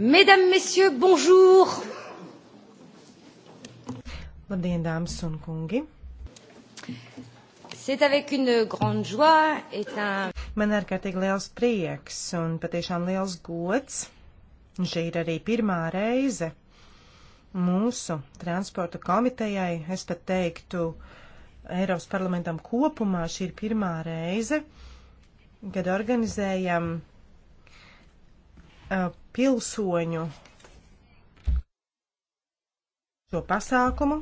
Mesdames, Messieurs, bonjour! Labdien, dāmas un kungi! C'est avec une grande joie et un... Man ārkārtīgi liels prieks un patiešām liels gods. Un šī ir arī pirmā reize mūsu transporta komitejai, es pat teiktu, Eiropas parlamentam kopumā šī ir pirmā reize, kad organizējam Uh, pilsoņu šo pasākumu,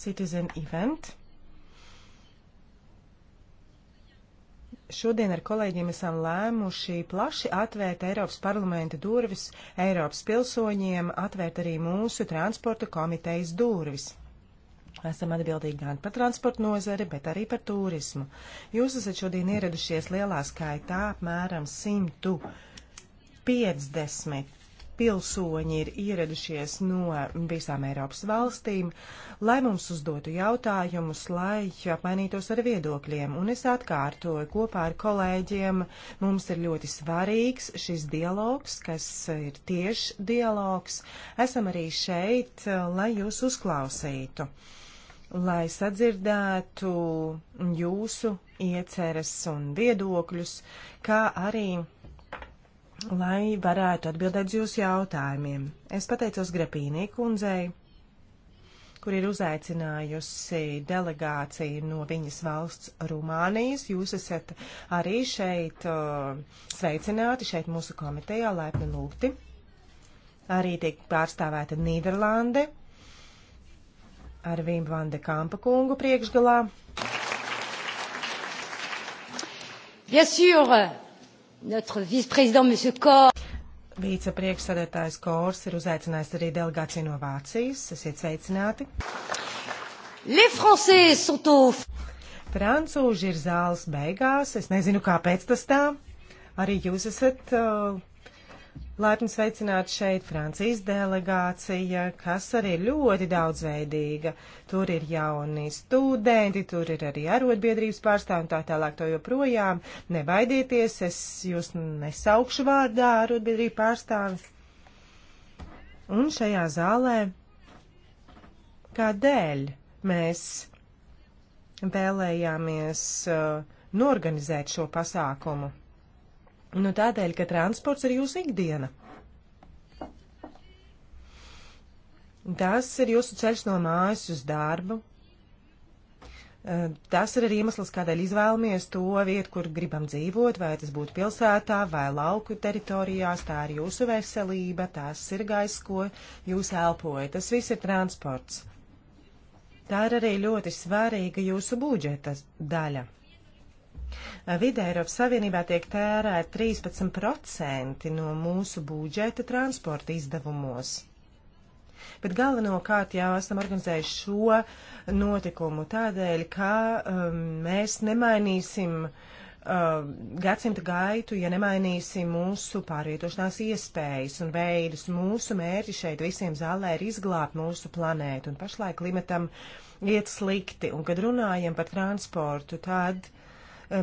Citizen Event. Šodien ar kolēģiem esam lēmuši plaši atvērt Eiropas parlamenta durvis Eiropas pilsoņiem, atvērt arī mūsu transporta komitejas durvis. Esam atbildīgi gan par transportu nozari, bet arī par turismu. Jūs esat šodien ieradušies lielā skaitā apmēram simtu uh, 50 pilsoņi ir ieradušies no visām Eiropas valstīm, lai mums uzdotu jautājumus, lai apmainītos ar viedokļiem. Un es atkārtoju, kopā ar kolēģiem mums ir ļoti svarīgs šis dialogs, kas ir tieši dialogs. Esam arī šeit, lai jūs uzklausītu, lai sadzirdētu jūsu ieceres un viedokļus, kā arī lai varētu atbildēt jūsu jautājumiem. Es pateicos Grepīnī kundzei, kur ir uzaicinājusi delegāciju no viņas valsts Rumānijas. Jūs esat arī šeit uh, sveicināti, šeit mūsu komitejā, laipni lūgti. Arī tiek pārstāvēta Nīderlande ar Vīmu Vande Kampa kungu priekšgalā. Bien sûr, Notre vice-président, monsieur Kors. Vicepriekšsēdētājs Kors ir uzaicinājis arī delegāciju no Vācijas. Esiet sveicināti. Les Français sont au... Francūži ir zāles beigās. Es nezinu, kāpēc tas tā. Arī jūs esat uh, Laipni sveicināt šeit Francijas delegācija, kas arī ir ļoti daudzveidīga. Tur ir jauni studenti, tur ir arī arotbiedrības pārstāvi un tā tālāk to joprojām. Nebaidieties, es jūs nesaukšu vārdā arotbiedrību pārstāvi. Un šajā zālē kādēļ mēs vēlējāmies uh, norganizēt šo pasākumu? Nu, tādēļ, ka transports ir jūsu ikdiena. Tas ir jūsu ceļš no mājas uz darbu. Tas ir arī iemesls, kādēļ izvēlamies to vietu, kur gribam dzīvot, vai tas būtu pilsētā vai lauku teritorijās. Tā ir jūsu veselība, tās ir gaisa, ko jūs elpojat. Tas viss ir transports. Tā ir arī ļoti svarīga jūsu budžeta daļa. Vidē Eiropas Savienībā tiek tērēt 13% no mūsu budžeta transporta izdevumos. Bet galvenokārt jau esam organizējuši šo notikumu tādēļ, ka um, mēs nemainīsim uh, Uh, gadsimta gaitu, ja nemainīsim mūsu pārvietošanās iespējas un veidus. Mūsu mērķi šeit visiem zālē ir izglābt mūsu planētu, un pašlaik klimatam iet slikti. Un, kad runājam par transportu, tad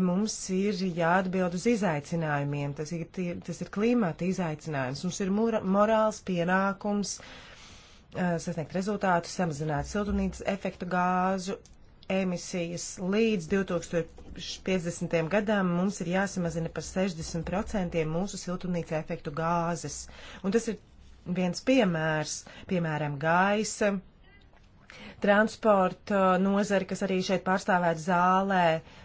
mums ir jāatbild uz izaicinājumiem. Tas ir, tas ir klimata izaicinājums. Mums ir mura, morāls pienākums eh, sasniegt rezultātu, samazināt siltumnīcas efektu gāzu emisijas līdz 2050. gadam mums ir jāsamazina par 60% mūsu siltumnīca efektu gāzes. Un tas ir viens piemērs, piemēram, gaisa, transporta eh, nozari, kas arī šeit pārstāvēt zālē. Uh,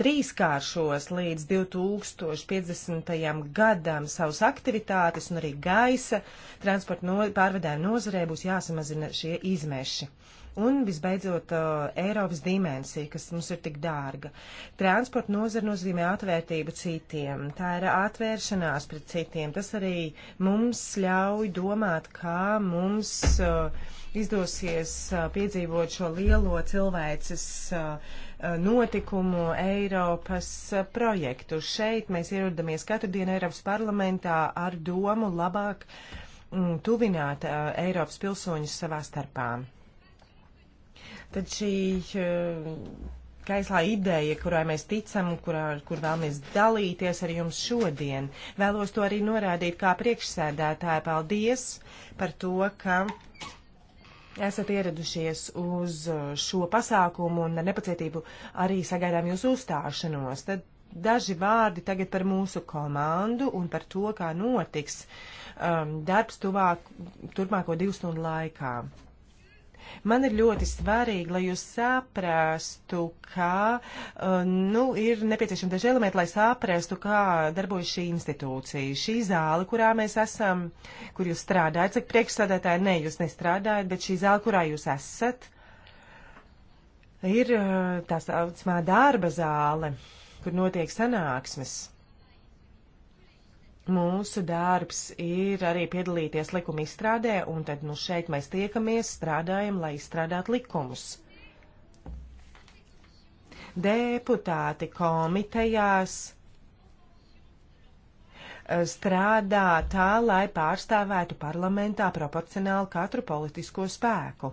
trīskāršos līdz 2050. gadam savas aktivitātes un arī gaisa transporta no, pārvedēju nozarē būs jāsamazina šie izmeši. Uh, Un, visbeidzot, Eiropas dimensija, kas mums ir tik dārga. Transporta nozara nozīmē atvērtību citiem, tā ir atvēršanās pret citiem. Tas arī mums ļauj domāt, kā mums izdosies piedzīvot šo lielo cilvēces notikumu Eiropas projektu. Šeit mēs ierodamies katru dienu Eiropas parlamentā ar domu labāk mm, tuvināt Eiropas pilsoņus savā starpā. Tad šī gaislā eh, ideja, kurai mēs ticam, kurā, kur vēlamies dalīties ar jums šodien, vēlos to arī norādīt kā priekšsēdētāja. Paldies par to, ka esat ieradušies uz eh, šo pasākumu un ar nepacietību arī sagaidām jūsu uzstāšanos. Tad daži vārdi tagad par mūsu komandu un par to, kā notiks um, darbs tuvāk, turpmāko divu stundu laikā. Man ir ļoti svarīgi, lai jūs saprastu, ka uh, nu, ir nepieciešami daži elementi, lai saprastu, kā darbojas šī institūcija, šī zāle, kurā mēs esam, kur jūs strādājat. Cik priekšsādātāji, ne, jūs nestrādājat, bet šī zāle, kurā jūs esat, ir uh, tā saucamā darba zāle, kur notiek sanāksmes mūsu darbs ir arī piedalīties likuma izstrādē, un tad nu šeit mēs tiekamies, strādājam, lai izstrādātu likumus. Deputāti komitejās eh, strādā tā, lai pārstāvētu parlamentā proporcionāli katru politisko spēku.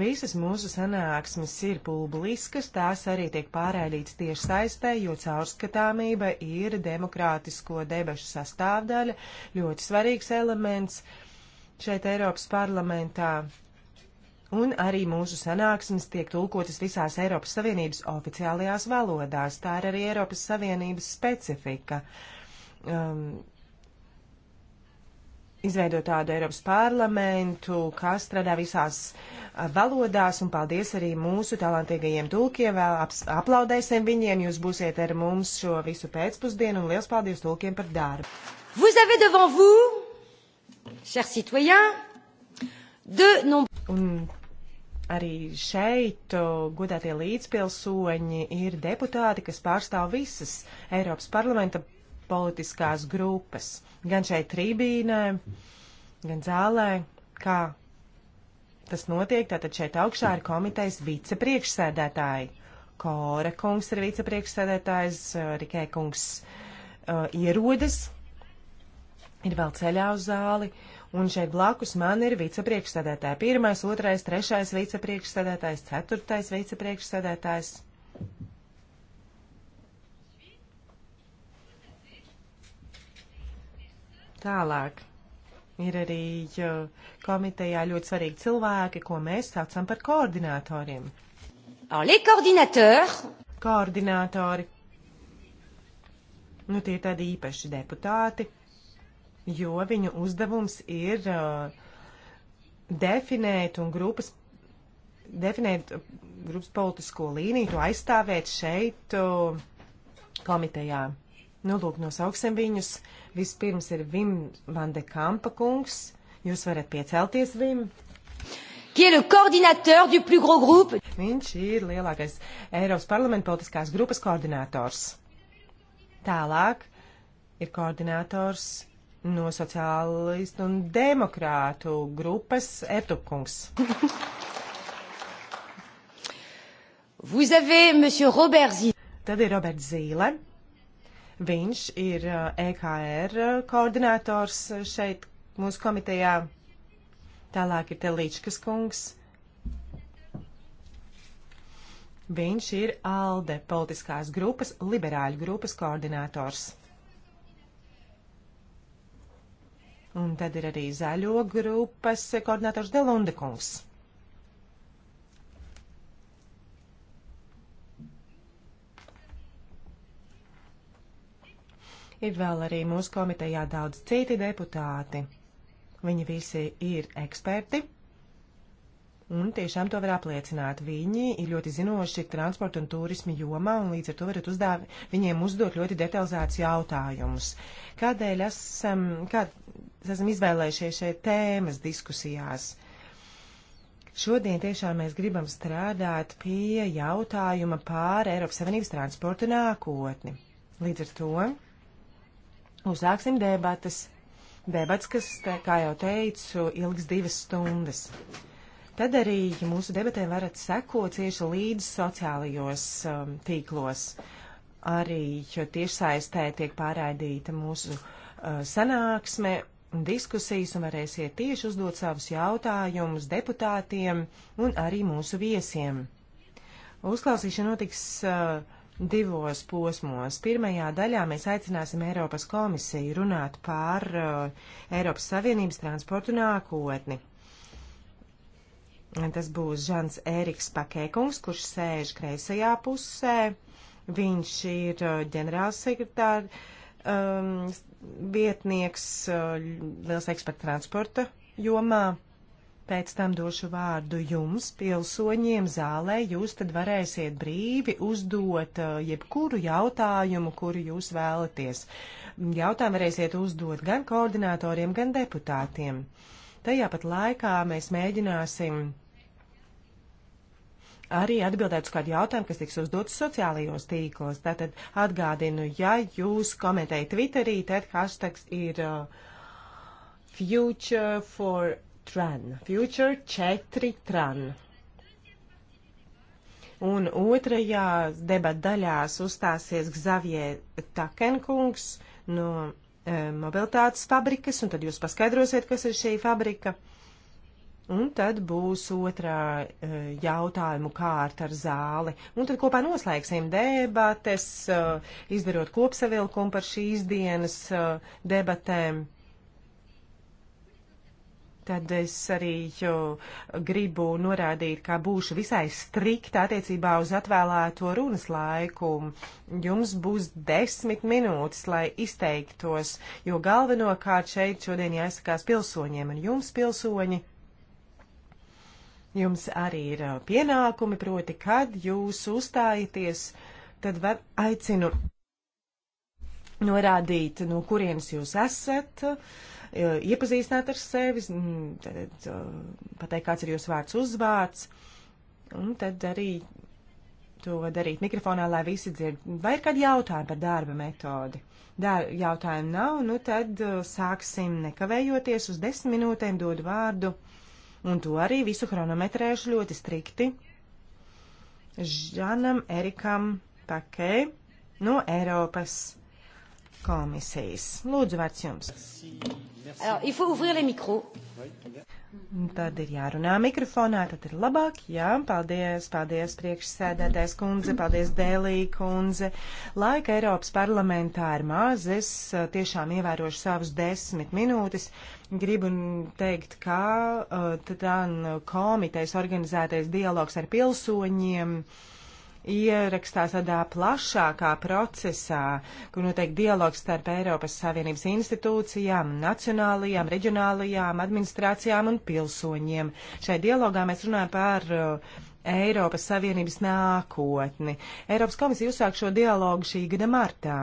Visas mūsu sanāksmes ir publiskas, tās arī tiek pārēdītas tieši saistē, jo caurskatāmība ir demokrātisko debašu sastāvdaļa, ļoti svarīgs elements šeit Eiropas parlamentā. Un arī mūsu sanāksmes tiek tulkotas visās Eiropas Savienības oficiālajās valodās. Tā ir arī Eiropas Savienības specifika. Um, izveidot tādu Eiropas parlamentu, kas strādā visās valodās, un paldies arī mūsu talantīgajiem tulkiem, vēl ap, aplaudēsim viņiem, jūs būsiet ar mums šo visu pēcpusdienu, un liels paldies tulkiem par darbu. Vous avez devant vous, chers citoyens, de nom... Un arī šeit, godātie līdzpilsoņi, ir deputāti, kas pārstāv visas Eiropas parlamenta politiskās grupas, gan šeit trībīnē, gan zālē, kā tas notiek. Tātad šeit augšā ir komitejas vicepriekšsēdētāji. Kora kungs ir vicepriekšsēdētājs, eh, Rikē kungs uh, ierodas, ir vēl ceļā uz zāli, un šeit blakus man ir vicepriekšsēdētāji. Pirmais, otrais, trešais vicepriekšsēdētājs, ceturtais vicepriekšsēdētājs. Thank you. Tālāk ir arī komitejā ļoti svarīgi cilvēki, ko mēs saucam par koordinatoriem. Koordinatori. Nu, tie ir tādi īpaši deputāti, jo viņu uzdevums ir uh, definēt un grupas, definēt grupas politisko līniju, to aizstāvēt šeit uh, komitejā. Nu, lūk, nosauksim viņus uh, Vispirms ir Vim Vande Kampa kungs. Jūs varat piecelties, Vim. Viņš ir lielākais Eiropas parlamenta politiskās grupas koordinators. Tālāk ir koordinators no sociālistu un demokrātu grupas Ertukungs. Vous avez, monsieur Robert Zīle. Tad ir Roberts Zīle. Viņš ir EKR koordinators šeit mūsu komitejā. Tālāk ir Telīčkas kungs. Viņš ir ALDE politiskās grupas, liberāļu grupas koordinators. Un tad ir arī zaļo grupas koordinators Delunda kungs. ir vēl arī mūsu komitejā daudz citi deputāti. Viņi visi ir eksperti. Un tiešām to var apliecināt. Viņi ir ļoti zinoši transporta un turisma jomā, un līdz ar to varat uzdāv, viņiem uzdot ļoti detalizētus jautājumus. Kādēļ esam, kād, esam izvēlējušies šeit tēmas diskusijās? Šodien tiešām mēs gribam strādāt pie jautājuma pār Eiropas Savienības transporta nākotni. Līdz ar to Uzsāksim debatas. Debats, kas, kā jau teicu, ilgs divas stundas. Tad arī mūsu debatēm varat sekot cieši līdz sociālajos um, tīklos. Arī tiešsaistē tiek pārraidīta mūsu uh, sanāksme un diskusijas, un varēsiet tieši uzdot savus jautājumus deputātiem un arī mūsu viesiem. Uzklausīšana notiks. Uh, divos posmos. Pirmajā daļā mēs aicināsim Eiropas komisiju runāt par uh, Eiropas Savienības transportu nākotni. Tas būs Žans Ēriks Pakēkungs, kurš sēž kreisajā pusē. Viņš ir uh, ģenerālsekretārs um, vietnieks, uh, liels eksperts transporta jomā. Uh, Pēc tam došu vārdu jums, pilsoņiem, zālē. Jūs tad varēsiet brīvi uzdot uh, jebkuru jautājumu, kuru jūs vēlaties. Jautājumu varēsiet uzdot gan koordinatoriem, gan deputātiem. Tajā pat laikā mēs mēģināsim arī atbildēt uz kādu jautājumu, kas tiks uzdots sociālajos tīklos. Tātad atgādinu, ja jūs komentējat Twitterī, tad hashtags ir uh, Future for Tran. Future 4 Tran. Un otrajā debat daļās uzstāsies Gzavie Takenkungs no e, mobilitātes fabrikas, un tad jūs paskaidrosiet, kas ir šī fabrika. Un tad būs otrā e, jautājumu kārta ar zāli. Un tad kopā noslēgsim debates, e, izdarot kopsavilkumu par šīs dienas e, debatēm. Tad es arī gribu norādīt, ka būšu visai strikta attiecībā uz atvēlēto runas laiku. Jums būs desmit minūtes, lai izteiktos, jo galvenokārt šeit šodien jāizsakās pilsoņiem un jums pilsoņi. Jums arī ir uh, pienākumi, proti, kad jūs uzstājaties, tad var aicinu norādīt, no kurienes jūs esat. Uh, Eh, iepazīstināt ar sevi, mm, tad eh, pateikt, kāds ir jūsu vārds uzvārds, un tad arī to darīt mikrofonā, lai visi dzird. Vai ir kādi jautājumi par darba metodi? Dar, jautājumu nav, nu tad eh, sāksim nekavējoties uz desmit minūtēm dodu vārdu, un to arī visu chronometrēšu ļoti strikti. Žanam Erikam Pakei no Eiropas komisijas. Lūdzu, vārds jums. Tad ir jārunā mikrofonā, tad ir labāk. Jā, paldies, paldies priekšsēdētājs kundze, paldies Dēlī kundze. Laika Eiropas parlamentā ir maz, es tiešām ievērošu savus desmit minūtes. Gribu teikt, ka uh, tā komitejas organizētais dialogs ar pilsoņiem. Uh, ierakstās tādā plašākā procesā, kur notiek dialogs starp Eiropas Savienības institūcijām, nacionālajām, reģionālajām administrācijām un pilsoņiem. Šai dialogā mēs runājam par uh, Eiropas Savienības nākotni. Eiropas komisija uzsāk šo dialogu šī gada martā.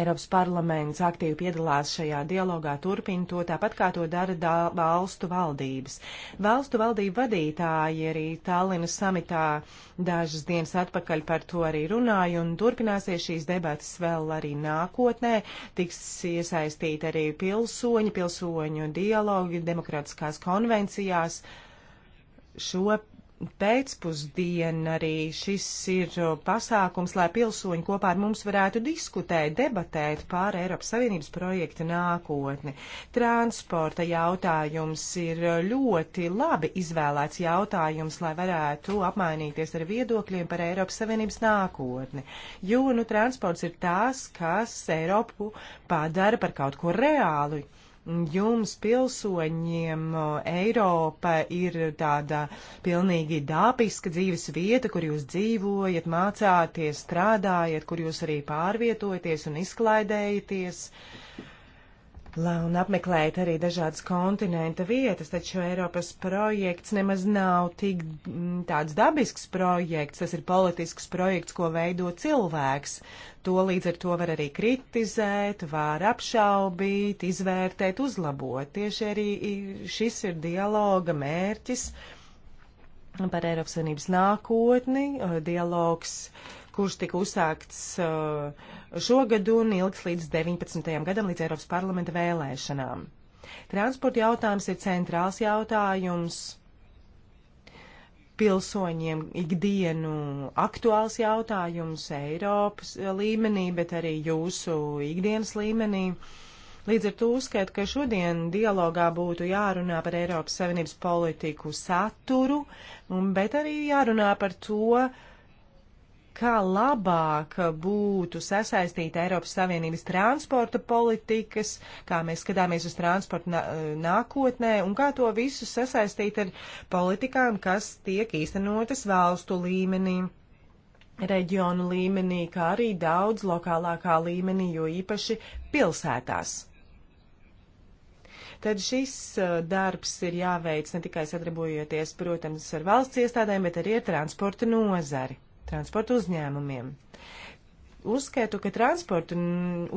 Eiropas parlaments aktīvi piedalās šajā dialogā, turpina to tāpat kā to dara dā, valstu valdības. Valstu valdību vadītāji arī Tallinas samitā dažas dienas atpakaļ par to arī runāja un turpināsies šīs debatas vēl arī nākotnē. Tiks iesaistīti arī pilsoņi, pilsoņu dialogi, demokrātiskās konvencijās. Šo pēcpusdienu arī šis ir pasākums, lai pilsoņi kopā ar mums varētu diskutēt, debatēt pār Eiropas Savienības projekta nākotni. Transporta jautājums ir ļoti labi izvēlēts jautājums, lai varētu apmainīties ar viedokļiem par Eiropas Savienības nākotni. Jo, nu, transports ir tās, kas Eiropu padara par kaut ko reālu jums pilsoņiem Eiropa ir tāda pilnīgi dabiska dzīves vieta, kur jūs dzīvojat, mācāties, strādājat, kur jūs arī pārvietojaties un izklaidējaties. Uh, un apmeklējat arī dažādas kontinenta vietas, taču Eiropas projekts nemaz nav tik mm, tāds dabisks projekts, tas ir politisks projekts, ko veido cilvēks. To līdz ar to var arī kritizēt, var apšaubīt, izvērtēt, uzlabot. Tieši arī šis ir dialoga mērķis par Eiropas Savienības nākotni, dialogs. Uh, kurš tika uzsākts uh, šogad un ilgs līdz 19. gadam, līdz Eiropas parlamenta vēlēšanām. Transporta jautājums ir centrāls jautājums pilsoņiem ikdienu aktuāls jautājums Eiropas līmenī, bet arī jūsu ikdienas līmenī. Līdz ar to uzskatu, ka šodien dialogā būtu jārunā par Eiropas Savienības politiku saturu, bet arī jārunā par to, uh, kā labāk būtu sasaistīt Eiropas Savienības transporta politikas, kā mēs skatāmies uz transportu nākotnē un kā to visu sasaistīt ar politikām, kas tiek īstenotas valstu līmenī reģionu līmenī, kā arī daudz lokālākā līmenī, jo īpaši pilsētās. Tad šis uh, darbs ir jāveic ne tikai sadarbojoties, protams, ar valsts iestādēm, bet arī ar transporta nozari transporta uzņēmumiem. Uzskatu, ka transporta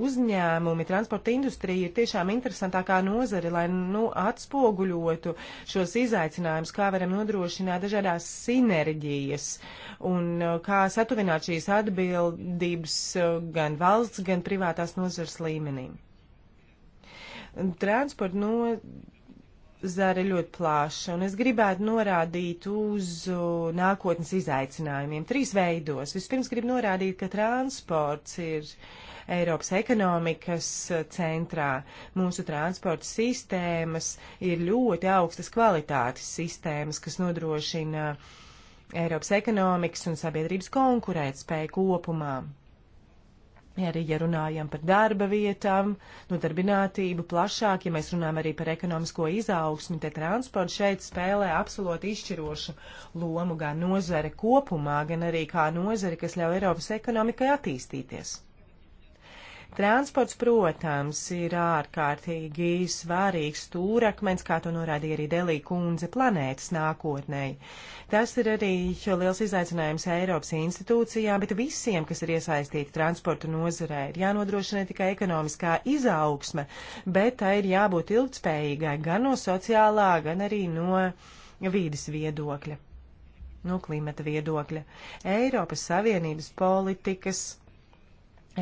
uzņēmumi, transporta industrija ir tiešām interesantākā nozare, lai nu, atspoguļotu šos izaicinājumus, kā varam nodrošināt dažādās sinerģijas un uh, kā satuvināt šīs atbildības uh, gan valsts, gan privātās nozares līmenī. Transporta no zara ļoti plāša, un es gribētu norādīt uz uh, nākotnes izaicinājumiem trīs veidos. Vispirms gribu norādīt, ka transports ir Eiropas ekonomikas uh, centrā. Mūsu transporta sistēmas ir ļoti augstas kvalitātes sistēmas, kas nodrošina Eiropas ekonomikas un sabiedrības konkurētspēju kopumā. Arī, ja runājam par darba vietām, nodarbinātību plašāk, ja mēs runājam arī par ekonomisko izaugsmi, tad transports šeit spēlē absolūti izšķirošu lomu gan nozare kopumā, gan arī kā nozare, kas ļauj Eiropas ekonomikai attīstīties. Transports, protams, ir ārkārtīgi svarīgs stūrakmens, kā to norādīja arī Delī kundze planētas nākotnei. Tas ir arī liels izaicinājums Eiropas institūcijām, bet visiem, kas ir iesaistīti transporta nozarē, ir jānodrošina ne tikai ekonomiskā izaugsme, bet tā ir jābūt ilgspējīgai gan no sociālā, gan arī no vīdes viedokļa, no klimata viedokļa. Eiropas Savienības politikas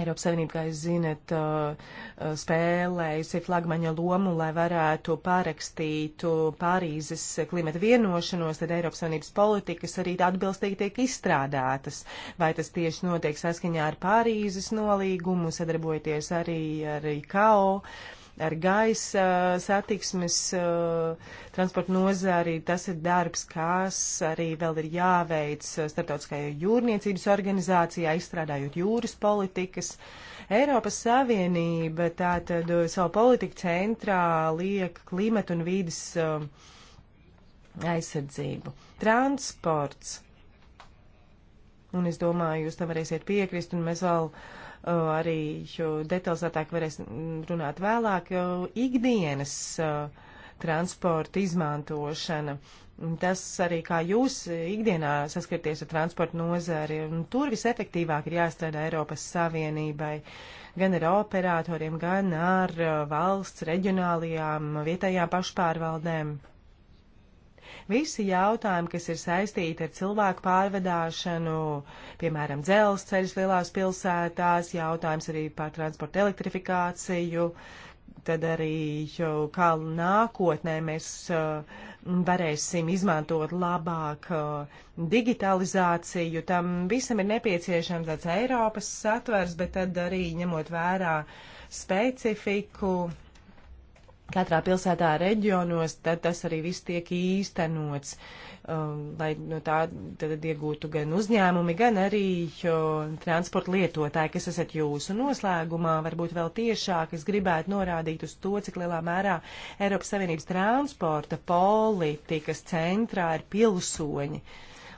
Eiropas Savienība, kā jūs zinat, uh, uh, spēlējusi flagmaņa lomu, lai varētu pārakstītu uh, Pārīzes klimata vienošanos, tad Eiropas Savienības politikas arī atbilstīgi tiek izstrādātas. Vai tas tieši notiek saskaņā ar Pārīzes nolīgumu, sadarbojoties arī ar IKO? Ar ar gaisa satiksmes eh, transporta nozari. Tas ir darbs, kas arī vēl ir jāveic eh, starptautiskajai jūrniecības organizācijā, izstrādājot jūras politikas. Eiropas Savienība tātad eh, savu politiku centrā liek klimatu un vīdes aizsardzību. Transports. Un es domāju, jūs tam varēsiet piekrist, un mēs vēl uh, arī detalizētāk varēs runāt vēlāk, ikdienas transporta izmantošana. Tas arī kā jūs ikdienā saskaties ar transporta nozari, un tur visefektīvāk ir jāstrādā Eiropas Savienībai, gan ar operatoriem, gan ar valsts, reģionālajām, vietējām pašpārvaldēm. Visi jautājumi, kas ir saistīti ar cilvēku pārvedāšanu, piemēram, dzelzceļus lielās pilsētās, jautājums arī par transporta elektrifikāciju, tad arī kā nākotnē mēs uh, varēsim izmantot labāk uh, digitalizāciju. Tam visam ir nepieciešams tāds Eiropas satvers, bet tad arī ņemot vērā specifiku katrā pilsētā reģionos, tad tas arī viss tiek īstenots, um, lai no tā tad iegūtu gan uzņēmumi, gan arī um, transporta lietotāji, kas esat jūsu noslēgumā. Varbūt vēl tiešāk es gribētu norādīt uz to, cik lielā mērā Eiropas Savienības transporta politikas centrā ir pilsoņi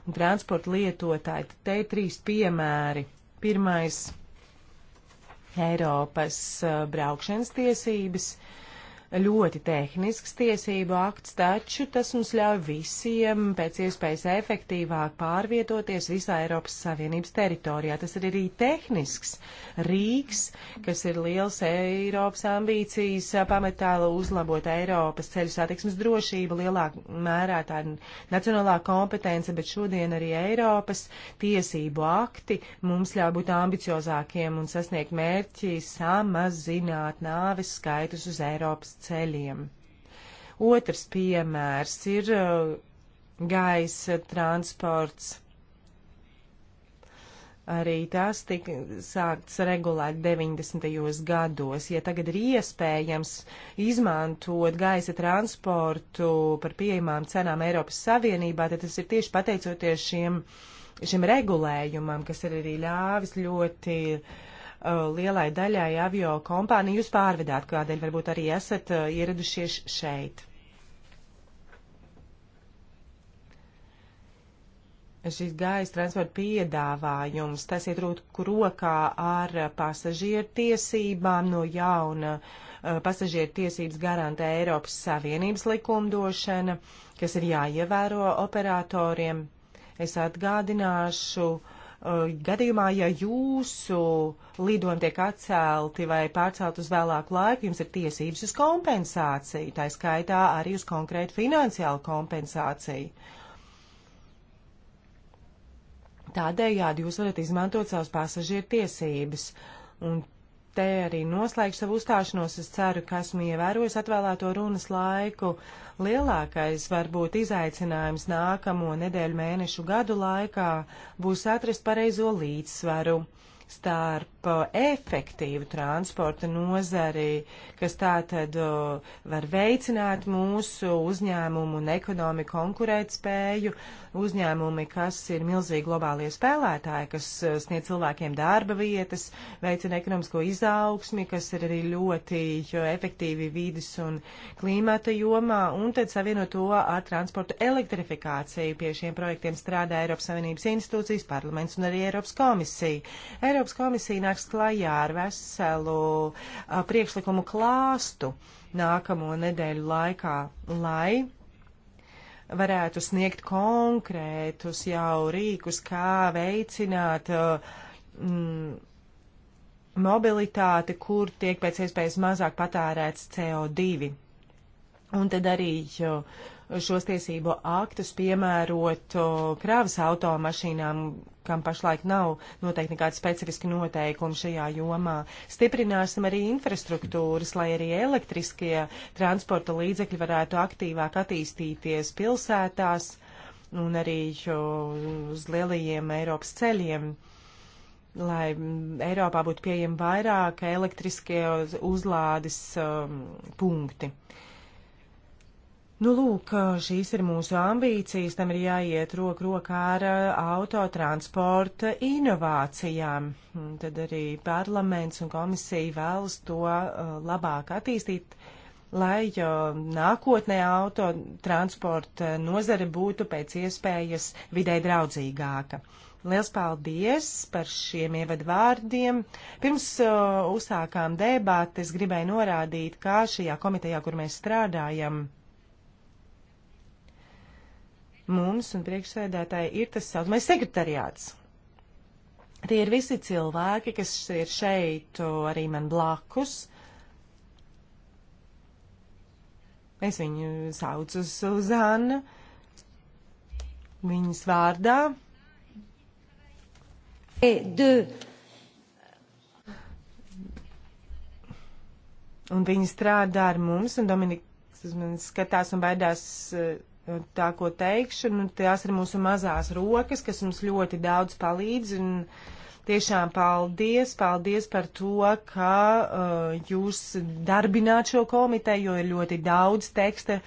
un transporta lietotāji. Te ir trīs piemēri. Pirmais. Eiropas uh, braukšanas tiesības, uh, ļoti tehnisks tiesību akts, taču tas mums ļauj visiem pēc iespējas efektīvāk pārvietoties visā Eiropas Savienības teritorijā. Tas ir arī tehnisks rīks, kas ir liels Eiropas ambīcijas pamatā uzlabot Eiropas ceļu satiksmes drošību lielākā mērā tā ir nacionālā kompetence, bet šodien arī Eiropas tiesību akti mums ļauj būt ambiciozākiem un sasniegt mērķi samazināt nāves skaitus uz Eiropas ceļiem. Otrs piemērs ir uh, gaisa transports. Arī tas tika sākts regulēt 90. gados. Ja tagad ir iespējams izmantot gaisa transportu par pieejamām cenām Eiropas Savienībā, tad tas ir tieši pateicoties šiem, šiem regulējumam, kas ir arī ļāvis ļoti uh, Uh, lielai daļai avio kompāniju jūs pārvedāt, kādēļ varbūt arī esat uh, ieradušies šeit. Šis gaisa transporta piedāvājums, tas iet rokā ar pasažieru tiesībām no jauna uh, pasažieru tiesības garantē Eiropas Savienības likumdošana, kas ir jāievēro operatoriem. Es atgādināšu Eh, gadījumā, ja jūsu lidojumi tiek atcelti vai pārcelt uz vēlāku laiku, jums ir tiesības uz kompensāciju, tā skaitā arī uz konkrētu finansiālu kompensāciju. Tādējādi jūs varat izmantot savas pasažieru tiesības. Un te arī noslēgšu savu uzstāšanos. Es ceru, ka esmu ievērojis atvēlēto runas laiku. Uh, Lielākais varbūt izaicinājums nākamo nedēļu mēnešu gadu laikā būs atrast pareizo līdzsvaru starp uh, efektīvu transporta nozari, kas tātad uh, var veicināt mūsu uzņēmumu un ekonomiku konkurētspēju, uzņēmumi, kas ir milzīgi globālie spēlētāji, kas uh, sniedz cilvēkiem darba vietas, veicina ekonomisko izaugsmi, kas ir arī ļoti efektīvi vīdes un klimata jomā, un tad savienot to ar transportu elektrifikāciju. Pie šiem projektiem strādā Eiropas Savienības institūcijas, parlaments un arī Eiropas komisija. Eiropas komisija nāks klajā ar veselu a, priekšlikumu klāstu nākamo nedēļu laikā, lai varētu sniegt konkrētus jau rīkus, kā veicināt mm, mobilitāti, kur tiek pēc iespējas mazāk patērēts CO2. Un tad arī jo, uh, šos tiesību aktus piemērot krāvas automašīnām, kam pašlaik nav noteikti nekāda specifiska noteikuma šajā jomā. Stiprināsim arī infrastruktūras, lai arī elektriskie transporta līdzekļi varētu aktīvāk attīstīties pilsētās un arī uz lielajiem Eiropas ceļiem lai Eiropā būtu pieejami vairāk elektriskie uzlādes um, punkti. Uh, Nu, lūk, šīs ir mūsu ambīcijas, tam ir jāiet roku rokā ar uh, autotransporta inovācijām. Tad arī parlaments un komisija vēlas to uh, labāk attīstīt, lai uh, nākotnē autotransporta nozare būtu pēc iespējas vidē draudzīgāka. Liels paldies par šiem ievadvārdiem. Pirms uh, uzsākām debāti, es gribēju norādīt, kā šajā komitejā, kur mēs strādājam, uh, mums un priekšsēdētāji ir tas saucamais sekretariāts. Tie ir visi cilvēki, kas ir šeit arī man blakus. Es viņu saucu Suzana, viņas vārdā. De. Un viņi strādā ar mums, un Dominiks uz mani skatās un baidās uh, tā, ko teikšu. Nu, tās ir mūsu mazās rokas, kas mums ļoti daudz palīdz. Un tiešām paldies, paldies par to, ka uh, jūs darbināt šo komiteju, jo ir ļoti daudz teksta.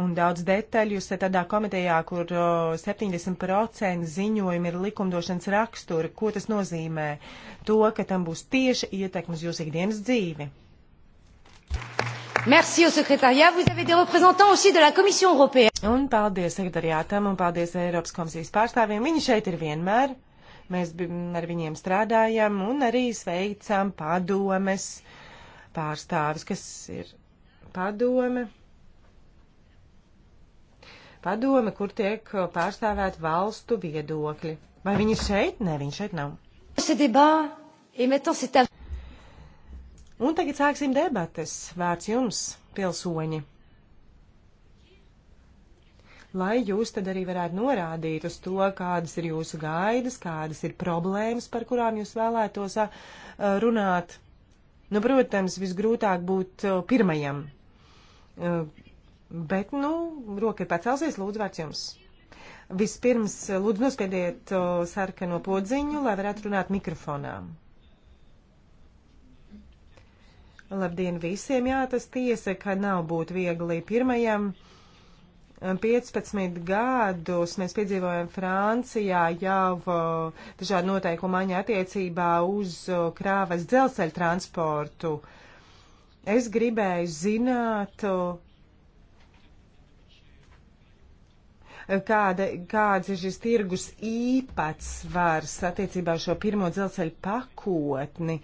Un daudz detaļu jūs esat tādā komitejā, kur o, 70% ziņojumi ir likumdošanas rakstura. Ko tas nozīmē? To, ka tam būs tieša ietekmes jūsu ikdienas dzīvi. Thank you. Merci au secrétariat. Vous avez des représentants aussi de la Commission européenne. Un paldies sekretariātam un paldies Eiropas komisijas pārstāvjiem. Viņi šeit ir vienmēr. Mēs ar viņiem strādājam un arī sveicam padomes pārstāvis, kas ir padome. Padome, kur tiek pārstāvēt valstu viedokļi. Vai viņi ir šeit? Nē, viņi šeit nav. Ce débat, et maintenant c'est à Un tagad sāksim debates. Vērts jums, pilsoņi. Lai jūs tad arī varētu norādīt uz to, kādas ir jūsu gaidas, kādas ir problēmas, par kurām jūs vēlētos runāt. Nu, protams, visgrūtāk būt pirmajam. Bet, nu, roka ir pacelsies, lūdzu, vērts jums. Vispirms, lūdzu, nospiediet sarkano podziņu, lai varētu runāt mikrofonām. Labdien visiem! Jā, tas tiesa, ka nav būt viegli pirmajam. 15 gadus mēs piedzīvojam Francijā jau dažādu noteikumu maņa attiecībā uz krāvas dzelzceļa transportu. Es gribēju zināt, kāda, kāds ir šis tirgus īpatsvars attiecībā uz šo pirmo dzelzceļa pakotni,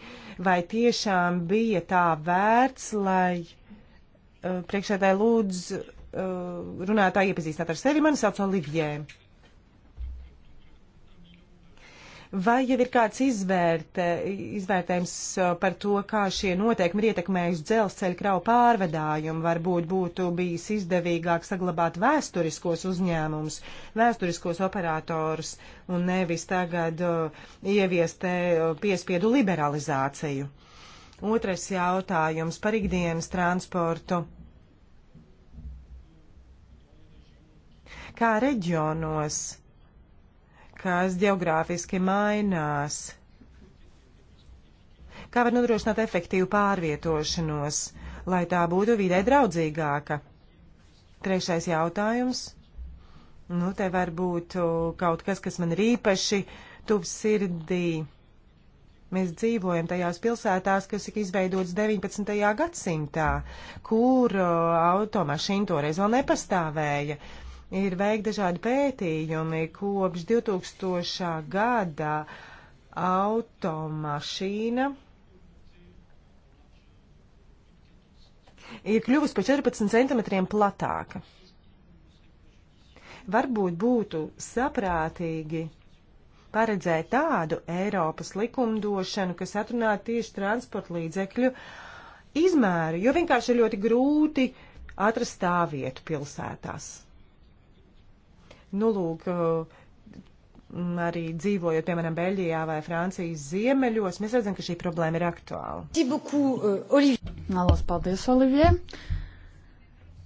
vai tiešām bija tā vērts, lai uh, priekšētāji lūdzu uh, eh, runātāji iepazīstināt ar sevi, mani sauc Olivijai. Vai jau ir kāds izvērtē, izvērtējums uh, par to, kā šie noteikumi ir ietekmējuši dzelzceļa kravu pārvedājumu? Varbūt būtu bijis izdevīgāk saglabāt vēsturiskos uzņēmumus, vēsturiskos operatorus un nevis tagad uh, ieviest uh, piespiedu liberalizāciju. Otrais jautājums par ikdienas transportu. Kā reģionos? kas geogrāfiski mainās. Kā var nodrošināt efektīvu pārvietošanos, lai tā būtu vidē draudzīgāka? Trešais jautājums. Nu, te var būt kaut kas, kas man ir īpaši tuvs sirdī. Mēs dzīvojam tajās pilsētās, kas tika izveidotas 19. gadsimtā, kur uh, automašīna toreiz vēl nepastāvēja. Uh, ir veikti dažādi pētījumi kopš 2000. gada automašīna. Ir kļuvusi par 14 centimetriem platāka. Varbūt būtu saprātīgi paredzēt tādu Eiropas likumdošanu, kas atrunātu tieši transporta līdzekļu izmēru, jo vienkārši ir ļoti grūti atrast tā vietu pilsētās. Nu, lūk, mm, arī dzīvojot, piemēram, Beļģijā vai Francijas ziemeļos, mēs redzam, ka šī problēma ir aktuāla. Euh, Vēlos paldies, Olivier!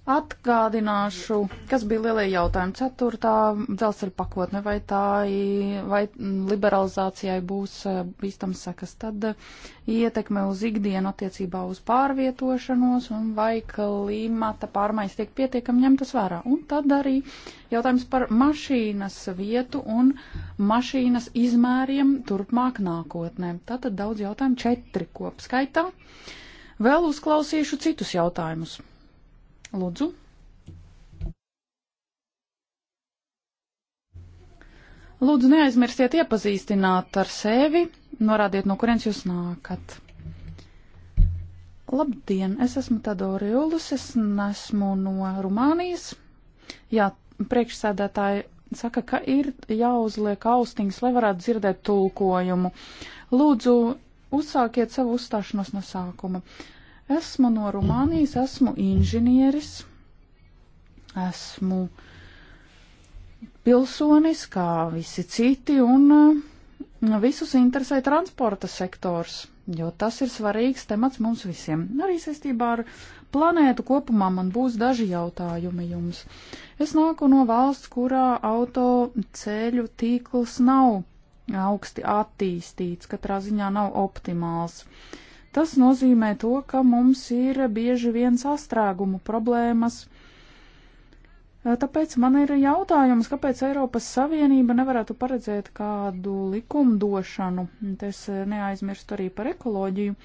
Atgādināšu, kas bija lielie jautājumi. Ceturtā dzelzceļa pakotne, vai tā, vai liberalizācijai būs e, bīstams sekas, tad e, ietekme uz ikdienu attiecībā uz pārvietošanos un vai klimata pārmaiņas tiek pietiekami ņemtas vērā. Un tad arī jautājums par mašīnas vietu un mašīnas izmēriem turpmāk nākotnē. Tātad daudz jautājumu četri kopskaitā. Vēl uzklausīšu citus jautājumus. Lūdzu. Lūdzu, neaizmirstiet iepazīstināt ar sevi, norādiet, no kurienes jūs nākat. Labdien, es esmu Tadori Ulus, es esmu no Rumānijas. Jā, priekšsēdētāji saka, ka ir jāuzliek austiņas, lai varētu dzirdēt tulkojumu. Lūdzu, uzsākiet savu uzstāšanos no sākuma. Uh, Esmu no Rumānijas, esmu inženieris, esmu pilsonis kā visi citi un uh, visus interesē transporta sektors, jo tas ir svarīgs temats mums visiem. Arī saistībā ar planētu kopumā man būs daži jautājumi jums. Es nāku no valsts, kurā auto ceļu tīkls nav augsti attīstīts, katrā ziņā nav optimāls. Uh, Tas nozīmē to, ka mums ir bieži vien sastrēgumu problēmas. Tāpēc man ir jautājums, kāpēc Eiropas Savienība nevarētu paredzēt kādu likumdošanu. Es neaizmirstu arī par ekoloģiju,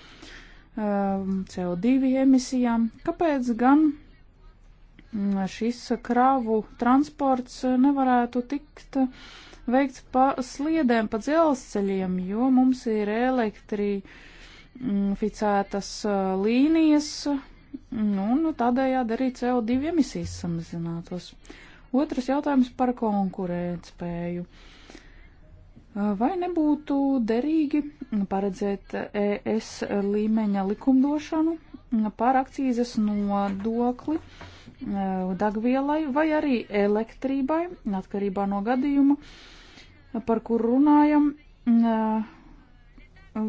CO2 emisijām. Kāpēc gan šis kravu transports nevarētu tikt veikts pa sliedēm, pa dzelzceļiem, jo mums ir elektrība Mm, ficētas eh, līnijas, nu, un nu, tādējādi arī CO2 emisijas samazinātos. Otrs jautājums par konkurētspēju. Eh, vai nebūtu derīgi paredzēt ES līmeņa likumdošanu par akcijas nodokli eh, dagvielai vai arī elektrībai, atkarībā no gadījuma, par kur runājam,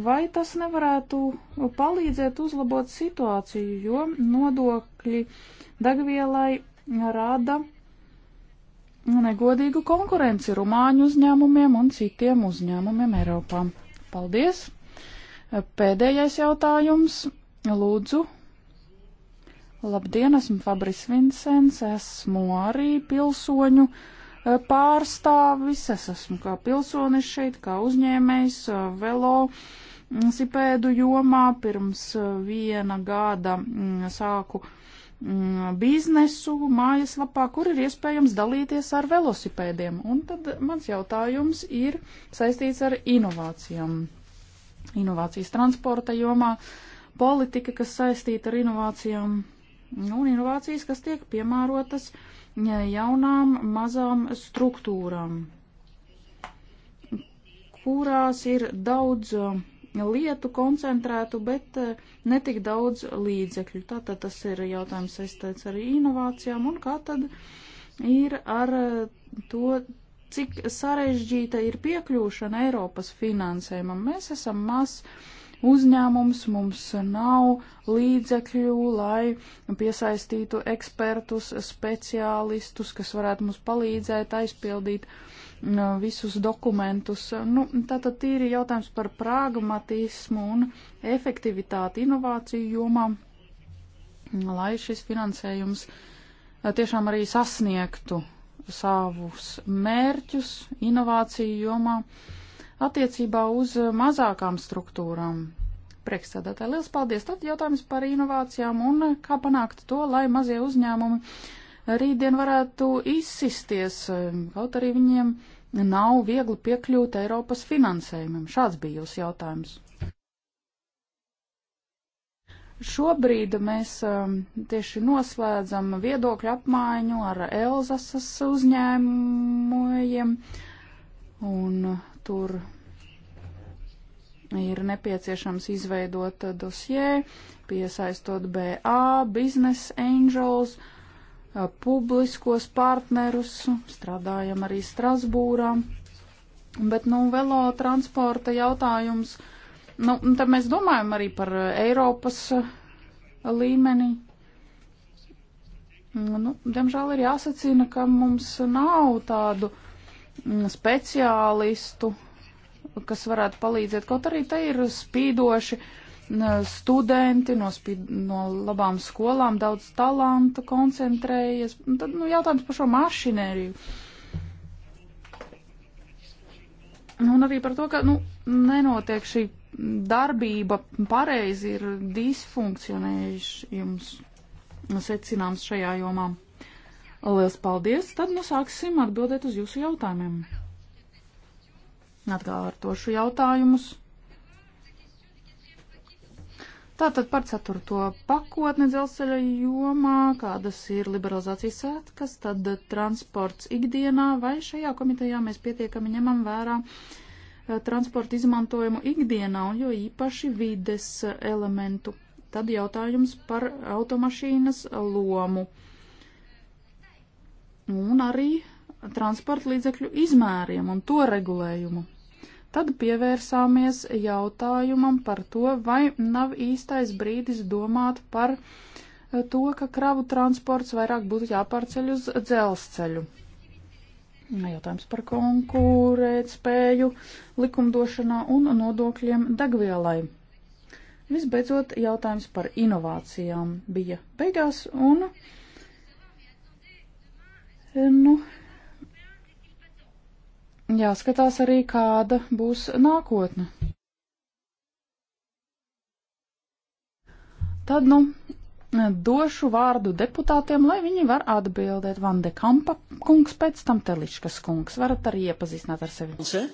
Vai tas nevarētu palīdzēt uzlabot situāciju, jo nodokļi degvielai rada negodīgu konkurenci rumāņu uzņēmumiem un citiem uzņēmumiem Eiropā? Paldies! Pēdējais jautājums. Lūdzu, Labdien, esmu Fabris Vinsens, esmu arī pilsoņu Eh, pārstāvis, es esmu kā pilsonis šeit, kā uzņēmējs eh, velo mm, sipēdu jomā. Pirms eh, viena gada mm, sāku mm, biznesu mājaslapā, kur ir iespējams dalīties ar velosipēdiem. Un tad mans jautājums ir saistīts ar inovācijām. Inovācijas transporta jomā, politika, kas saistīta ar inovācijām, un nu, inovācijas, kas tiek piemērotas uh, jaunām mazām struktūrām, kurās ir daudz uh, lietu koncentrētu, bet uh, netik daudz līdzekļu. Tātad tas ir jautājums saistīts ar inovācijām un kā tad ir ar uh, to, cik sarežģīta ir piekļūšana Eiropas finansējumam. Mēs esam mazs uzņēmums, mums nav līdzekļu, lai piesaistītu ekspertus, speciālistus, kas varētu mums palīdzēt aizpildīt mm, visus dokumentus. Nu, tātad tīri jautājums par pragmatismu un efektivitāti inovāciju jomā, lai šis finansējums eh, tiešām arī sasniegtu savus mērķus inovāciju jomā. Uh, attiecībā uz mazākām struktūrām. Priekšsēdētāji, liels paldies! Tad jautājums par inovācijām un kā panākt to, lai mazie uzņēmumi rītdien varētu izsisties, kaut arī viņiem nav viegli piekļūt Eiropas finansējumam. Šāds bija jūsu jautājums. Šobrīd mēs um, tieši noslēdzam viedokļu apmaiņu ar Elzasas uzņēmumiem, un Tur ir nepieciešams izveidot dosjē, piesaistot BA, Business Angels, publiskos partnerus, strādājam arī Strasbūrā. Bet, nu, velo transporta jautājums, nu, tad mēs domājam arī par Eiropas līmeni. Nu, diemžēl ir jāsacina, ka mums nav tādu uh, Mm, speciālistu, kas varētu palīdzēt. Kaut arī te ir spīdoši mm, studenti no, spīd, no labām skolām, daudz talanta koncentrējies. Tad nu, jautājums par šo mašinēriju. Nu, un arī par to, ka nu, nenotiek šī darbība pareizi ir disfunkcionējums secināms šajā jomā. Lielas paldies! Tad nu sāksim atbildēt uz jūsu jautājumiem. Atkārtošu jautājumus. Tātad par ceturto pakotni dzelzceļa jomā, kādas ir liberalizācijas sētkas, tad transports ikdienā vai šajā komitejā mēs pietiekami ņemam vērā eh, transporta izmantojumu ikdienā un jo īpaši vides elementu. Tad jautājums par automašīnas lomu un arī transporta līdzekļu izmēriem un to regulējumu. Tad pievērsāmies jautājumam par to, vai nav īstais brīdis domāt par eh, to, ka kravu transports vairāk būtu jāpārceļ uz dzelzceļu. Jautājums par konkurēt spēju likumdošanā un nodokļiem degvielai. Visbeidzot, jautājums par inovācijām bija beigās un uh, Nu, jāskatās arī, kāda būs nākotne. Tad, nu, došu vārdu deputātiem, lai viņi var atbildēt. Vande Kampa kungs, pēc tam Teliškas kungs. Varat arī iepazīstināt ar sevi.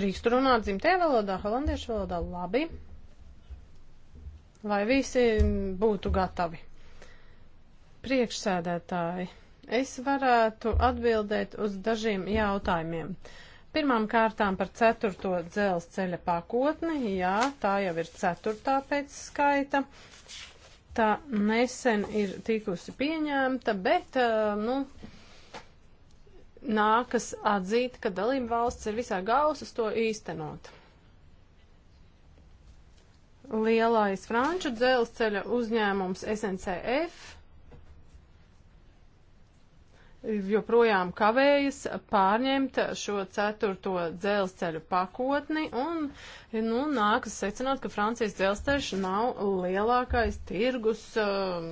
Drīkst runāt dzimtajā valodā, holandiešu valodā. Labi. Lai visi būtu gatavi. Priekšsēdētāji. Es varētu atbildēt uz dažiem jautājumiem. Pirmām kārtām par ceturto dzelzceļa pakotni, jā, tā jau ir ceturtā pēc skaita. Tā nesen ir tikusi pieņemta, bet, eh, nu, nākas atzīt, ka dalība valsts ir visā gausas to īstenot. Lielais franču dzelzceļa uzņēmums SNCF joprojām kavējas pārņemt šo ceturto dzelzceļu pakotni un nu, nākas secināt, ka Francijas dzelzceļš nav lielākais tirgus uh,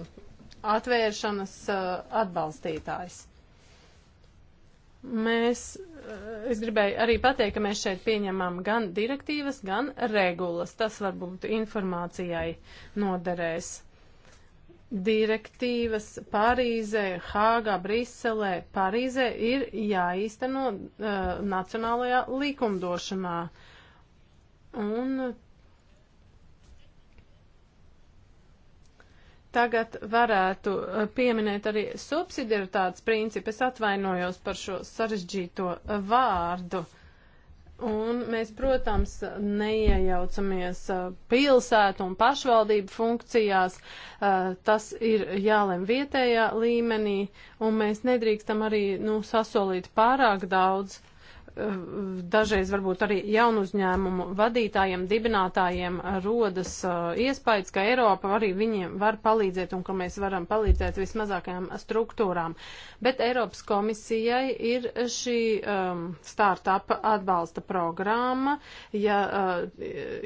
atvēršanas uh, atbalstītājs. Mēs, uh, es gribēju arī pateikt, ka mēs šeit pieņemam gan direktīvas, gan regulas. Tas varbūt informācijai noderēs direktīvas Parīzē, Hāgā, Briselē, Parīzē ir jāīsteno uh, nacionālajā likumdošanā. Un Tagad varētu uh, pieminēt arī subsidiaritātes principu. Es atvainojos par šo sarežģīto uh, vārdu. Uh, Un mēs, protams, neiejaucamies uh, pilsētu un pašvaldību funkcijās. Uh, tas ir jālem vietējā līmenī, un mēs nedrīkstam arī nu, sasolīt pārāk daudz dažreiz varbūt arī jaunu uzņēmumu vadītājiem, dibinātājiem rodas iespējas, ka Eiropa arī viņiem var palīdzēt un ka mēs varam palīdzēt vismazākajām struktūrām. Bet Eiropas komisijai ir šī um, startup atbalsta programma, ja uh,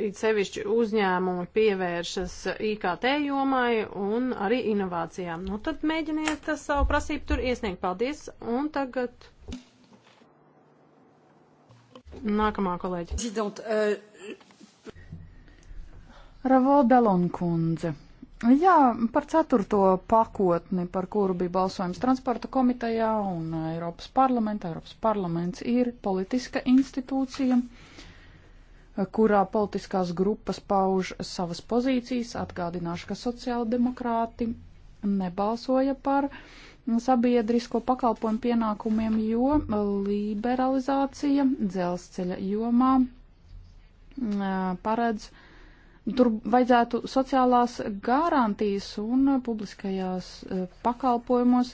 it sevišķi uzņēmumi pievēršas IKT jomai un arī inovācijām. Nu tad mēģiniet savu prasību tur iesniegt. Paldies! Un tagad. Nākamā kolēģa. Uh, Ravo Belonkundze. Jā, par ceturto pakotni, par kuru bija balsojums transporta komitejā un Eiropas parlamentā. Eiropas parlaments ir politiska institūcija, kurā politiskās grupas pauž savas pozīcijas. Atgādināšu, ka sociāldemokrāti nebalsoja par sabiedrisko pakalpojumu pienākumiem, jo liberalizācija dzelzceļa jomā mm, paredz, tur vajadzētu sociālās garantijas un publiskajās pakalpojumos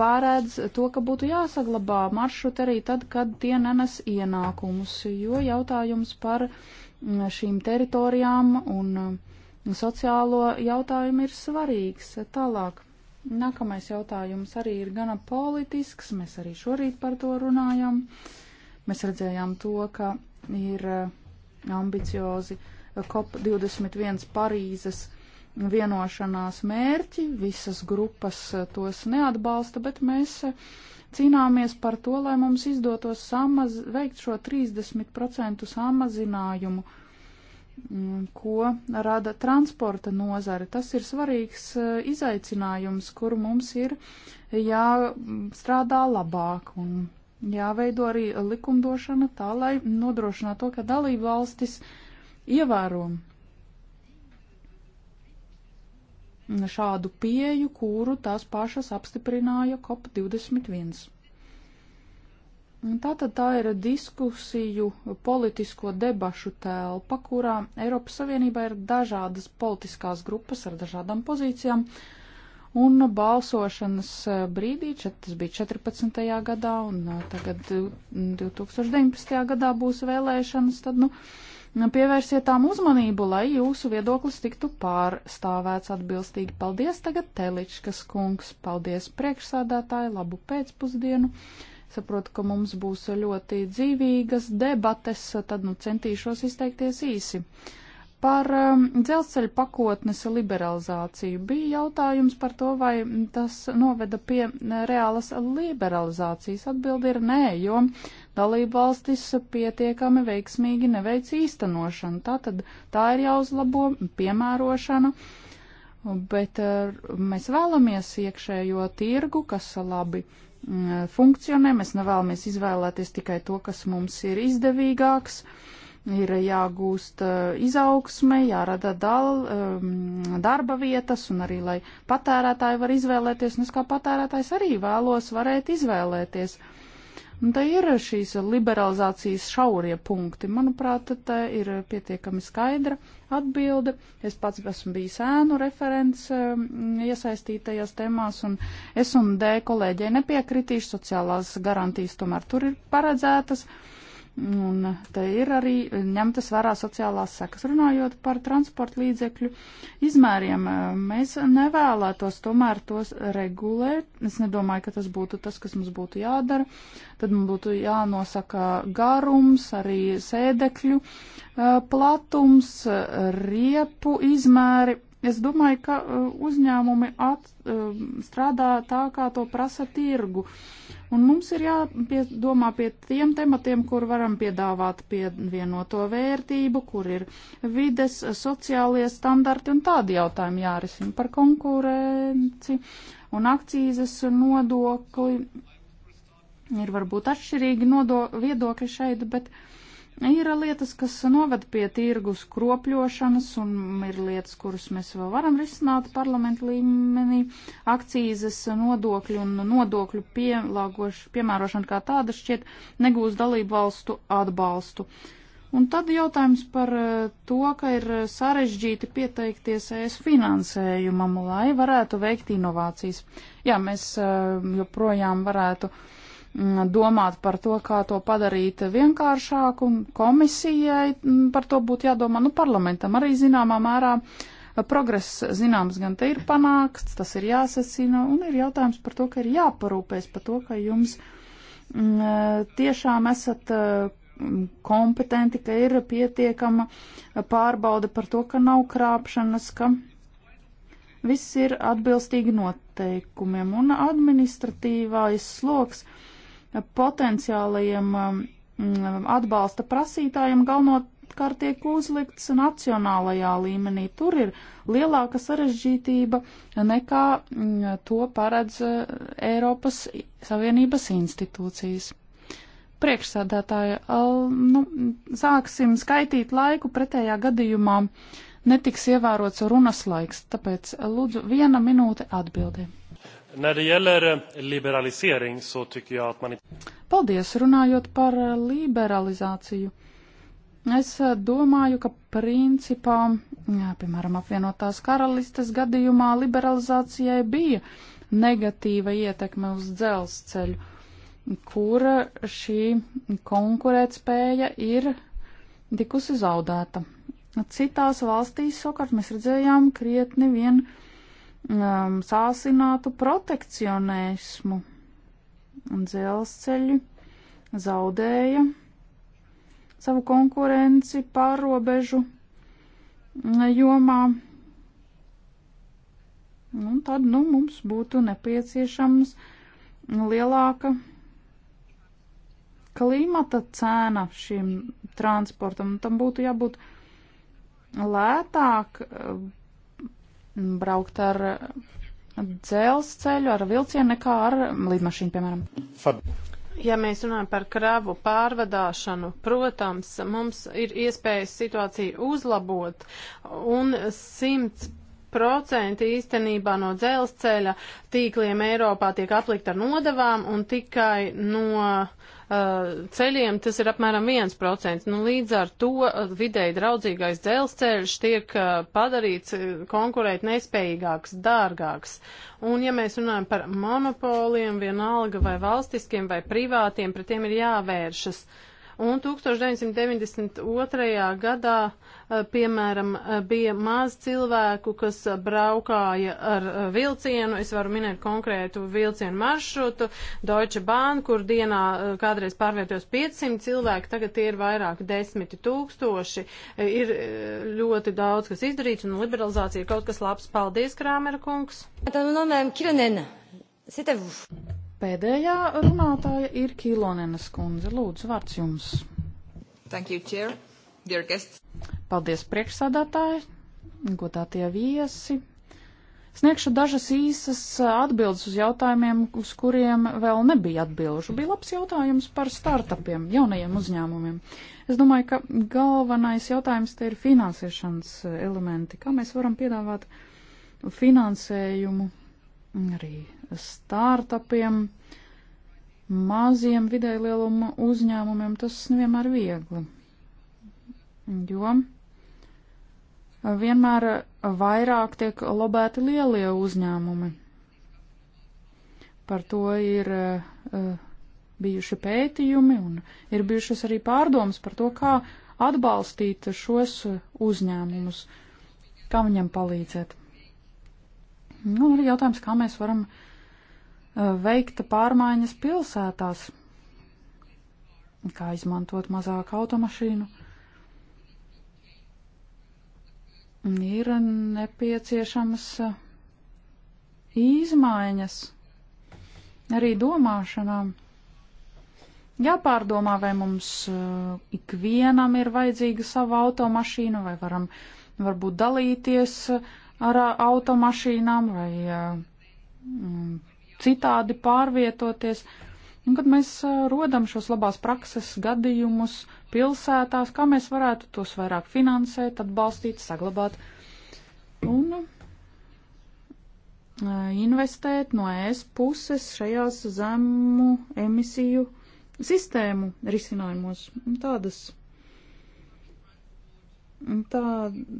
pārēdz to, ka būtu jāsaglabā maršruti arī tad, kad tie nenes ienākumus, jo jautājums par šīm teritorijām un sociālo jautājumu ir svarīgs. Tālāk Nākamais jautājums arī ir gana politisks. Mēs arī šorīt par to runājam. Mēs redzējām to, ka ir eh, ambiciozi eh, COP21 Parīzes vienošanās mērķi. Visas grupas eh, tos neatbalsta, bet mēs cīnāmies par to, lai mums izdotos samaz, veikt šo 30% samazinājumu Mm, ko rada transporta nozare. Tas ir svarīgs eh, izaicinājums, kur mums ir jāstrādā labāk un jāveido arī likumdošana tā, lai nodrošinātu to, ka dalību valstis ievēro šādu pieju, kuru tās pašas apstiprināja COP21. Tātad tā ir diskusiju, politisko debašu telpa, kurā Eiropas Savienībā ir dažādas politiskās grupas ar dažādām pozīcijām. Un balsošanas e, brīdī, tas bija 14. gadā, un e, tagad 2019. E, gadā būs vēlēšanas, tad, nu, pievērsiet tām uzmanību, lai jūsu viedoklis tiktu pārstāvēts atbilstīgi. Paldies tagad Teličkas kungs, paldies priekšsādātāji, labu pēcpusdienu. Saprotu, ka mums būs ļoti dzīvīgas debates, tad nu centīšos izteikties īsi. Par um, dzelzceļa pakotnes liberalizāciju bija jautājums par to, vai tas noveda pie reālas liberalizācijas. Atbildi ir nē, jo dalība valstis pietiekami veiksmīgi neveic īstenošanu. Tātad tā ir jāuzlabo piemērošana. Bet uh, mēs vēlamies iekšējo tirgu, kas labi funkcionē. Mēs nevēlamies izvēlēties tikai to, kas mums ir izdevīgāks. Ir jāgūst uh, izaugsme, jārada dal, um, darba vietas un arī, lai patērētāji var izvēlēties. Un es kā patērētājs arī vēlos varēt izvēlēties. Uh, Un te ir šīs liberalizācijas šaurie punkti. Manuprāt, te ir pietiekami skaidra atbilde. Es pats esmu bijis ēnu referents um, iesaistītajās tēmās, un es un D kolēģei nepiekritīšu sociālās garantijas, tomēr tur ir paredzētas. Uh, Un te ir arī ņemtas vērā sociālās sekas. Runājot par transporta līdzekļu izmēriem, mēs nevēlētos tomēr tos regulēt. Es nedomāju, ka tas būtu tas, kas mums būtu jādara. Tad mums būtu jānosaka garums, arī sēdekļu platums, riepu izmēri. Es domāju, ka uzņēmumi at, strādā tā, kā to prasa tirgu. Uh, Un mums ir jādomā pie tiem tematiem, kur varam piedāvāt pievienoto vērtību, kur ir vides, sociālie standarti un tādi jautājumi jārisina par konkurenci un akcīzes nodokli. Ir varbūt atšķirīgi nodo, viedokļi šeit, bet. Uh, Ir lietas, kas noved pie tirgus kropļošanas, un ir lietas, kuras mēs vēl varam risināt parlamentu līmenī. Akcijas nodokļu un nodokļu piemērošana kā tāda šķiet negūs dalību valstu atbalstu. Un tad jautājums par eh, to, ka ir sarežģīti pieteikties ES finansējumam, lai varētu veikt inovācijas. Jā, mēs eh, joprojām varētu uh, Mm, domāt par to, kā to padarīt vienkāršāku, komisijai mm, par to būtu jādomā, nu parlamentam arī zināmā mērā progress zināms gan te ir panākts, tas ir jāsacina, un ir jautājums par to, ka ir jāparūpēs par to, ka jums mm, tiešām esat mm, kompetenti, ka ir pietiekama pārbauda par to, ka nav krāpšanas, ka viss ir atbilstīgi noteikumiem, un administratīvais sloks potenciālajiem um, atbalsta prasītājiem galvenokārt tiek uzlikts nacionālajā līmenī. Tur ir lielāka sarežģītība nekā mm, to paredz uh, Eiropas Savienības institūcijas. Priekšsādātāja, uh, nu, sāksim skaitīt laiku pretējā gadījumā netiks ievērots runas laiks, tāpēc uh, lūdzu viena minūte atbildēm. När det gäller eh, liberalisering så tycker jag att man inte... Paldies, runājot par eh, liberalizāciju. Es eh, domāju, ka principā, mm, jā, piemēram, apvienotās karalistes gadījumā liberalizācijai bija negatīva ietekme uz dzelzceļu, kur šī konkurētspēja ir tikusi zaudēta. Citās valstīs, savukārt, mēs redzējām krietni vienu um, sāsinātu protekcionismu. Dzelzceļi zaudēja savu konkurenci pārobežu jomā. Un nu, tad nu, mums būtu nepieciešams lielāka klimata cēna šim transportam. Tam būtu jābūt lētāk braukt ar dzelzceļu, ar vilcienu nekā ar lidmašīnu, piemēram. Fab. Ja mēs runājam par kravu pārvadāšanu, protams, mums ir iespējas situāciju uzlabot un simts 10% īstenībā no dzelzceļa tīkliem Eiropā tiek aplikt ar nodevām un tikai no uh, ceļiem tas ir apmēram 1%. Nu, līdz ar to uh, vidēji draudzīgais dzelzceļš tiek uh, padarīts uh, konkurēt nespējīgāks, dārgāks. Un ja mēs runājam par monopoliem, vienalga vai valstiskiem vai privātiem, pret tiem ir jāvēršas. Uh, Un 1992. gadā, eh, piemēram, eh, bija maz cilvēku, kas eh, braukāja ar vilcienu. Es varu minēt konkrētu vilcienu maršrutu, Deutsche Bahn, kur dienā kādreiz pārvietojos 500 cilvēki, tagad tie ir vairāk desmiti tūkstoši. Ir ļoti daudz, kas izdarīts, un liberalizācija ir kaut kas labs. Paldies, Krāmera kungs! C'était vous. Pēdējā runātāja ir Kīlonenes kundze. Lūdzu, vārds jums. Thank you, chair. Dear guests. Paldies, priekšsādātāji, godātie viesi. Sniegšu dažas īsas atbildes uz jautājumiem, uz kuriem vēl nebija atbilžu. Bija labs jautājums par startupiem, jaunajiem uzņēmumiem. Es domāju, ka galvenais jautājums te ir finansēšanas elementi. Kā mēs varam piedāvāt finansējumu arī startupiem, maziem vidēji lieluma uzņēmumiem. Tas nevienmēr viegli, jo vienmēr vairāk tiek lobēti lielie uzņēmumi. Par to ir uh, bijuši pētījumi un ir bijušas arī pārdomas par to, kā atbalstīt šos uzņēmumus, kā viņam palīdzēt. Nu, ir jautājums, kā mēs varam veikt pārmaiņas pilsētās, kā izmantot mazāku automašīnu. Ir nepieciešamas izmaiņas arī domāšanā. Jāpārdomā, vai mums ikvienam ir vajadzīga sava automašīna, vai varam varbūt dalīties ar uh, automašīnām vai uh, mm, citādi pārvietoties. Un, kad mēs uh, rodam šos labās prakses gadījumus pilsētās, kā mēs varētu tos vairāk finansēt, atbalstīt, saglabāt un investēt no ES puses šajās zemu emisiju sistēmu risinājumos. Tādas Tā,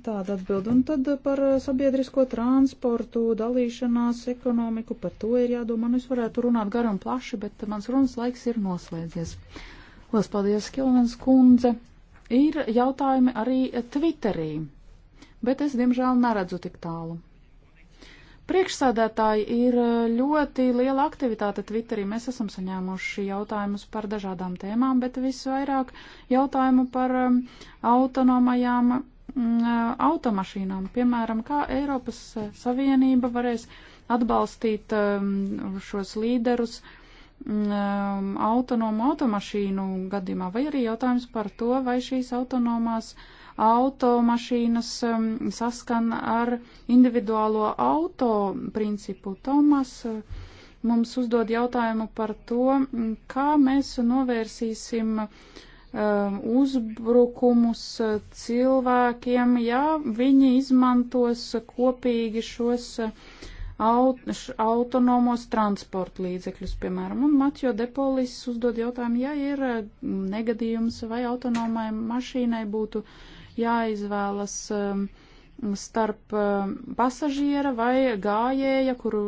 tāda atbild. Un tad par eh, sabiedrisko transportu, dalīšanās, ekonomiku, par to ir jādomā. Nu, es varētu runāt garu un plaši, bet mans runas laiks ir noslēdzies. Lielas paldies, Kilvens kundze. Ir jautājumi arī Twitterī, bet es, diemžēl, neredzu tik tālu. Priekšsādātāji ir e, ļoti liela aktivitāte Twitterī. Mēs esam saņēmuši jautājumus par dažādām tēmām, bet visvairāk jautājumu par e, autonomajām e, automašīnām. Piemēram, kā Eiropas Savienība varēs atbalstīt šos līderus autonomu automašīnu gadījumā, vai arī jautājums par to, vai šīs autonomās uh, automašīnas um, saskan ar individuālo auto principu. Tomas uh, mums uzdod jautājumu par to, mm, kā mēs novērsīsim um, uzbrukumus uh, cilvēkiem, ja viņi izmantos kopīgi šos uh, aut autonomos transporta līdzekļus, piemēram. Un Matjo Depolis uzdod jautājumu, ja ir negadījums vai autonomai mašīnai būtu uh, jāizvēlas um, starp um, pasažiera vai gājēja, kuru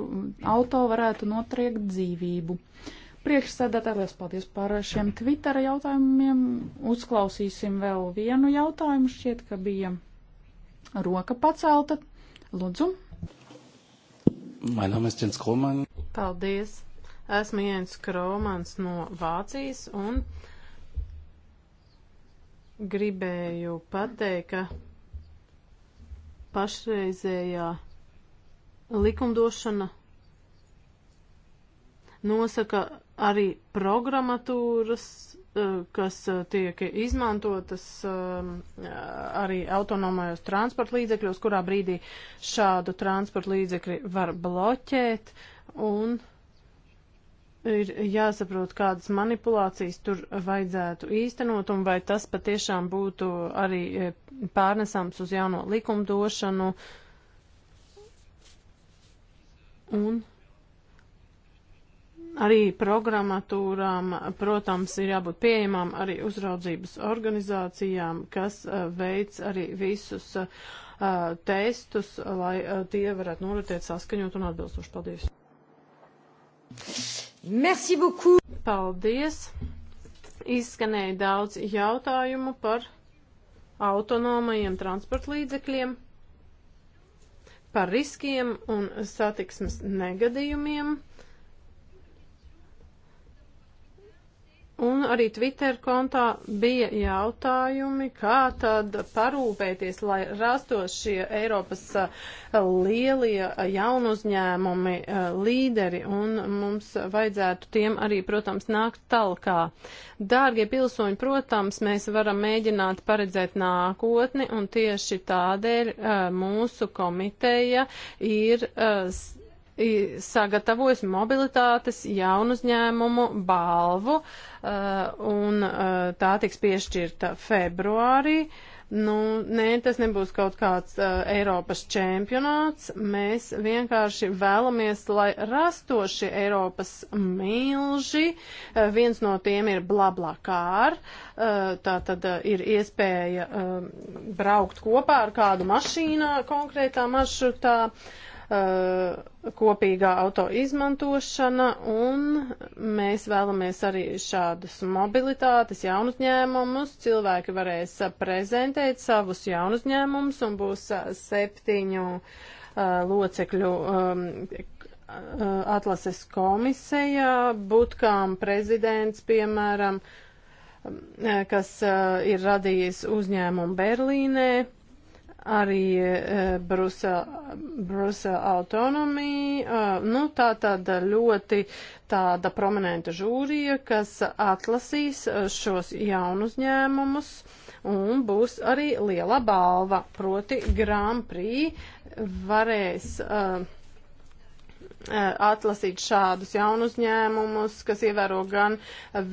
auto varētu notriekt dzīvību. Priekšsēdētājs, paldies par šiem Twittera jautājumiem. Uzklausīsim vēl vienu jautājumu. Šķiet, ka bija roka pacelta. Lūdzu. Mein Name ist Jens Kroman. Paldies. Esmu Jens Kromans no Vācijas un uh, gribēju pateikt, ka pašreizējā likumdošana nosaka arī programmatūras, eh, kas eh, tiek izmantotas eh, arī autonomajos transporta līdzekļos, kurā brīdī šādu transporta līdzekļi var bloķēt un ir jāsaprot, kādas manipulācijas tur vajadzētu īstenot un vai tas patiešām būtu arī e, pārnesams uz jauno likumdošanu. Un arī programmatūrām, protams, ir jābūt pieejamām arī uzraudzības organizācijām, kas e, veids arī visus uh, testus, lai uh, tie varētu noritēt saskaņot un atbilstoši. Paldies! Merci beaucoup! Paldies! Izskanēja daudz jautājumu par autonomajiem transportlīdzekļiem, par riskiem un satiksmes negadījumiem. Un arī Twitter kontā bija jautājumi, kā tad parūpēties, lai rastos šie Eiropas uh, lielie uh, jaunuzņēmumi, uh, līderi, un mums vajadzētu tiem arī, protams, nākt talkā. Dārgie pilsoņi, protams, mēs varam mēģināt paredzēt nākotni, un tieši tādēļ mūsu komiteja ir sagatavojis mobilitātes jaunuzņēmumu balvu, uh, un uh, tā tiks piešķirta februārī. Nu, nē, tas nebūs kaut kāds uh, Eiropas čempionāts. Mēs vienkārši vēlamies, lai rastoši Eiropas milži, uh, viens no tiem ir blablakār, uh, tā tad uh, ir iespēja uh, braukt kopā ar kādu mašīnā konkrētā maršrutā. Uh, Uh, kopīgā auto izmantošana, un mēs vēlamies arī šādas mobilitātes, jaunuzņēmumus. Cilvēki varēs uh, prezentēt savus jaunuzņēmumus un būs uh, septiņu uh, locekļu um, atlases komisijā, butkām prezidents, piemēram, um, kas uh, ir radījis uzņēmumu Berlīnē, arī e, Brusela autonomija, e, nu tā tāda ļoti tāda prominenta žūrija, kas atlasīs e, šos jaunus ņēmumus un būs arī liela balva, proti Grand Prix varēs. E, Eh, atlasīt šādus jaunu uzņēmumus, kas ievēro gan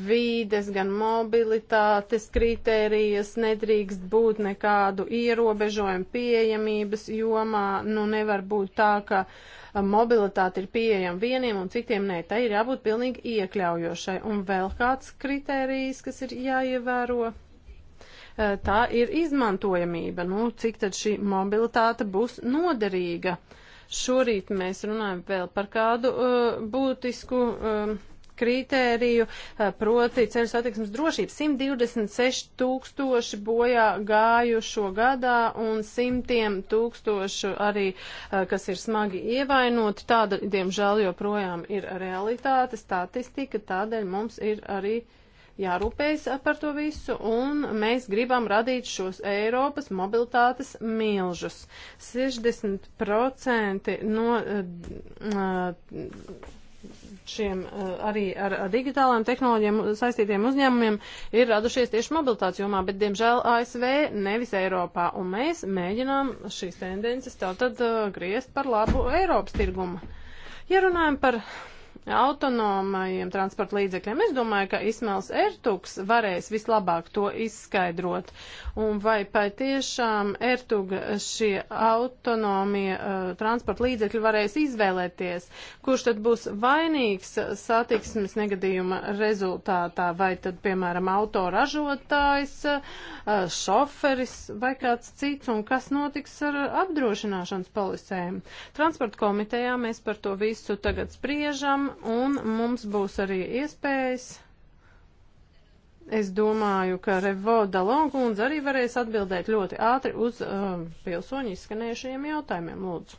vīdes, gan mobilitātes kritērijas, nedrīkst būt nekādu ierobežojumu pieejamības jomā. Nu, nevar būt tā, ka eh, mobilitāte ir pieejama vieniem un citiem nē. Tai ir jābūt pilnīgi iekļaujošai. Un vēl kāds kritērijs, kas ir jāievēro. Eh, tā ir izmantojamība. Nu, cik tad šī mobilitāte būs noderīga? Uh, Šorīt mēs runājam vēl par kādu uh, būtisku. Um, uh, kritēriju, proti ceļu satiksmes drošību. 126 tūkstoši bojā gājušo gadā un simtiem tūkstošu arī, uh, kas ir smagi ievainoti. Tāda, diemžēl, joprojām ir realitāte, statistika, tādēļ mums ir arī. Uh, jārūpējas par to visu, un mēs gribam radīt šos Eiropas mobilitātes milžus. 60% no. Uh, šiem eh, arī ar digitālām tehnoloģijām saistītiem uzņēmumiem ir radušies tieši mobilitātes jomā, bet diemžēl ASV nevis Eiropā, un mēs mēģinām šīs tendences tātad griezt par labu Eiropas tirgumu. Ja runājam par autonomajiem transporta līdzekļiem. Es domāju, ka Ismēls Ertuks varēs vislabāk to izskaidrot. Un vai patiešām Ertuga šie autonomie uh, transporta līdzekļi varēs izvēlēties, kurš tad būs vainīgs satiksmes negadījuma rezultātā, vai tad, piemēram, autoražotājs, uh, šoferis vai kāds cits, un kas notiks ar apdrošināšanas polisēm. Transporta komitejā mēs par to visu tagad spriežam un mums būs arī iespējas. Es domāju, ka Revo Dalongundze arī varēs atbildēt ļoti ātri uz um, pilsoņu izskanējušajiem jautājumiem, lūdzu.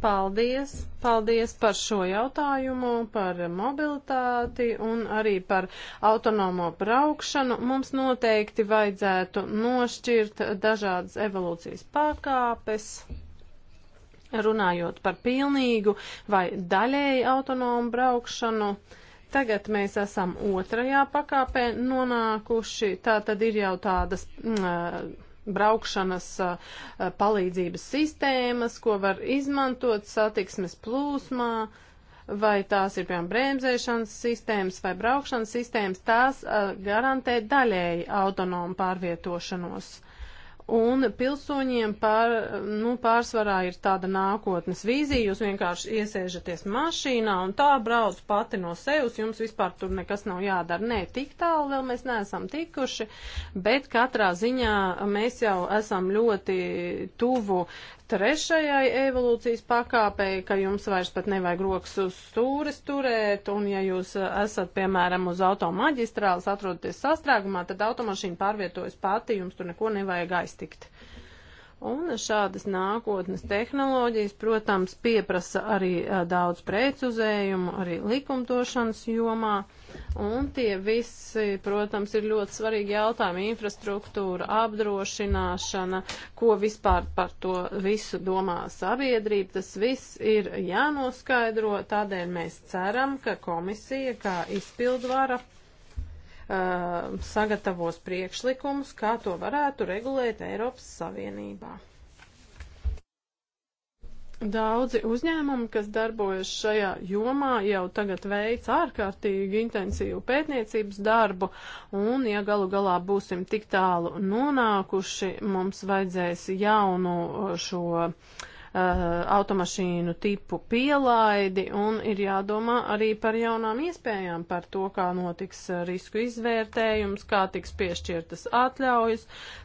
Paldies! Paldies par šo jautājumu, par mobilitāti un arī par autonomo braukšanu. Mums noteikti vajadzētu nošķirt dažādas evolūcijas pakāpes. Runājot par pilnīgu vai daļēji autonomu braukšanu, tagad mēs esam otrajā pakāpē nonākuši. Tā tad ir jau tādas. Mm, braukšanas palīdzības sistēmas, ko var izmantot satiksmes plūsmā, vai tās ir, piemēram, bremzēšanas sistēmas vai braukšanas sistēmas, tās garantē daļēji autonomu pārvietošanos. Un pilsoņiem pār, nu, pārsvarā ir tāda nākotnes vīzija, jūs vienkārši iesēžaties mašīnā un tā brauc pati no sevis, jums vispār tur nekas nav jādara. Nē, tik tālu vēl mēs neesam tikuši, bet katrā ziņā mēs jau esam ļoti tuvu trešajai evolūcijas pakāpei, ka jums vairs pat nevajag rokas uz stūres turēt, un ja jūs uh, esat, piemēram, uz automaģistrāles atrodaties sastrēgumā, tad automašīna pārvietojas pati, jums tur neko nevajag aiztikt. Un šādas nākotnes tehnoloģijas, protams, pieprasa arī daudz precizējumu, arī likumdošanas jomā. Un tie visi, protams, ir ļoti svarīgi jautājumi - infrastruktūra, apdrošināšana, ko vispār par to visu domā sabiedrība. Tas viss ir jānoskaidro, tādēļ mēs ceram, ka komisija kā izpildvara uh, sagatavos priekšlikumus, kā to varētu regulēt Eiropas Savienībā. Daudzi uzņēmumi, kas darbojas šajā jomā, jau tagad veic ārkārtīgi intensīvu pētniecības darbu, un, ja galu galā būsim tik tālu nonākuši, mums vajadzēs jaunu uh, šo uh, Eh, automašīnu tipu pielaidi un ir jādomā arī par jaunām iespējām, par to, kā notiks eh, risku izvērtējums, kā tiks piešķirtas atļaujas.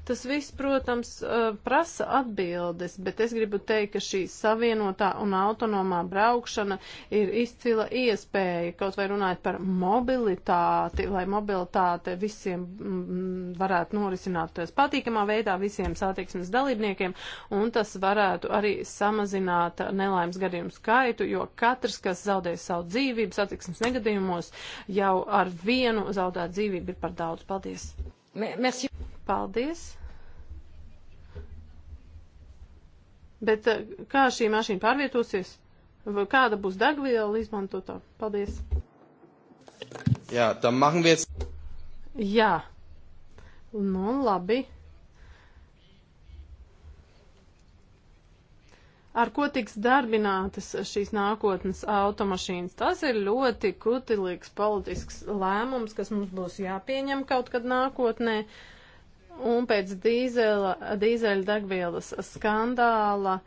Tas viss, protams, eh, prasa atbildes, bet es gribu teikt, ka šī savienotā un autonomā braukšana ir izcila iespēja, kaut vai runājot par mobilitāti, lai mobilitāte visiem mm, varētu norisināties patīkamā veidā visiem satiksmes dalībniekiem, un tas varētu arī samazināt nelaimes gadījumu skaitu, jo katrs, kas zaudēja savu dzīvību satiksmes negadījumos, jau ar vienu zaudēt dzīvību ir par daudz. Paldies! Merci. Paldies! Bet eh, kā šī mašīna pārvietosies? Kāda būs degviela izmantotā? Paldies! Jā, tam machen wir jetzt. Jā. Nu, labi. ar ko tiks darbinātas šīs nākotnes automašīnas. Tas ir ļoti kutilīgs politisks lēmums, kas mums būs jāpieņem kaut kad nākotnē. Un pēc dīzela, dīzeļa degvielas skandāla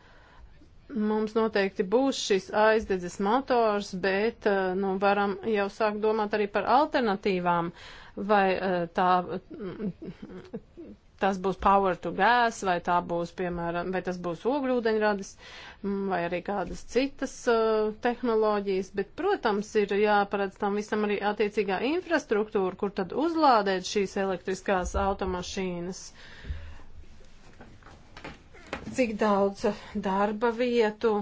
mums noteikti būs šis aizdedzis motors, bet eh, nu, varam jau sākt domāt arī par alternatīvām, vai eh, tā tas būs power to gas, vai tā būs, piemēram, vai tas būs ogļūdeņradis, mm, vai arī kādas citas uh, tehnoloģijas, bet, protams, ir jāparedz tam visam arī attiecīgā infrastruktūra, kur tad uzlādēt šīs elektriskās automašīnas. Cik daudz darba vietu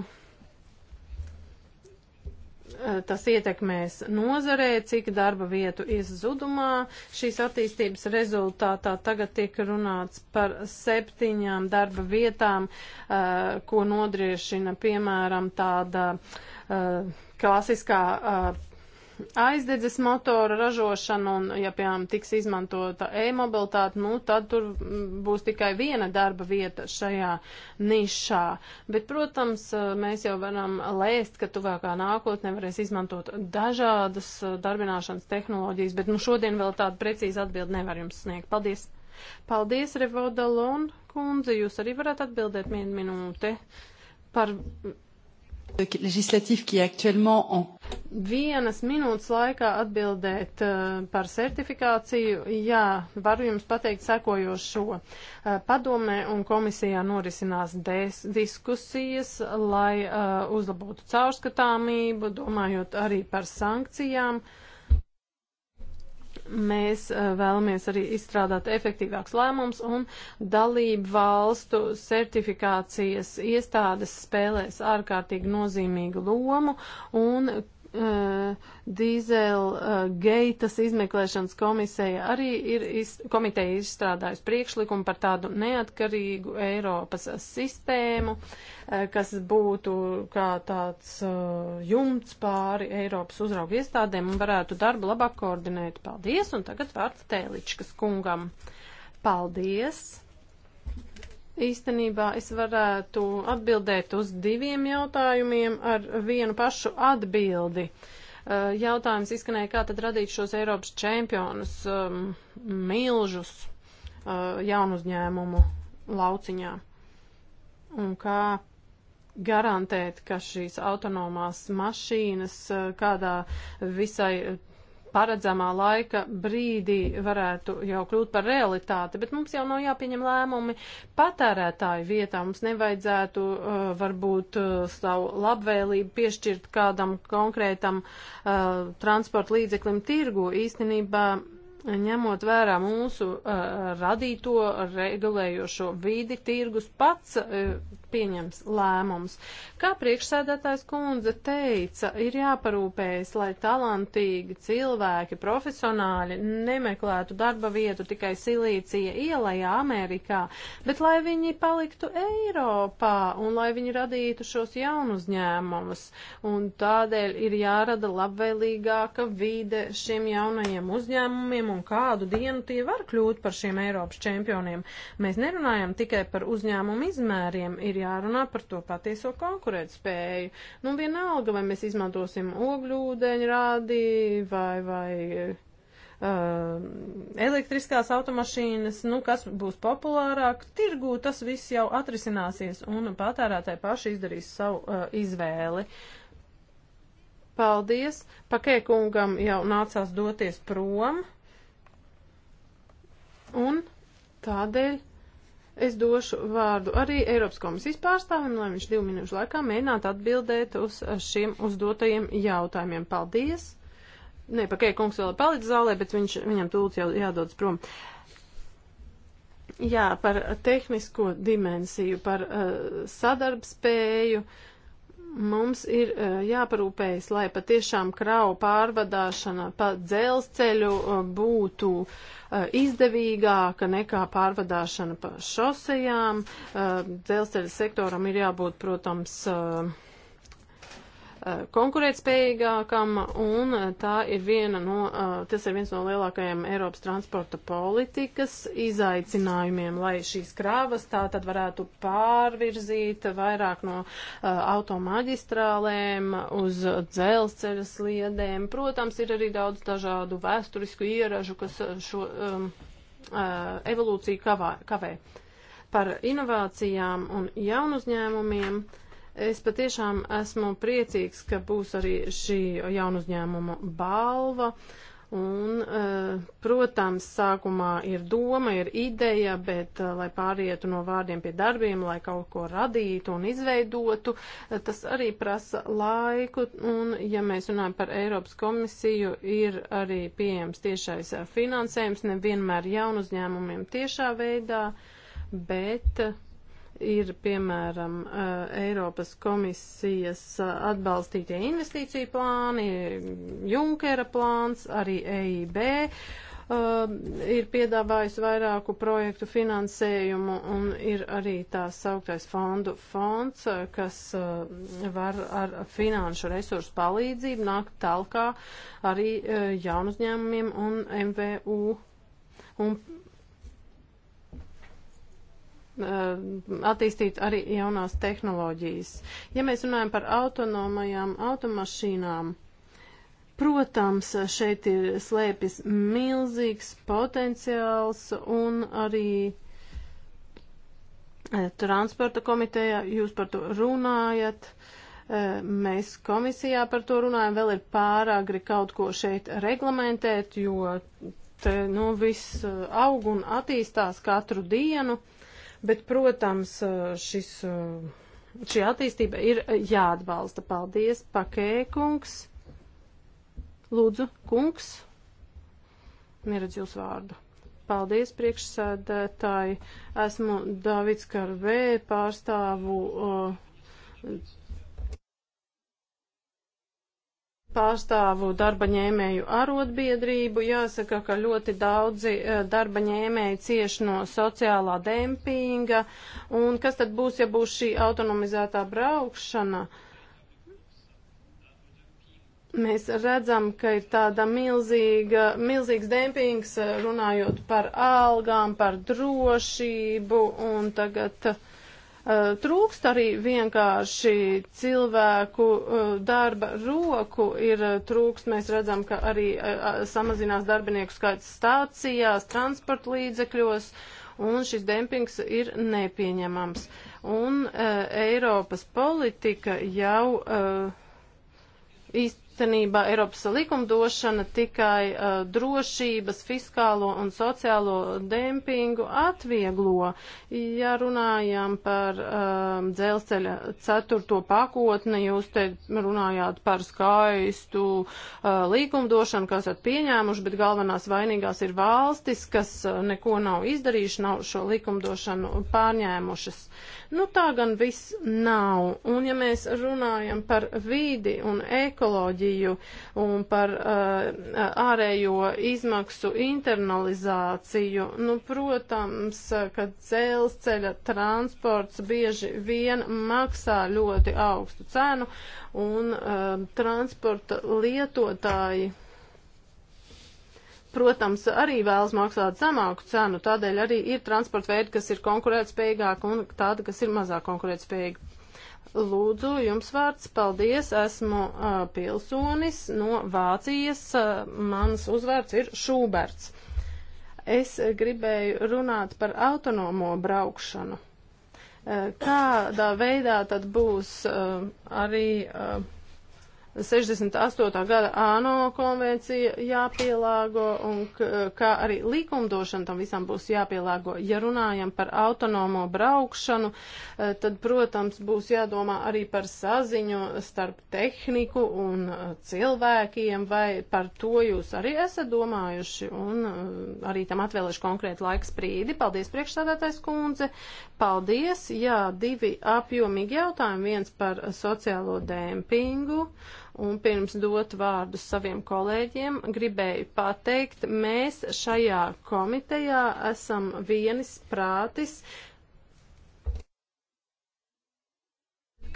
Eh, tas ietekmēs nozarē, cik darba vietu izzudumā. Šīs attīstības rezultātā tagad tiek runāts par septiņām darba vietām, eh, ko nodriešina piemēram tāda eh, klasiskā aizdedzes motora ražošanu un, ja, piemēram, tiks izmantota e-mobilitāte, nu, tad tur mm, būs tikai viena darba vieta šajā nišā. Bet, protams, eh, mēs jau varam lēst, ka tuvākā nākotnē varēs izmantot dažādas eh, darbināšanas tehnoloģijas, bet, nu, šodien vēl tādu precīzu atbildi nevar jums sniegt. Paldies! Paldies, Revodalon kundze, jūs arī varat atbildēt vienu minūte par Vienas minūtes laikā atbildēt eh, par certifikāciju, jā, varu jums pateikt sekojošo. Eh, Padomē un komisijā norisinās des, diskusijas, lai eh, uzlabotu caurskatāmību, domājot arī par sankcijām. Uh, mēs eh, vēlamies arī izstrādāt efektīvāks lēmums un dalību valstu certifikācijas iestādes spēlēs ārkārtīgi nozīmīgu lomu un uh, dīzeļa uh, geitas izmeklēšanas komisija arī ir, iz, komiteja ir izstrādājusi priekšlikumu par tādu neatkarīgu Eiropas sistēmu, uh, kas būtu kā tāds uh, jumts pāri Eiropas uzraugu iestādēm un varētu darbu labāk koordinēt. Paldies, un tagad vārds Tēličkas kungam. Paldies! Īstenībā es varētu atbildēt uz diviem jautājumiem ar vienu pašu atbildi. Uh, jautājums izskanēja, kā tad radīt šos Eiropas čempionus, um, milžus uh, jaunu uzņēmumu lauciņā. Un kā garantēt, ka šīs autonomās mašīnas uh, kādā visai paredzamā laika brīdī varētu jau kļūt par realitāti, bet mums jau nav jāpieņem lēmumi patērētāju vietā. Mums nevajadzētu uh, varbūt uh, savu labvēlību piešķirt kādam konkrētam uh, transporta līdzeklim tirgu. Īstenībā uh, ņemot vērā mūsu uh, radīto regulējošo vidi, tirgus pats uh, pieņems lēmums. Kā priekšsēdētājs kundze teica, ir jāparūpējas, lai talantīgi cilvēki, profesionāļi nemeklētu darba vietu tikai Silīcija ielajā Amerikā, bet lai viņi paliktu Eiropā un lai viņi radītu šos jaunus ņēmumus. Un tādēļ ir jārada labvēlīgāka vide šiem jaunajiem uzņēmumiem un kādu dienu tie var kļūt par šiem Eiropas čempioniem. Mēs nerunājam tikai par uzņēmumu izmēriem, ir jārunā par to patieso konkurētspēju. Nu, vienalga, vai mēs izmantosim ogļūdeņrādi vai, vai Uh, elektriskās automašīnas, nu, kas būs populārāk tirgū, tas viss jau atrisināsies un patērētāji paši izdarīs savu uh, izvēli. Paldies! Pakē kungam jau nācās doties prom. Un tādēļ es došu vārdu arī Eiropas komisijas pārstāvim, lai viņš divu minūšu laikā mēģinātu atbildēt uz šiem uzdotajiem jautājumiem. Paldies! Nē, pakai kungs vēl ir palicis zālē, bet viņš, viņam tūlīt jau jādodas prom. Jā, par tehnisko dimensiju, par uh, sadarbspēju. Uh, Mums ir eh, jāparūpējas, lai patiešām kravu pārvadāšana pa dzelzceļu eh, būtu eh, izdevīgāka nekā pārvadāšana pa šosejām. Dzelzceļa sektoram ir jābūt, protams, Uh, konkurētspējīgākam, un uh, tā ir viena no, uh, tas ir viens no lielākajiem Eiropas transporta politikas izaicinājumiem, lai šīs krāvas tā tad varētu pārvirzīt vairāk no automaģistrālēm uz dzelzceļa sliedēm. Protams, ir arī daudz dažādu vēsturisku ieražu, kas šo um, evolūciju kavā, kavē. Par inovācijām un jaunu uzņēmumiem. Uh, Es patiešām esmu priecīgs, ka būs arī šī jaunu uzņēmumu balva. Un, e, protams, sākumā ir doma, ir ideja, bet, e, lai pārietu no vārdiem pie darbiem, lai kaut ko radītu un izveidotu, e, tas arī prasa laiku. Un, ja mēs runājam par Eiropas komisiju, ir arī pieejams tiešais finansējums, nevienmēr jaunu uzņēmumiem tiešā veidā, bet. Uh, ir, piemēram, eh, Eiropas komisijas eh, atbalstītie investīcija plāni, Junkera plāns, arī EIB. Uh, eh, ir piedāvājusi vairāku projektu finansējumu un ir arī tā sauktais fondu fonds, kas uh, var ar finanšu resursu palīdzību nākt talkā arī uh, jaunuzņēmumiem un MVU. Un Um, attīstīt arī jaunās tehnoloģijas. Ja mēs runājam par autonomajām automašīnām, protams, šeit ir slēpis milzīgs potenciāls un arī e, transporta komitejā jūs par to runājat. E, mēs komisijā par to runājam, vēl ir pāragri kaut ko šeit reglamentēt, jo te, nu, viss e, aug un attīstās katru dienu. Uh, Bet, protams, šis, šī attīstība ir jāatbalsta. Paldies, Pakē kungs. Lūdzu, kungs. Neredz jūs vārdu. Paldies, priekšsēdētāji. Esmu Davids Karvē, pārstāvu. Uh, pārstāvu darba ņēmēju arotbiedrību. Jāsaka, ka ļoti daudzi e, darba ņēmēji cieš no sociālā dempinga. Un kas tad būs, ja būs šī autonomizētā braukšana? Mēs redzam, ka ir tāda milzīga, milzīgs dempings e, runājot par algām, par drošību un tagad. Uh, Eh, trūkst arī vienkārši cilvēku eh, darba roku, ir eh, trūkst, mēs redzam, ka arī samazinās darbinieku skaits stācijās, transporta līdzekļos, un šis dempings ir nepieņemams. Un uh, Eiropas politika jau uh, īstenībā īstenībā Eiropas likumdošana tikai uh, drošības, fiskālo un sociālo dempingu atvieglo. Ja runājam par uh, dzelzceļa ceturto pakotni, jūs te runājāt par skaistu uh, likumdošanu, kas esat pieņēmuši, bet galvenās vainīgās ir valstis, kas uh, neko nav izdarījuši, nav šo likumdošanu pārņēmušas. Nu tā gan viss nav. Un ja mēs runājam par vīdi un ekoloģiju, enerģiju un par uh, ārējo izmaksu internalizāciju. Nu, protams, ka dzelzceļa transports bieži vien maksā ļoti augstu cenu un uh, transporta lietotāji protams, arī vēlas maksāt zemāku cenu. Tādēļ arī ir transporta veidi, kas ir konkurētspējīgāki un tādi, kas ir mazāk konkurētspējīgi. Lūdzu, jums vārds. Paldies, esmu uh, pilsonis no Vācijas. Uh, mans uzvārds ir Šūberts. Es gribēju runāt par autonomo braukšanu. Uh, kādā veidā tad būs uh, arī. Uh, 68. gada ANO konvencija jāpielāgo un kā arī likumdošana tam visam būs jāpielāgo. Ja runājam par autonomo braukšanu, eh, tad, protams, būs jādomā arī par saziņu starp tehniku un eh, cilvēkiem, vai par to jūs arī esat domājuši un eh, arī tam atvēlēšu konkrētu laiks brīdi. Paldies, priekšsādātais kundze. Paldies. Jā, divi apjomīgi jautājumi. Viens par sociālo dēmpingu Un pirms dot vārdu saviem kolēģiem, gribēju pateikt, mēs šajā komitejā esam vienis prātis,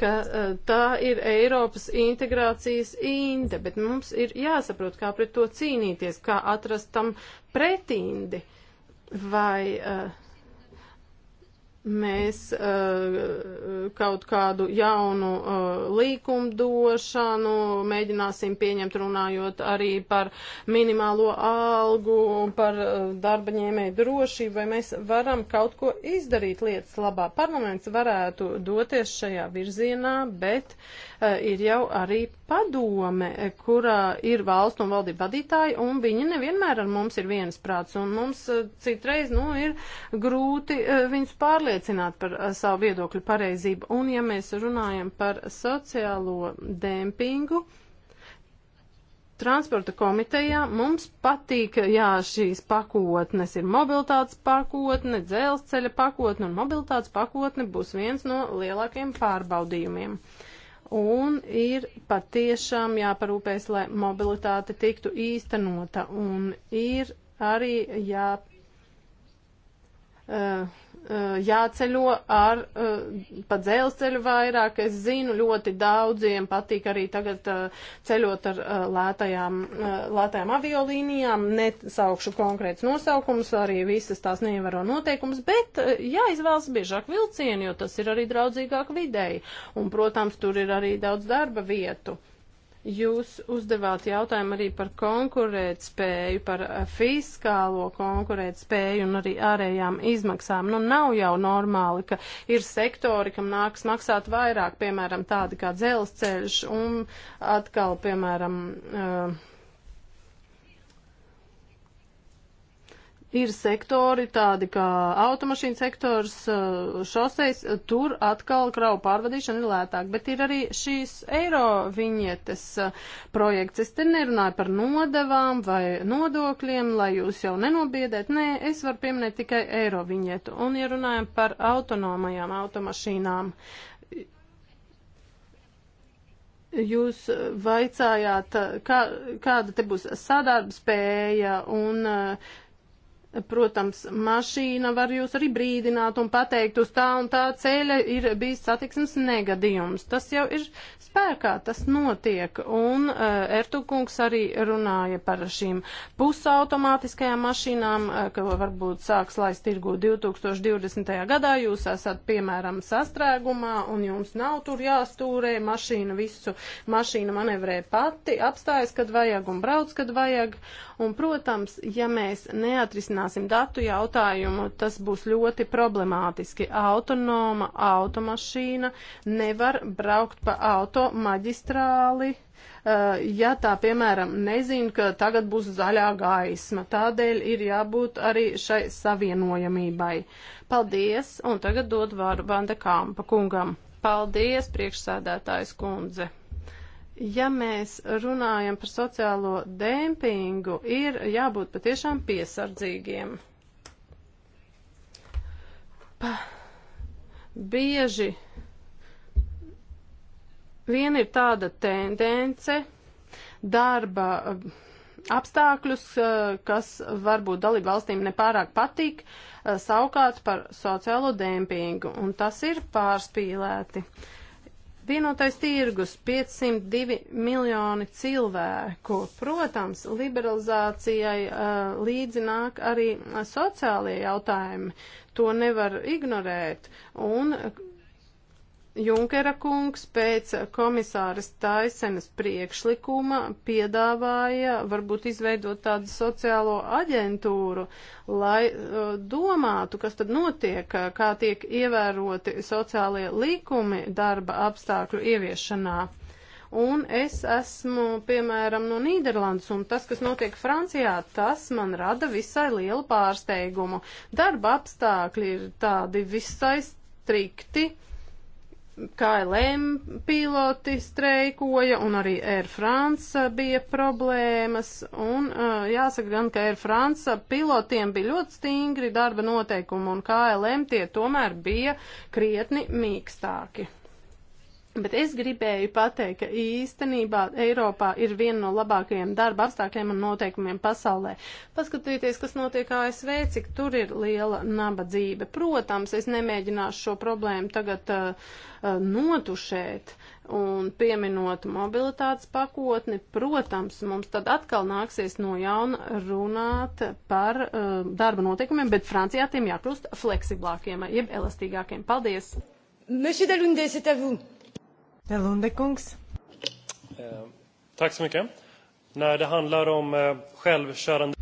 ka e, tā ir Eiropas integrācijas inde, bet mums ir jāsaprot, kā pret to cīnīties, kā atrast tam pretindi. Vai uh, mēs uh, kaut kādu jaunu uh, līkumdošanu mēģināsim pieņemt runājot arī par minimālo algu un par uh, darba ņēmēju drošību, vai mēs varam kaut ko izdarīt lietas labā. Parlaments varētu doties šajā virzienā, bet uh, Eh, ir jau arī padome, eh, kurā ir valstu un valdību vadītāji, un viņi nevienmēr ar mums ir vienas prāts, un mums eh, citreiz, nu, ir grūti viņus pārliecināt par savu viedokļu pareizību. Un ja mēs runājam par sociālo dempingu, transporta komitejā mums patīk, jā, šīs pakotnes ir mobilitātes pakotne, dzelzceļa pakotne un mobilitātes pakotne būs viens no lielākajiem pārbaudījumiem. Uh, un ir patiešām jāparūpēs, lai mobilitāte tiktu īstenota, un ir arī jā. Uh, Uh, jāceļo ar uh, pa dzelzceļu vairāk. Es zinu, ļoti daudziem patīk arī tagad uh, ceļot ar lētajām, lētajām aviolīnijām. Nesaukšu konkrēts nosaukums, arī visas tās neievaro noteikums, bet jāizvēlas biežāk vilcieni, jo tas ir arī draudzīgāk videi. Un, protams, tur ir arī daudz darba vietu. Jūs uzdevāt jautājumu arī par konkurētspēju, par eh, fiskālo konkurētspēju un arī ārējām izmaksām. Nu, nav jau normāli, ka ir sektori, kam nāks maksāt vairāk, piemēram, tādi kā dzelzceļš un atkal, piemēram, uh, ir sektori tādi kā automašīnu sektors, eh, šoseis, tur atkal kravu pārvadīšana ir lētāk, bet ir arī šīs eiro viņietes eh, projekts. Es te nerunāju par nodevām vai nodokļiem, lai jūs jau nenobiedēt. Nē, es varu pieminēt tikai eiro viņietu. Un ja runājam par autonomajām automašīnām. Jūs vaicājāt, kā, kāda te būs sadarbspēja un uh, Protams, mašīna var jūs arī brīdināt un pateikt, uz tā un tā ceļa ir bijis satiksmes negadījums. Tas jau ir spēkā, tas notiek. Un uh, Ertukungs arī runāja par šīm pusautomātiskajām mašīnām, uh, ka varbūt sāks laist tirgu 2020. gadā. Jūs esat, piemēram, sastrēgumā un jums nav tur jāstūrē. Mašīna visu mašīnu manevrē pati, apstājas, kad vajag un brauc, kad vajag. Un, protams, ja mēs neatrisinām neatrisināsim datu jautājumu, tas būs ļoti problemātiski. Autonoma automašīna nevar braukt pa auto maģistrāli eh, ja tā piemēram nezina, ka tagad būs zaļā gaisma. Tādēļ ir jābūt arī šai savienojamībai. Paldies, un tagad dod vārdu Vanda Kampa kungam. Paldies, priekšsēdētājs kundze. Ja mēs runājam par sociālo dēmpingu, ir jābūt patiešām piesardzīgiem. Pa, bieži vien ir tāda tendence darba eh, apstākļus, eh, kas varbūt dalību valstīm nepārāk patīk, eh, savukārt par sociālo dēmpingu, un tas ir pārspīlēti. Uh, Vienotais tirgus 502 miljoni cilvēku. Protams, liberalizācijai uh, līdzi nāk arī eh, sociālie jautājumi. To nevar ignorēt. Un Junkera kungs pēc komisāras Taisenas priekšlikuma piedāvāja varbūt izveidot tādu sociālo aģentūru, lai uh, domātu, kas tad notiek, uh, kā tiek ievēroti sociālie likumi darba apstākļu ieviešanā. Un es esmu, piemēram, no Nīderlandes, un tas, kas notiek Francijā, tas man rada visai lielu pārsteigumu. Darba apstākļi ir tādi visai strikti. Uh, KLM piloti streikoja un arī Air France bija problēmas. Un uh, jāsaka gan, ka Air France pilotiem bija ļoti stingri darba noteikumi un KLM tie tomēr bija krietni mīkstāki. Bet es gribēju pateikt, ka īstenībā Eiropā ir viena no labākajiem darba apstākļiem un noteikumiem pasaulē. Paskatieties, kas notiek ASV, cik tur ir liela nabadzība. Protams, es nemēģināšu šo problēmu tagad uh, uh, notušēt un pieminot mobilitātes pakotni. Protams, mums tad atkal nāksies no jauna runāt par uh, darba noteikumiem, bet Francijā tiem jākļūst fleksiblākiem, jeb elastīgākiem. Paldies! Monsieur Dalunde, c'est à vous. Pelunde kungs. Eh, tack så mycket. När det handlar om eh, självkörande...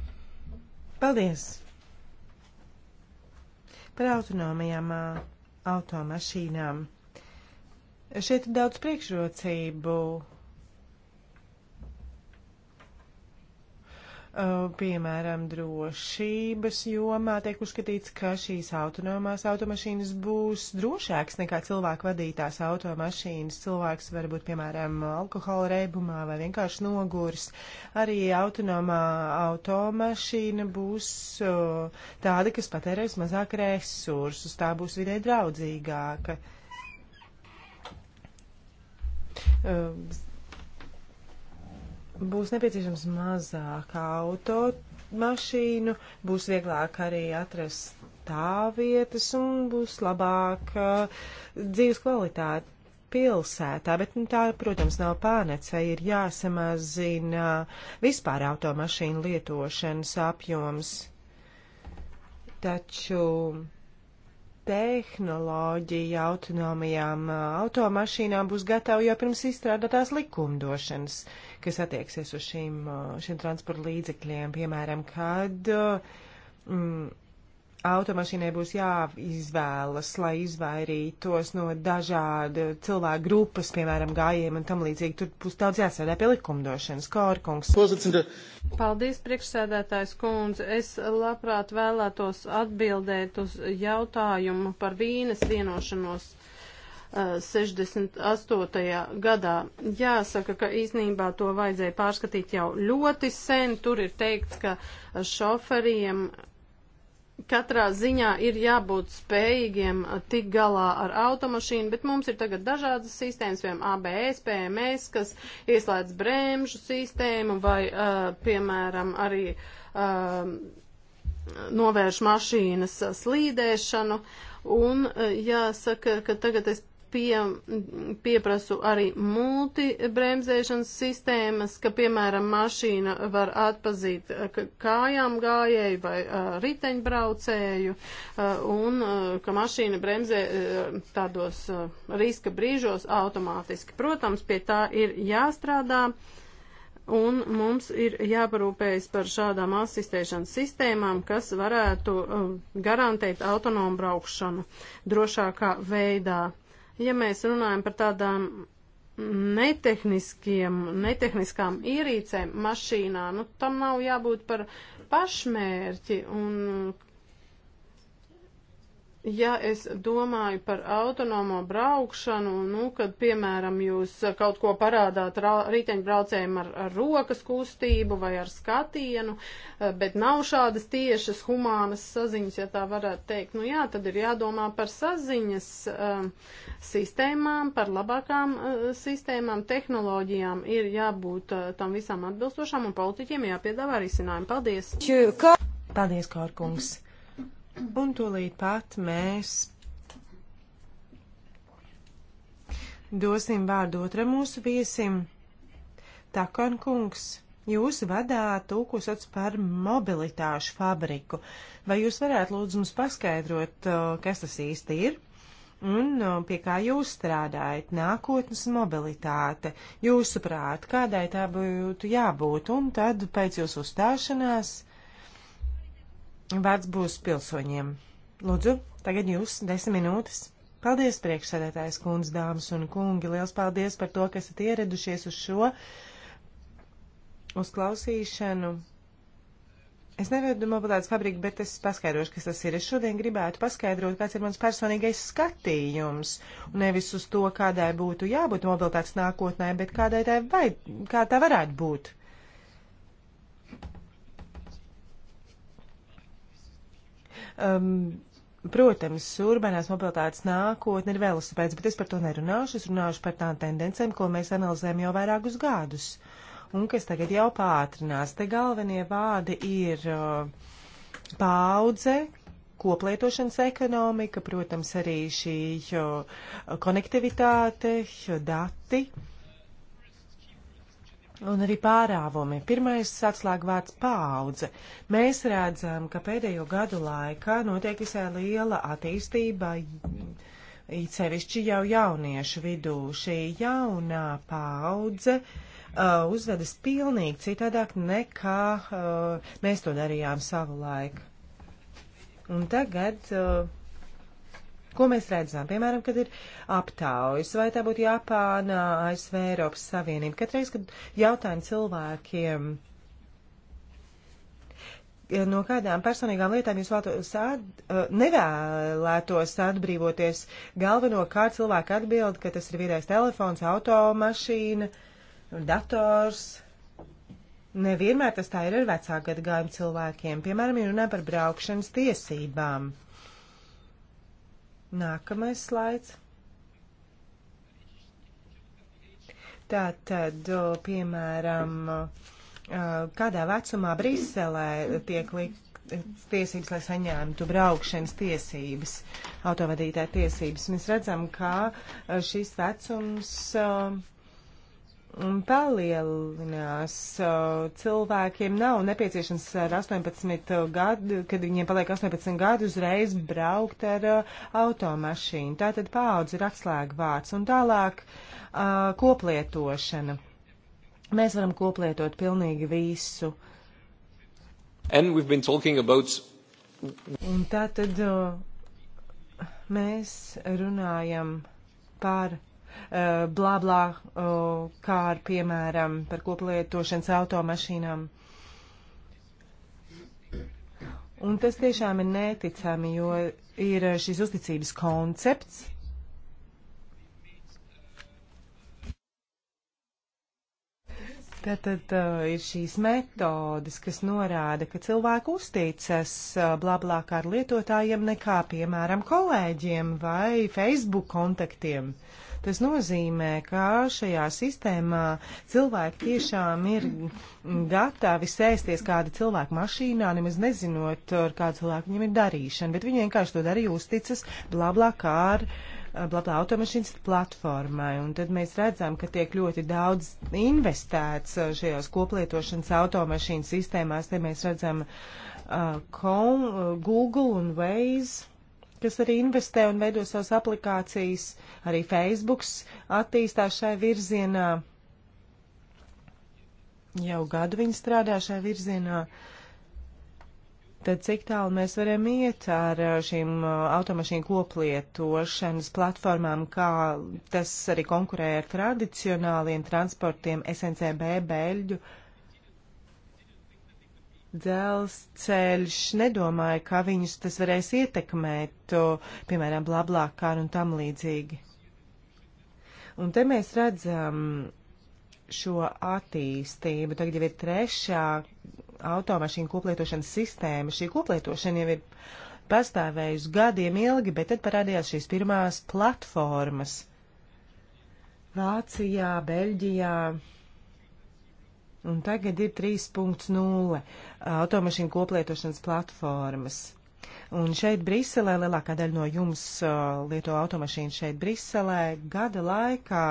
Paldies. Par autonomajām eh, automašīnām. Šeit ir daudz priekšrocību Uh, piemēram, drošības jomā tiek uzskatīts, ka šīs autonomās automašīnas būs drošākas nekā cilvēku vadītās automašīnas. Cilvēks var būt, piemēram, alkohola reibumā vai vienkārši nogurs. Arī autonomā automašīna būs uh, tāda, kas patērēs mazāk resursus, tā būs vidē draudzīgāka. Uh, būs nepieciešams mazāk auto mašīnu, būs vieglāk arī atrast tā vietas un būs labāk uh, dzīves kvalitāte pilsētā, bet nu, tā, protams, nav pārnecēja, ir jāsamazina vispār automašīnu lietošanas apjoms. Taču tehnoloģija autonomijām uh, automašīnām būs gatava jau pirms izstrādātās likumdošanas, kas attieksies uz šīm, uh, šiem transporta līdzekļiem, piemēram, kad uh, mm, automašīnai būs jāizvēlas, lai izvairītos no dažādu cilvēku grupas, piemēram, gājiem un tam līdzīgi. Tur būs daudz jāsēdē pie likumdošanas. Kārkungs. Paldies, priekšsēdētājs kundze. Es labprāt vēlētos atbildēt uz jautājumu par vīnes vienošanos. 68. Eh, gadā. Jāsaka, ka īsnībā to vajadzēja pārskatīt jau ļoti sen. Tur ir teikts, ka šoferiem katrā ziņā ir jābūt spējīgiem tik galā ar automašīnu, bet mums ir tagad dažādas sistēmas, piemēram, ABS, PMS, kas ieslēdz bremžu sistēmu vai, uh, piemēram, arī uh, novērš mašīnas slīdēšanu. Un uh, jāsaka, ka tagad es pie, pieprasu arī multibremzēšanas sistēmas, ka, piemēram, mašīna var atpazīt eh, kājām gājēju vai uh, riteņbraucēju, uh, un uh, ka mašīna bremzē uh, tādos uh, riska brīžos automātiski. Protams, pie tā ir jāstrādā. Un mums ir jāparūpējas par šādām asistēšanas sistēmām, kas varētu uh, garantēt autonomu braukšanu drošākā veidā. Uh, Ja mēs runājam par tādām netehniskiem, netehniskām ierīcēm mašīnā, nu tam nav jābūt par pašmērķi, un ja es domāju par autonomo braukšanu, nu, kad, piemēram, jūs kaut ko parādāt riteņbraucējiem ar, ar rokas kustību vai ar skatienu, eh, bet nav šādas tiešas humānas saziņas, ja tā varētu teikt, nu jā, tad ir jādomā par saziņas um, sistēmām, par labākām uh, sistēmām, tehnoloģijām ir jābūt uh, tam visam atbilstošām un politiķiem jāpiedāvā risinājumi. Paldies! Paldies, Kārkungs! Mm -hmm. Un tūlīt pat mēs dosim vārdu otram mūsu viesim. Takan kungs, jūs vadāt tūkusats par mobilitāšu fabriku. Vai jūs varētu lūdzu mums paskaidrot, kas tas īsti ir? Un pie kā jūs strādājat, nākotnes mobilitāte, jūsuprāt, kādai tā būtu jābūt, un tad pēc jūsu uzstāšanās vārds būs pilsoņiem. Lūdzu, tagad jūs desmit minūtes. Paldies, priekšsēdētājs kundz, dāmas un kungi. Liels paldies par to, ka esat ieradušies uz šo uzklausīšanu. Es nevedu mobilētas fabriku, bet es paskaidrošu, kas tas ir. Es šodien gribētu paskaidrot, kāds ir mans personīgais skatījums. Un nevis uz to, kādai būtu jābūt mobilitātes nākotnē, bet kādai tai vai, kā tā varētu būt. Um, Protams, urbanās mobilitātes nākotne ir velosipēds, bet es par to nerunāšu. Es runāšu par tām tendencēm, ko mēs analizējam jau vairākus gadus un kas tagad jau pātrinās. Te galvenie vārdi ir uh, paudze, koplietošanas ekonomika, protams, arī šī uh, konektivitāte, dati. Uh, un arī pārāvumi. Pirmais atslēgvārds - paudze. Mēs redzam, ka pēdējo gadu laikā notiek visai liela attīstība, it sevišķi jau jauniešu vidū. Šī jaunā paudze uh, uzvedas pilnīgi citādāk nekā uh, mēs to darījām savu laiku. Un tagad. Uh, Ko mēs redzam? Piemēram, kad ir aptaujas, vai tā būtu Japāna, ASV, Eiropas Savienība. Katreiz, kad jautājam cilvēkiem, no kādām personīgām lietām jūs vēlētos at, uh, nevēlētos atbrīvoties, galvenokārt cilvēki atbild, ka tas ir viedais telefons, automašīna, dators. Nevienmēr tas tā ir ar vecāku gadagājumu cilvēkiem. Piemēram, ja runājam par braukšanas tiesībām. Nākamais slaids. Tātad, piemēram, kādā vecumā Briselē tiek likt tiesības, lai saņemtu braukšanas tiesības, autovadītāja tiesības. Mēs redzam, ka šis vecums uh, palielinās. Uh, cilvēkiem nav nepieciešams ar 18 gadu, kad viņiem paliek 18 gadu, uzreiz braukt ar uh, automašīnu. Tātad paudze ir atslēga vārds un tālāk uh, koplietošana. Mēs varam koplietot pilnīgi visu. About... Un tātad mēs runājam par Eh, blāblā eh, kāri, piemēram, par koplietošanas automašīnām. Un tas tiešām ir neticami, jo ir šis uzticības koncepts. Tātad uh, eh, ir šīs metodes, kas norāda, ka cilvēku uzticas uh, blablāk ar lietotājiem nekā, piemēram, kolēģiem vai Facebook kontaktiem. Uh, Tas nozīmē, ka šajā sistēmā cilvēki tiešām ir gatavi sēsties kāda cilvēka mašīnā, nemaz nezinot, ar kādu cilvēku viņam ir darīšana, bet viņi vienkārši to darīja uzticas blablā kār. Blablā automašīnas platformai, un tad mēs redzam, ka tiek ļoti daudz investēts šajās koplietošanas automašīnu sistēmās, te mēs redzam uh, uh Google un Waze, kas arī investē un veido savas aplikācijas. Arī Facebooks attīstās šai virzienā. Jau gadu viņi strādā šai virzienā. Tad cik tālu mēs varam iet ar uh, šīm uh, automašīnu koplietošanas platformām, kā tas arī konkurē ar tradicionāliem transportiem, SNCB, Beļģu? Uh, dzelzceļš nedomāja, kā viņus tas varēs ietekmēt, to, piemēram, blablākā un tam līdzīgi. Un te mēs redzam šo attīstību. Tagad jau ir trešā automašīnu koplietošanas sistēma. Šī koplietošana jau ir pastāvējusi gadiem ilgi, bet tad parādījās šīs pirmās platformas Vācijā, Beļģijā, Un tagad ir 3.0 automašīnu koplietošanas platformas. Un šeit Briselē lielākā daļa no jums uh, lieto automašīnu šeit Briselē gada laikā.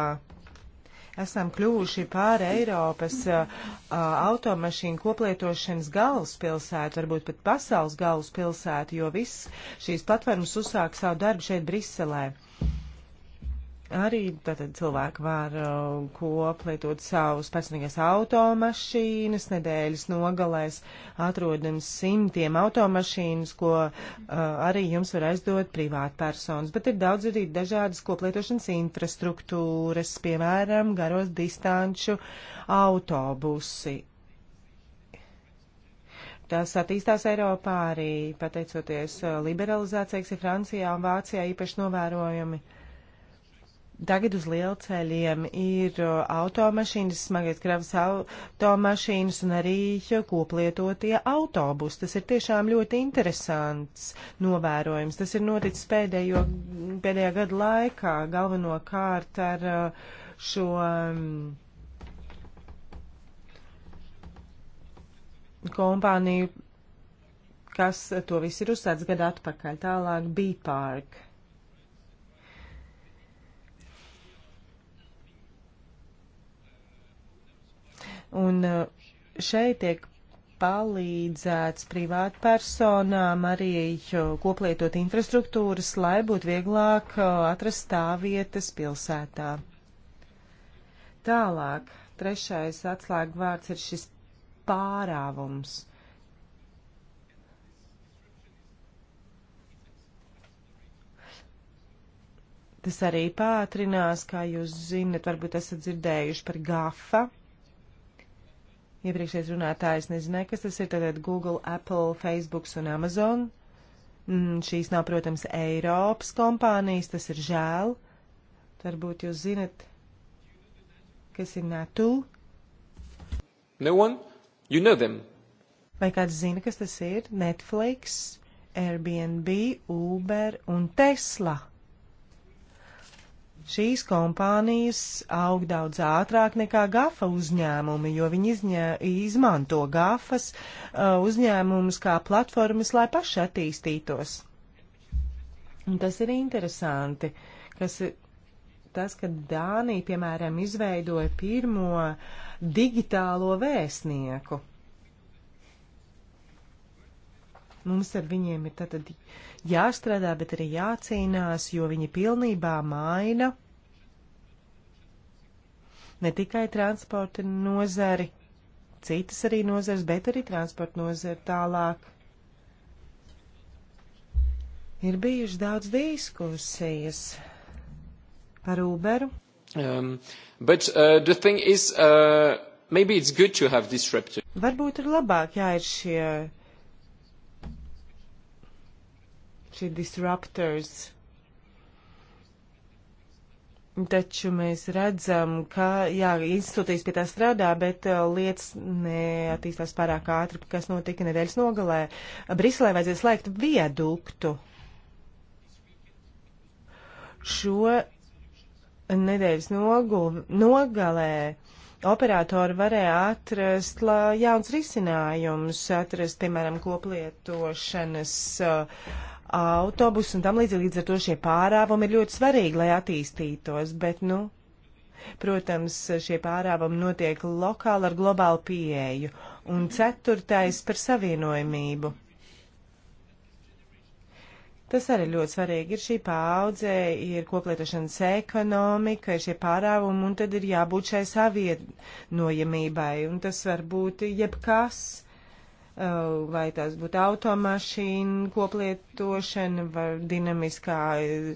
Esam kļuvuši pār Eiropas uh, uh, automašīnu koplietošanas galvaspilsētu, varbūt pat pasaules galvaspilsētu, jo viss šīs platformas uzsāk savu darbu šeit Briselē. Uh, Arī tātad cilvēki var uh, koplietot savus personīgās automašīnas, nedēļas nogalēs atrodams simtiem automašīnas, ko uh, arī jums var aizdot privātpersonas. Bet ir daudz arī dažādas koplietošanas infrastruktūras, piemēram, garos distanču autobusi. Tas attīstās Eiropā arī pateicoties uh, liberalizācijai, kas ir Francijā un Vācijā īpaši novērojami. Uh, Tagad uz lielceļiem ir uh, automašīnas, smagais kravas automašīnas un arī uh, koplietotie autobusi. Tas ir tiešām ļoti interesants novērojums. Tas ir noticis pēdējo, pēdējā gada laikā galvenokārt ar uh, šo. Um, kompāniju, kas to visu ir uzsācis gadu atpakaļ, tālāk B-Park. Un eh, šeit tiek palīdzēts privātpersonām arī eh, koplietot infrastruktūras, lai būtu vieglāk eh, atrast stāvvietas pilsētā. Tālāk, trešais atslēgu vārds ir šis pārāvums. Tas arī pātrinās, kā jūs zinat, varbūt esat dzirdējuši par GAFA Iepriekšējais runātājs nezināja, kas tas ir. Tātad Google, Apple, Facebook un Amazon. Mm, šīs nav, protams, Eiropas kompānijas, tas ir žēl. Varbūt jūs zinat, kas ir NATO. No one? You know them. Vai kāds zina, kas tas ir? Netflix, Airbnb, Uber un Tesla. Šīs kompānijas aug daudz ātrāk nekā GAFA uzņēmumi, jo viņi izņē, izmanto GAFAS uh, uzņēmumus kā platformas, lai paši attīstītos. Un tas ir interesanti, kas ir tas, ka Dānija, piemēram, izveidoja pirmo digitālo vēstnieku. Mums ar viņiem ir tātad. Tā jāstrādā, bet arī jācīnās, jo viņi pilnībā maina ne tikai transporta nozari, citas arī nozars, bet arī transporta nozari tālāk. Ir bijuši daudz diskusijas par Uberu. Um, but uh, the thing is, uh, maybe it's good to have disruptor. Varbūt ir labāk, ja ir šie šie disruptors. Taču mēs redzam, ka, jā, institūcijas pie tā strādā, bet uh, lietas neattīstās pārāk ātri, kas notika nedēļas nogalē. Briselē vajadzēja slēgt vieduktu. Šo nedēļas nogul, nogalē operatori varēja atrast la, jauns risinājums, atrast, piemēram, koplietošanas uh, autobusu un tam līdzīgi. Līdz ar to šie pārāvumi ir ļoti svarīgi, lai attīstītos, bet, nu, protams, šie pārāvumi notiek lokāli ar globālu pieeju. Un ceturtais par savienojumību. Tas arī ļoti svarīgi ir šī paudze, ir koplietošanas ekonomika, ir šie pārāvumi, un tad ir jābūt šai savienojamībai, un tas var būt jebkas Eh, vai tās būtu automašīna koplietošana vai dinamiskā eh,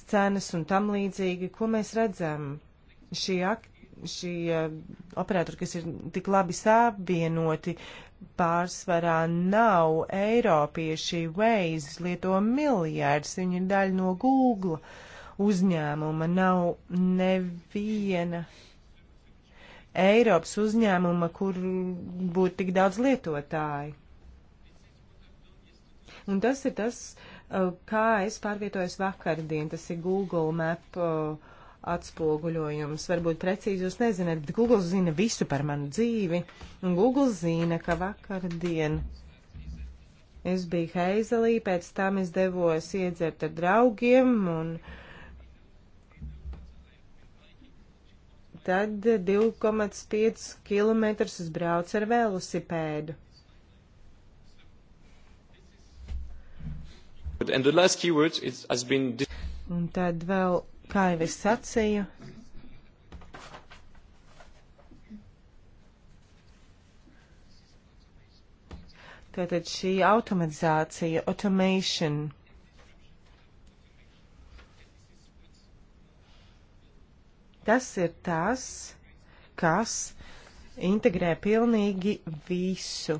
scenas un tam līdzīgi, ko mēs redzam. Šī, ak, šī eh, operatori, kas ir tik labi savienoti, pārsvarā nav eiropieši. Waze lieto miljārdus, viņi ir daļa no Google uzņēmuma. Nav neviena Eiropas uzņēmuma, kur būtu tik daudz lietotāju. Un tas ir tas, uh, kā es pārvietojos vakardien. Tas ir Google Map uh, atspoguļojums. Varbūt precīzi jūs nezināt, bet Google zina visu par manu dzīvi. Un Google zina, ka vakardien es biju Heizelī, pēc tam es devos iedzert ar draugiem un uh, tad 2,5 km uzbrauc ar velosipēdu. Been... Un tad vēl, kā jau es sacīju, tātad šī automatizācija, automation. tas ir tas, kas integrē pilnīgi visu.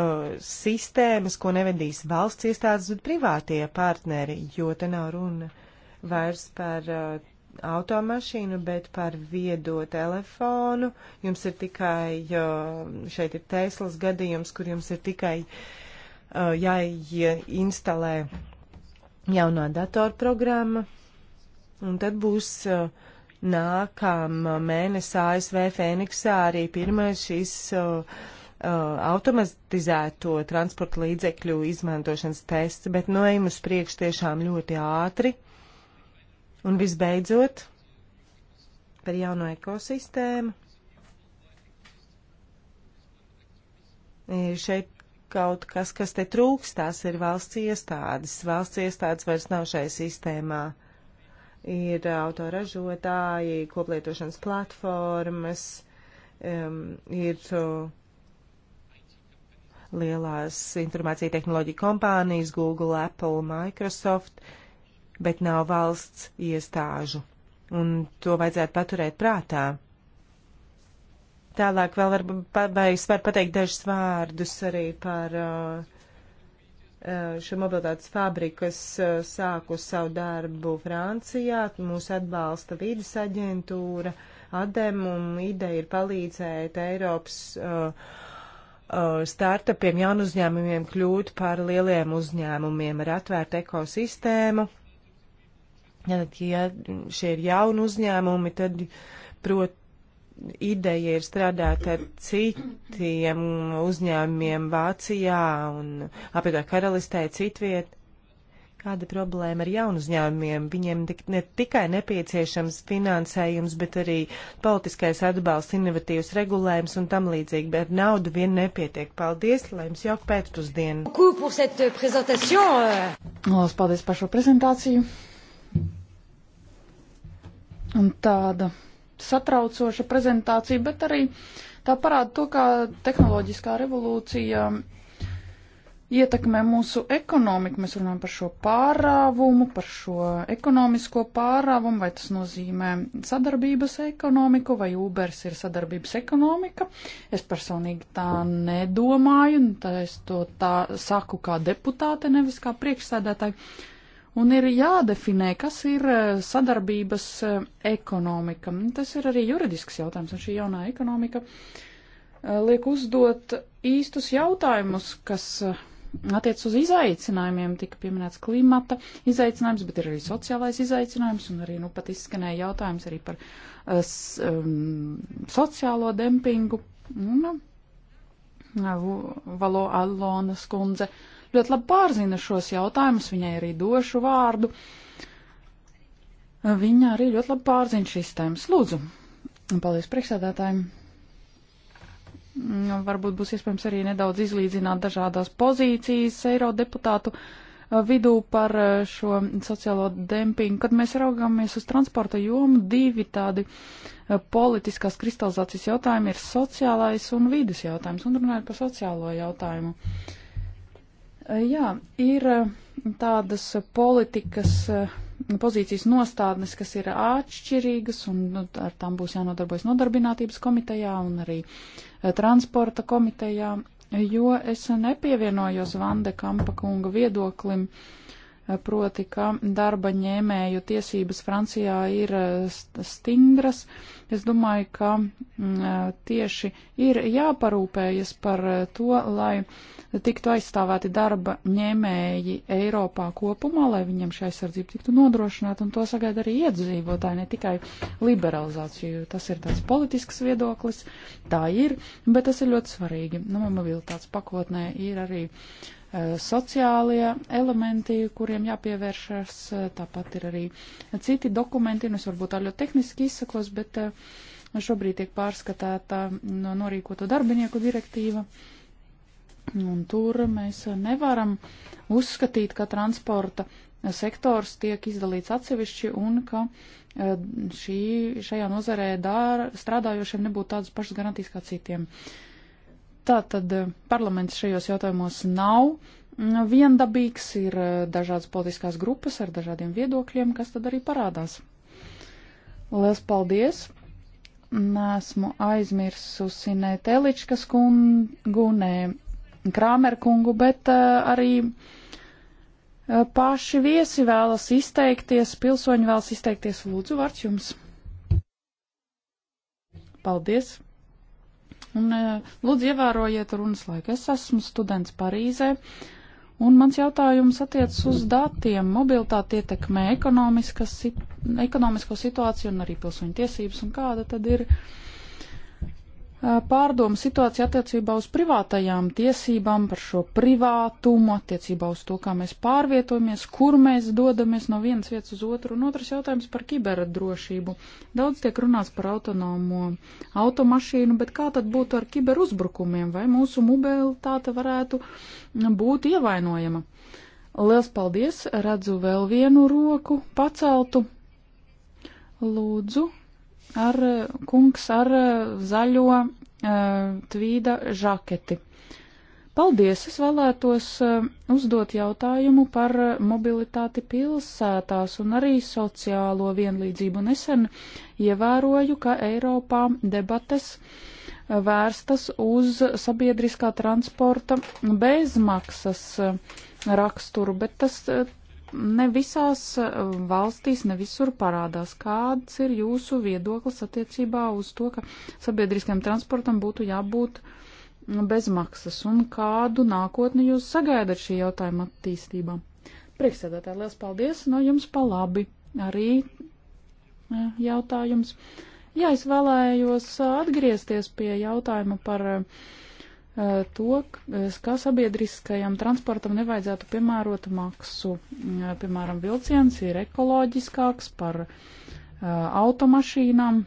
Uh, sistēmas, ko nevedīs valsts iestādes, bet privātie partneri, jo te nav runa vairs par uh, automašīnu, bet par viedo telefonu. Jums ir tikai, uh, šeit ir Teslas gadījums, kur jums ir tikai uh, jāinstalē jaunā datorprogramma, un tad būs uh, Nākamā mēnesī ASV Fēniksā arī pirmais šis uh, automatizēto transporta līdzekļu izmantošanas tests, bet noejam nu uz priekšu tiešām ļoti ātri. Un visbeidzot, par jauno ekosistēmu. Ir šeit kaut kas, kas te trūkstās, ir valsts iestādes. Valsts iestādes vairs nav šai sistēmā. Uh, ir autoražotāji, koplietošanas platformas, um, ir lielās informācija tehnoloģija kompānijas, Google, Apple, Microsoft, bet nav valsts iestāžu. Un to vajadzētu paturēt prātā. Tālāk vēl var, vai es varu pateikt dažus vārdus arī par uh, Eh, šo mobilitātes fabriku, kas eh, sāku savu darbu Francijā. Mūs atbalsta vidas aģentūra, ADEM, un ideja ir palīdzēt Eiropas uh, startupiem, jaunu uzņēmumiem kļūt par lieliem uzņēmumiem ar atvērtu ekosistēmu. Ja šie ir jauni uzņēmumi, tad, prot, ideja ir strādāt ar citiem uzņēmumiem Vācijā un apvienotā karalistē citviet. Kāda problēma ar jaunu uzņēmumiem? Viņiem tik, ne tikai nepieciešams finansējums, bet arī politiskais atbalsts, innovatīvs regulējums un tam līdzīgi, bet naudu vien nepietiek. Paldies, lai jums jauk pēcpusdienu. Euh. Lielas paldies par šo prezentāciju. Un tāda satraucoša prezentācija, bet arī tā parāda to, kā tehnoloģiskā revolūcija ietekmē mūsu ekonomiku. Mēs runājam par šo pārāvumu, par šo ekonomisko pārāvumu, vai tas nozīmē sadarbības ekonomiku, vai Uberis ir sadarbības ekonomika. Es personīgi tā nedomāju, un tā es to tā saku kā deputāte, nevis kā priekšsēdētāji un ir jādefinē, kas ir eh, sadarbības eh, ekonomika. Tas ir arī juridisks jautājums, un šī jaunā ekonomika eh, liek uzdot īstus jautājumus, kas attiec uz izaicinājumiem. Tika pieminēts klimata izaicinājums, bet ir arī sociālais izaicinājums, un arī nu pat izskanēja jautājums arī par s, um, sociālo dempingu. Un, nu, Valo Allonas kundze uh, ļoti labi pārzina šos jautājumus, viņai arī došu vārdu. Viņa arī ļoti labi pārzina šīs tēmas. Lūdzu, paldies priekšsēdētājiem. Nu, varbūt būs iespējams arī nedaudz izlīdzināt dažādās pozīcijas eiro deputātu uh, vidū par uh, šo sociālo dempingu. Kad mēs raugāmies uz transporta jomu, divi tādi uh, politiskās kristalizācijas jautājumi ir sociālais un vidas jautājums. Un runājot par sociālo jautājumu. Uh, Jā, ir eh, tādas politikas eh, pozīcijas nostādnes, kas ir atšķirīgas, un nu, ar tām būs jānodarbojas nodarbinātības komitejā un arī eh, transporta komitejā, jo es nepievienojos Vande Kampa kunga viedoklim, proti, ka darba ņēmēju tiesības Francijā ir stingras. Es domāju, ka mm, tieši ir jāparūpējas par to, lai tiktu aizstāvēti darba ņēmēji Eiropā kopumā, lai viņiem šī aizsardzība tiktu nodrošināta, un to sagaida arī iedzīvotāji, ne tikai liberalizāciju. Tas ir tāds politisks viedoklis, tā ir, bet tas ir ļoti svarīgi. Nu, man vēl tāds pakotnē ir arī uh, sociālie elementi, kuriem jāpievēršas, e, tāpat ir arī citi dokumenti, un nu, es varbūt tā ļoti tehniski izsakos, bet uh, šobrīd tiek pārskatāta no norīkoto darbinieku direktīva. Uh, Un tur mēs nevaram uzskatīt, ka transporta sektors tiek izdalīts atsevišķi un ka e, šī, šajā nozarē dar, strādājošiem nebūtu tādas pašas garantijas kā citiem. Tātad e, parlaments šajos jautājumos nav viendabīgs, ir e, dažādas politiskās grupas ar dažādiem viedokļiem, kas tad arī parādās. Lielas paldies! Nesmu aizmirsusi ne Teličkas kungu, ne Krāmerkungu, bet eh, arī eh, paši viesi vēlas izteikties, pilsoņi vēlas izteikties. Lūdzu, vārds jums. Paldies! Un eh, lūdzu ievērojiet runas laiku. Es esmu students Parīzē, un mans jautājums attiecas uz datiem. Mobiltāte ietekmē ekonomisko situāciju un arī pilsoņu tiesības, un kāda tad ir uh, Eh, pārdomu situāciju attiecībā uz privātajām tiesībām, par šo privātumu, attiecībā uz to, kā mēs pārvietojamies, kur mēs dodamies no vienas vietas uz otru, un otrs jautājums par kiberdrošību. Daudz tiek runāts par autonomo automašīnu, bet kā tad būtu ar kiberuzbrukumiem, vai mūsu mobilitāte varētu būt ievainojama? Liels paldies, redzu vēl vienu roku paceltu. Lūdzu, ar kungs ar zaļo uh, tvīda žaketi. Paldies! Es vēlētos uh, uzdot jautājumu par mobilitāti pilsētās un arī sociālo vienlīdzību. Nesen ievēroju, ka Eiropā debates eh, vērstas uz sabiedriskā transporta bezmaksas raksturu, bet tas ne visās eh, valstīs, ne visur parādās. Kāds ir jūsu viedoklis attiecībā uz to, ka sabiedriskajam transportam būtu jābūt mm, bezmaksas un kādu nākotni jūs sagaidat šī jautājuma attīstībā? Priekšsēdētāji, liels paldies, no jums pa labi arī eh, jautājums. Jā, es vēlējos eh, atgriezties pie jautājuma par uh, Eh, to, ka sabiedriskajam transportam nevajadzētu piemērot maksu. Mm, eh, piemēram, vilciens ir ekoloģiskāks par eh, automašīnām.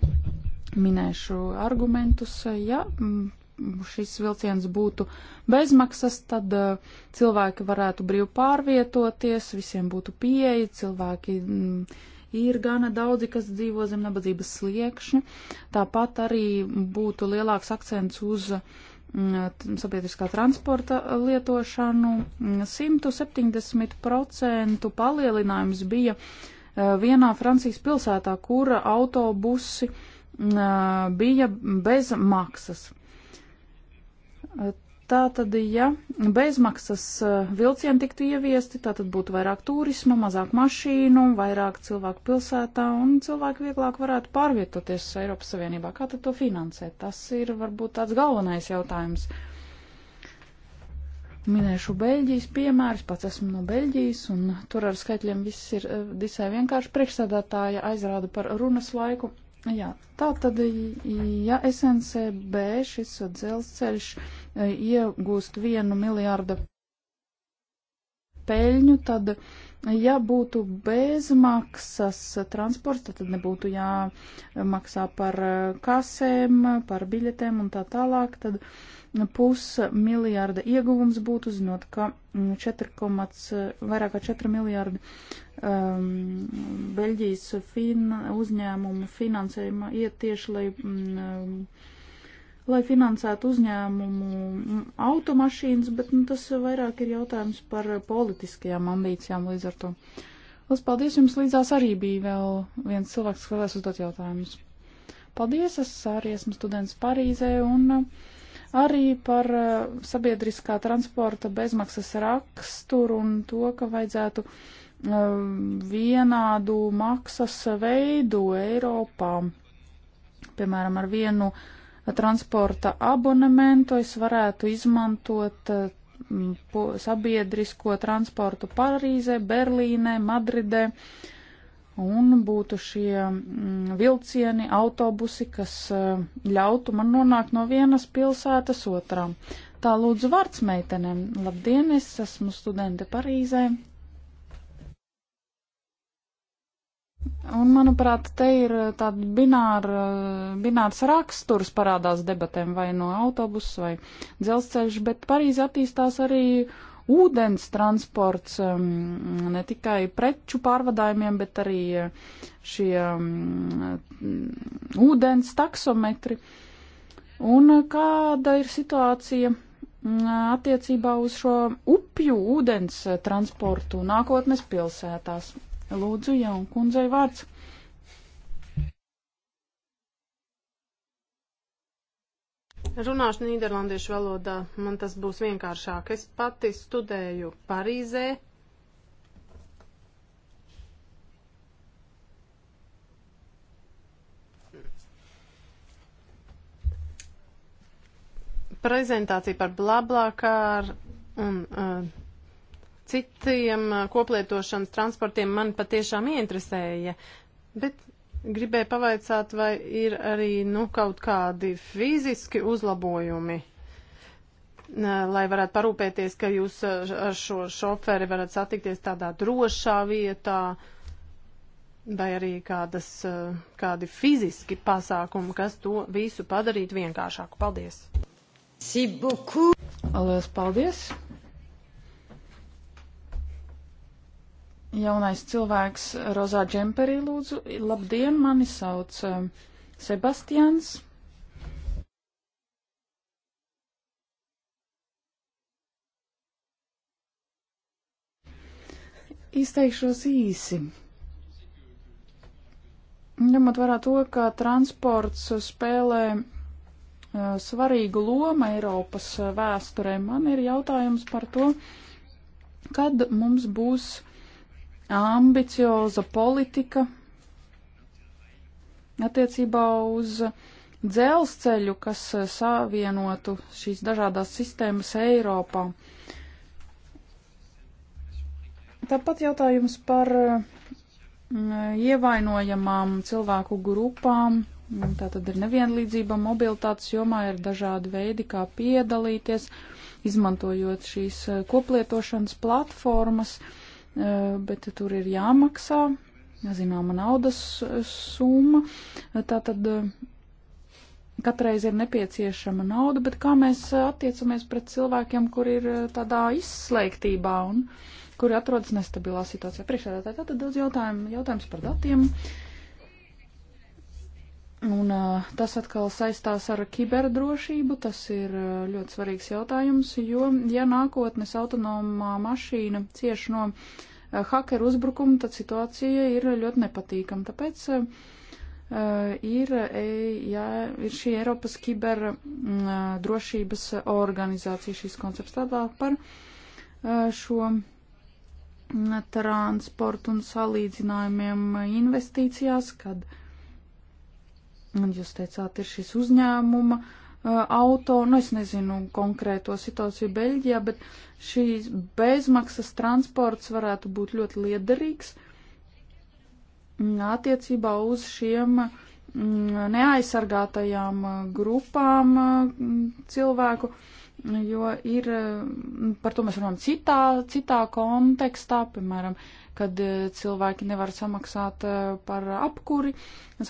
Minēšu argumentus. Ja mm, šis vilciens būtu bezmaksas, tad cilvēki varētu brīvi pārvietoties, visiem būtu pieeja, cilvēki mm, ir gana daudzi, kas dzīvo zem nabadzības sliekšņa. Tāpat arī būtu lielāks akcents uz uh, Mm, sabiedriskā transporta lietošanu. 170% mm, palielinājums bija eh, vienā Francijas pilsētā, kura autobusi mm, eh, bija bez maksas. Eh, Tātad, ja bezmaksas eh, vilcieni tiktu ieviesti, tātad būtu vairāk turisma, mazāk mašīnu, vairāk cilvēku pilsētā un cilvēki vieglāk varētu pārvietoties Eiropas Savienībā. Kā tad to finansēt? Tas ir varbūt tāds galvenais jautājums. Minēšu Beļģijas piemērus, pats esmu no Beļģijas, un tur ar skaitļiem viss ir eh, visai vienkārši priekšsēdētāja aizrāda par runas laiku Jā, tā tad, ja SNCB šis dzelzceļš e, iegūst vienu miljārdu peļņu, tad, ja būtu bezmaksas transports, tad nebūtu jāmaksā par e, kasēm, par biļetēm un tā tālāk, tad uh, pusmiljārda ieguvums būtu, zinot, ka 4, mm, vairāk kā 4 miljārdi um, Beļģijas fin, uzņēmumu finansējuma iet tieši, lai, mm, um, lai finansētu uzņēmumu mm, automašīnas, bet nu, tas vairāk ir jautājums par politiskajām ambīcijām līdz ar to. Lielas paldies jums līdzās arī bija vēl viens cilvēks, kas vēlēs uzdot jautājumus. Paldies, es arī esmu students Parīzē un uh, arī par eh, sabiedriskā transporta bezmaksas raksturu un to, ka vajadzētu eh, vienādu maksas veidu Eiropā. Piemēram, ar vienu eh, transporta abonementu es varētu izmantot sabiedrisko transportu Parīzē, Berlīnē, Madridē. Uh, un būtu šie mm, vilcieni, autobusi, kas eh, ļautu man nonākt no vienas pilsētas otrā. Tā lūdzu vārds meitenēm. Labdien, es esmu studente Parīzē. Un, manuprāt, te ir eh, tāda bināra, eh, binārs raksturs parādās debatēm vai no autobusu vai dzelzceļš, bet Parīze attīstās arī uh, ūdens transports um, ne tikai preču pārvadājumiem, bet arī uh, šie um, mm, ūdens taksometri. Un uh, kāda ir situācija mm, attiecībā uz šo upju ūdens uh, transportu nākotnes pilsētās? Lūdzu, Jaunkundzei vārds. Runāšu nīderlandiešu valodā, man tas būs vienkāršāk. Es pati studēju Parīzē. Prezentācija par blablākār un uh, citiem uh, koplietošanas transportiem man patiešām ieinteresēja, bet Gribēju pavaicāt, vai ir arī nu, kaut kādi fiziski uzlabojumi, lai varētu parūpēties, ka jūs ar šo šoferi varat satikties tādā drošā vietā, vai arī kādas, kādi fiziski pasākumi, kas to visu padarītu vienkāršāku. Paldies! Sibuku! Lielas paldies! Jaunais cilvēks Rozā Džemperī lūdzu. Labdien, mani sauc um, Sebastians. Izteikšos īsi. Ņemot vērā to, ka transports spēlē uh, svarīgu lomu Eiropas uh, vēsturē, man ir jautājums par to, kad mums būs uh, ambicioza politika attiecībā uz dzelzceļu, kas eh, savienotu šīs dažādās sistēmas Eiropā. Tāpat jautājums par eh, ievainojamām cilvēku grupām. Tā tad ir nevienlīdzība mobilitātes jomā, ir dažādi veidi, kā piedalīties, izmantojot šīs eh, koplietošanas platformas. Uh, Eh, bet tur ir jāmaksā zināma naudas eh, summa. Eh, Tātad katreiz ir nepieciešama nauda, bet kā mēs attiecamies pret cilvēkiem, kur ir tādā izslēgtībā un kuri atrodas nestabilā situācijā priekšā. Tātad daudz jautājumu, jautājums par datiem. Uh, Un tas atkal saistās ar kiberdrošību, tas ir ļoti svarīgs jautājums, jo, ja nākotnes autonomā mašīna cieši no hakeru uzbrukuma, tad situācija ir ļoti nepatīkama. Tāpēc uh, ir, jā, ir šī Eiropas kiberdrošības organizācija, šīs koncepts tādā par uh, šo transportu un salīdzinājumiem investīcijās, kad uh, Un jūs teicāt, ir šis uzņēmuma auto, nu es nezinu konkrēto situāciju Beļģijā, bet šīs bezmaksas transports varētu būt ļoti liederīgs attiecībā uz šiem neaizsargātajām grupām cilvēku, jo ir, eh, par to mēs runājam citā, citā kontekstā, piemēram, kad eh, cilvēki nevar samaksāt eh, par apkuri,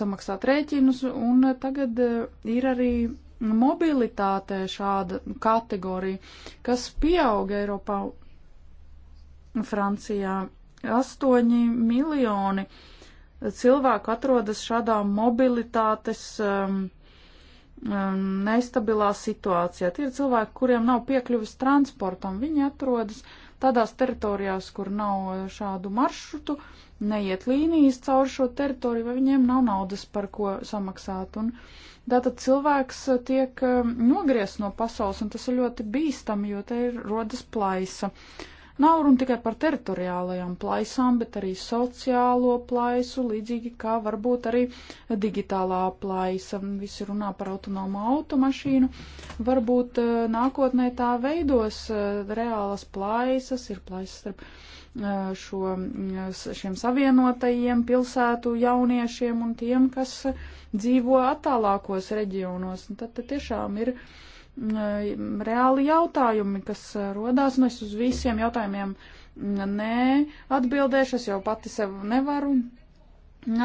samaksāt rēķinus, un tagad ir arī mobilitāte šāda kategorija, kas pieauga Eiropā, Francijā. 8 miljoni cilvēku atrodas šādā mobilitātes um, Um, nestabilā situācijā. Tie ir cilvēki, kuriem nav piekļuvis transportam. Viņi atrodas tādās teritorijās, kur nav šādu maršrutu, neiet līnijas caur šo teritoriju, vai viņiem nav naudas, par ko samaksāt. Un tātad cilvēks tiek um, nogries no pasaules, un tas ir ļoti bīstami, jo te ir rodas plaisa. Uh, Nav runa tikai par teritoriālajām plaisām, bet arī sociālo plaisu, līdzīgi kā varbūt arī digitālā plaisa. Visi runā par autonomu automašīnu. Varbūt eh, nākotnē tā veidos eh, reālas plaisas, ir plaisas starp eh, šo, mm, šiem savienotajiem pilsētu jauniešiem un tiem, kas dzīvo attālākos reģionos. Un tad, tad tiešām ir uh, Mm, reāli jautājumi, kas uh, rodās, un es uz visiem jautājumiem nē atbildēšu, es jau pati sev nevaru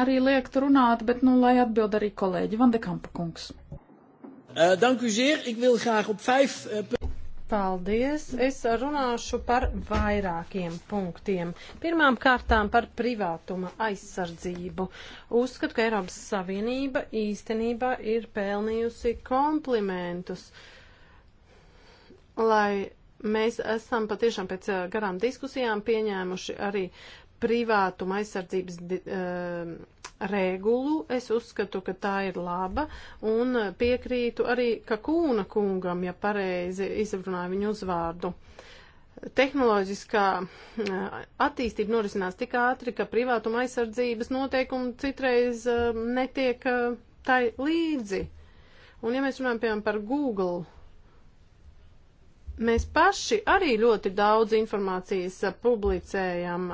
arī liekt runāt, bet, nu, lai atbild arī kolēģi Vandekampa kungs. Uh, dank u zeer. Ik wil graag op vijf uh, eh, punten. Paldies! Es runāšu par vairākiem punktiem. Pirmām kārtām par privātuma aizsardzību. Uzskatu, ka Eiropas Savienība īstenībā ir pelnījusi komplimentus. Uh, lai mēs esam patiešām pēc eh, garām diskusijām pieņēmuši arī privātuma aizsardzības uh, regulu. Es uzskatu, ka tā ir laba un piekrītu arī Kakūna kungam, ja pareizi izrunāju viņu uzvārdu. Tehnoloģiskā uh, attīstība norisinās tik ātri, ka privātuma aizsardzības noteikumi citreiz uh, netiek tai līdzi. Un ja mēs runājam, piemēram, par Google Mēs paši arī ļoti daudz informācijas publicējam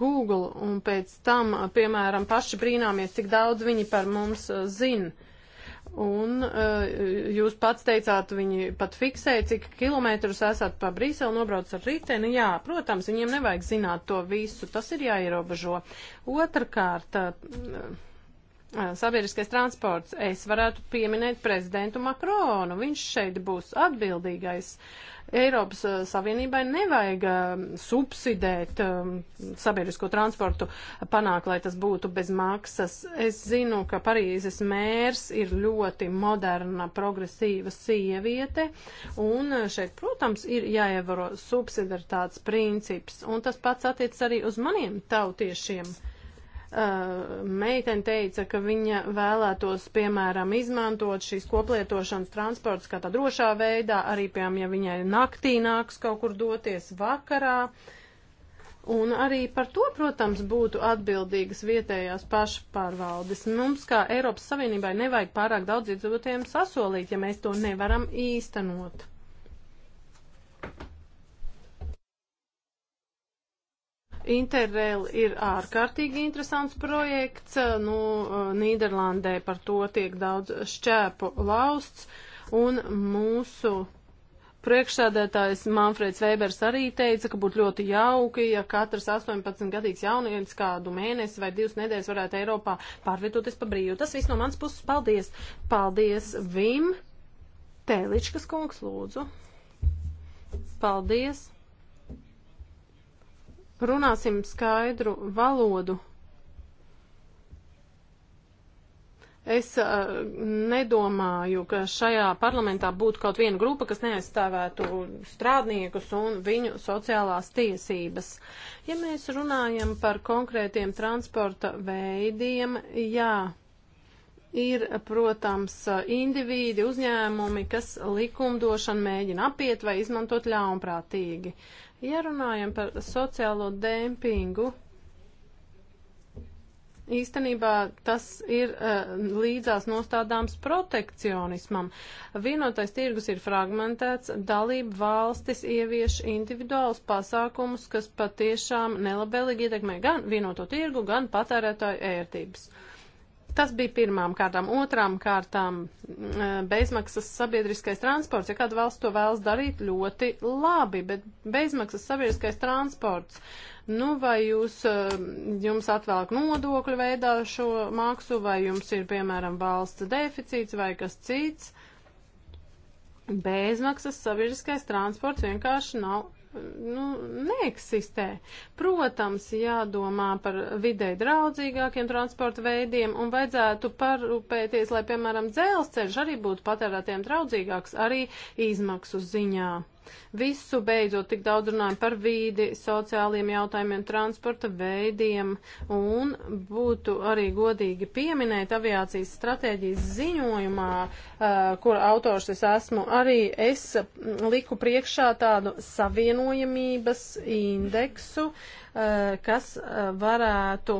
Google un pēc tam, piemēram, paši brīnāmies, cik daudz viņi par mums zina. Un jūs pats teicāt, viņi pat fiksē, cik kilometrus esat pa Brīseli nobrauc ar riteni. Jā, protams, viņiem nevajag zināt to visu, tas ir jāierobežo. Otrakārt, sabiedriskais transports, es varētu pieminēt prezidentu Makronu, viņš šeit būs atbildīgais. Uh, Eiropas eh, Savienībai nevajag eh, subsidēt eh, sabiedrisko transportu, panākt, lai tas būtu bez maksas. Es zinu, ka Parīzes mērs ir ļoti moderna, progresīva sieviete, un šeit, protams, ir jāievaro subsidaritātes princips, un tas pats attiec arī uz maniem tautiešiem. Uh, meitene teica, ka viņa vēlētos, piemēram, izmantot šīs koplietošanas transports kā tā drošā veidā, arī, piemēram, ja viņai naktī nāks kaut kur doties vakarā. Un arī par to, protams, būtu atbildīgas vietējās pašpārvaldes. Mums, kā Eiropas Savienībai, nevajag pārāk daudz iedzīvotājiem sasolīt, ja mēs to nevaram īstenot. Interrail ir ārkārtīgi interesants projekts. Eh, nu, eh, Nīderlandē par to tiek daudz šķēpu lausts. Un mūsu priekšsēdētājs Manfreds Vēbers arī teica, ka būtu ļoti jauki, ja katrs 18-gadīgs jaunietis kādu mēnesi vai divas nedēļas varētu Eiropā pārvietoties pa brīvu. Tas viss no mans puses. Paldies! Paldies Vim! Tēličkas kungs, lūdzu! Paldies! Runāsim skaidru valodu. Es uh, nedomāju, ka šajā parlamentā būtu kaut viena grupa, kas neaizstāvētu strādniekus un viņu sociālās tiesības. Ja mēs runājam par konkrētiem transporta veidiem, jā ir, protams, indivīdi, uzņēmumi, kas likumdošanu mēģina apiet vai izmantot ļaunprātīgi. Ja runājam par sociālo dēmpingu, īstenībā tas ir uh, līdzās nostādāms protekcionismam. Vienotais tirgus ir fragmentēts, dalība valstis ievieš individuālus pasākumus, kas patiešām nelabelīgi ietekmē gan vienoto tirgu, gan patērētāju ērtības. Uh, Tas bija pirmām kārtām. Otrām kārtām eh, bezmaksas sabiedriskais transports. Ja kāda valsts to vēlas darīt, ļoti labi, bet bezmaksas sabiedriskais transports. Nu, vai jūs, eh, jums atvēlk nodokļu veidā šo maksu, vai jums ir, piemēram, valsts deficīts vai kas cits? Bezmaksas sabiedriskais transports vienkārši nav nu, neeksistē. Protams, jādomā par videi draudzīgākiem transporta veidiem un vajadzētu parūpēties, lai, piemēram, dzelzceļš arī būtu patērētiem draudzīgāks arī izmaksu ziņā. Visu beidzot tik daudz runājam par vīdi, sociāliem jautājumiem, transporta veidiem un būtu arī godīgi pieminēt aviācijas stratēģijas ziņojumā, eh, kur autors es esmu, arī es liku priekšā tādu savienojamības indeksu, eh, kas eh, varētu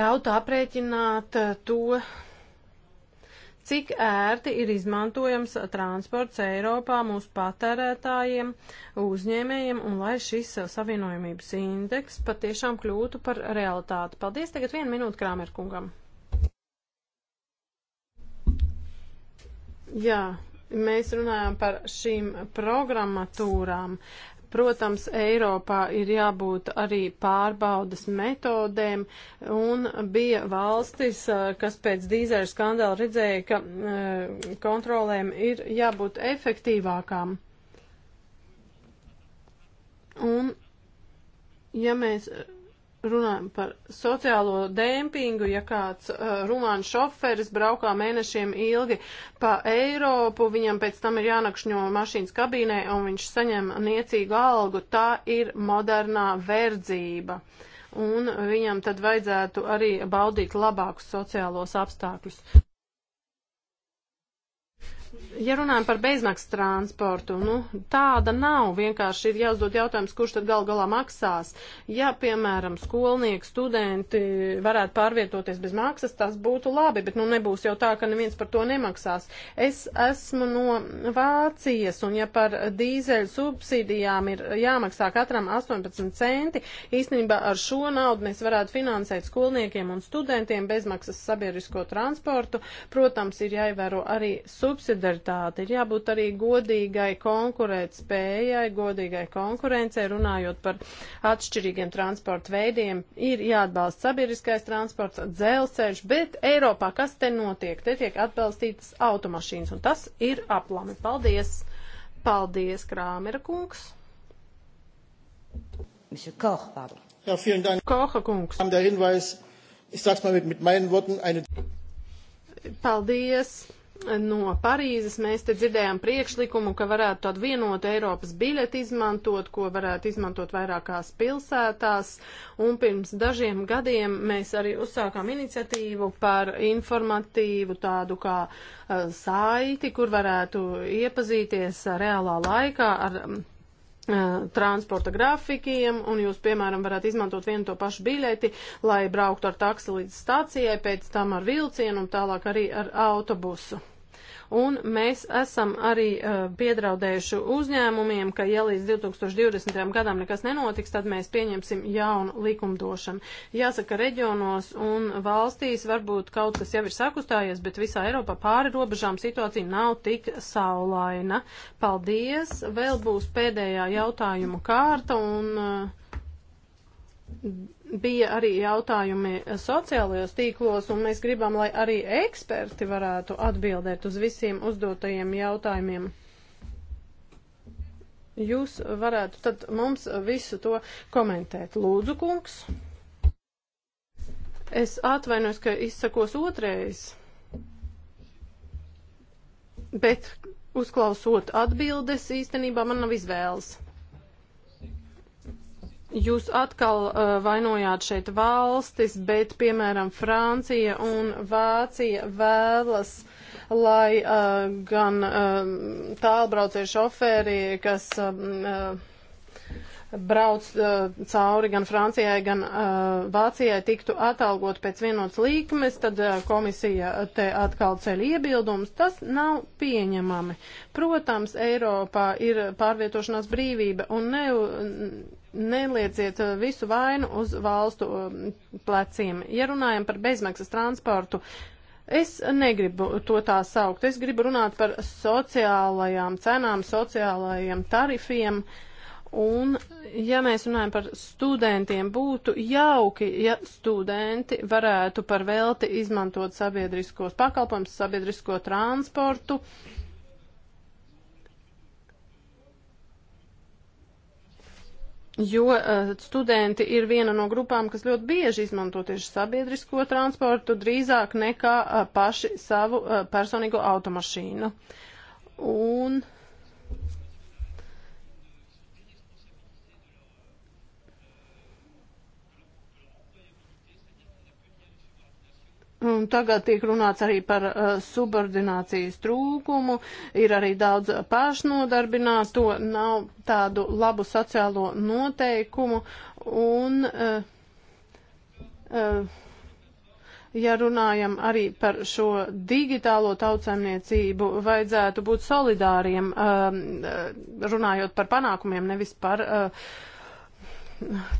ļaut aprēķināt to, cik ērti ir izmantojams transports Eiropā mūsu patērētājiem, uzņēmējiem, un lai šis savienojumības indeks patiešām kļūtu par realitāti. Paldies, tagad vienu minūtu Krāmerkungam. Jā, mēs runājam par šīm programmatūrām. Uh, Protams, Eiropā ir jābūt arī pārbaudas metodēm, un bija valstis, eh, kas pēc dīzeļa skandāla redzēja, ka eh, kontrolēm ir jābūt efektīvākām. Un, ja mēs runājam par sociālo dēmpingu, ja kāds uh, rumāns šoferis braukā mēnešiem ilgi pa Eiropu, viņam pēc tam ir jānakšņo mašīnas kabīnē un viņš saņem niecīgu algu, tā ir modernā verdzība. Un viņam tad vajadzētu arī baudīt labākus sociālos apstākļus ja runājam par bezmaksas transportu, nu, tāda nav. Vienkārši ir jāuzdod jautājums, kurš tad gal galā maksās. Ja, piemēram, skolnieki, studenti varētu pārvietoties bez maksas, tas būtu labi, bet nu nebūs jau tā, ka neviens par to nemaksās. Es esmu no Vācijas, un ja par dīzeļu subsīdijām ir jāmaksā katram 18 centi, īstenībā ar šo naudu mēs varētu finansēt skolniekiem un studentiem bezmaksas sabiedrisko transportu. Protams, ir jāievēro arī subsidija solidaritāti, ir jābūt arī godīgai konkurēt spējai, godīgai konkurencei, runājot par atšķirīgiem transporta veidiem. Ir jāatbalsta sabiedriskais transports, dzelzceļš, bet Eiropā kas te notiek? Te tiek atbalstītas automašīnas, un tas ir aplami. Paldies! Paldies, Krāmera kungs! Monsieur Koch, pardon. Ja, vielen Dank. Kocha kungs. Der Hinweis, ich sag's mal mit, mit meinen Worten, eine. Paldies no Parīzes mēs te dzirdējām priekšlikumu, ka varētu tādu vienotu Eiropas biļeti izmantot, ko varētu izmantot vairākās pilsētās. Un pirms dažiem gadiem mēs arī uzsākām iniciatīvu par informatīvu tādu kā uh, saiti, kur varētu iepazīties reālā laikā ar transporta grafikiem, un jūs, piemēram, varat izmantot vienu to pašu biļeti, lai brauktu ar taksi līdz stācijai, pēc tam ar vilcienu un tālāk arī ar autobusu. Un mēs esam arī uh, piedraudējuši uzņēmumiem, ka ja līdz 2020. gadam nekas nenotiks, tad mēs pieņemsim jaunu likumdošanu. Jāsaka, reģionos un valstīs varbūt kaut kas jau ir sakustējies, bet visā Eiropā pāri robežām situācija nav tik saulaina. Paldies! Vēl būs pēdējā jautājuma kārta un. Uh, bija arī jautājumi sociālajos tīklos, un mēs gribam, lai arī eksperti varētu atbildēt uz visiem uzdotajiem jautājumiem. Jūs varētu tad mums visu to komentēt. Lūdzu, kungs. Es atvainojos, ka izsakos otrreiz, bet uzklausot atbildes, īstenībā man nav izvēles. Jūs atkal uh, vainojāt šeit valstis, bet, piemēram, Francija un Vācija vēlas, lai uh, gan uh, um, tālbraucie šofēri, kas. Um, uh, brauc uh, cauri gan Francijai, gan uh, Vācijai tiktu atalgot pēc vienots līkmes, tad uh, komisija te atkal ceļ iebildums. Tas nav pieņemami. Protams, Eiropā ir pārvietošanās brīvība un ne nelieciet eh, visu vainu uz valstu eh, pleciem. Ja runājam par bezmaksas transportu, es negribu to tā saukt. Es gribu runāt par sociālajām cenām, sociālajiem tarifiem. Un, ja mēs runājam par studentiem, būtu jauki, ja studenti varētu par velti izmantot sabiedriskos pakalpojumus, sabiedrisko transportu. Uh, jo uh, studenti ir viena no grupām, kas ļoti bieži izmanto tieši sabiedrisko transportu, drīzāk nekā uh, paši savu uh, personīgo automašīnu. Un Un tagad tiek runāts arī par uh, subordinācijas trūkumu, ir arī daudz pašnodarbināto, nav tādu labu sociālo noteikumu un. Uh, uh, ja runājam arī par šo digitālo tautsaimniecību, vajadzētu būt solidāriem, um, uh, runājot par panākumiem, nevis par uh,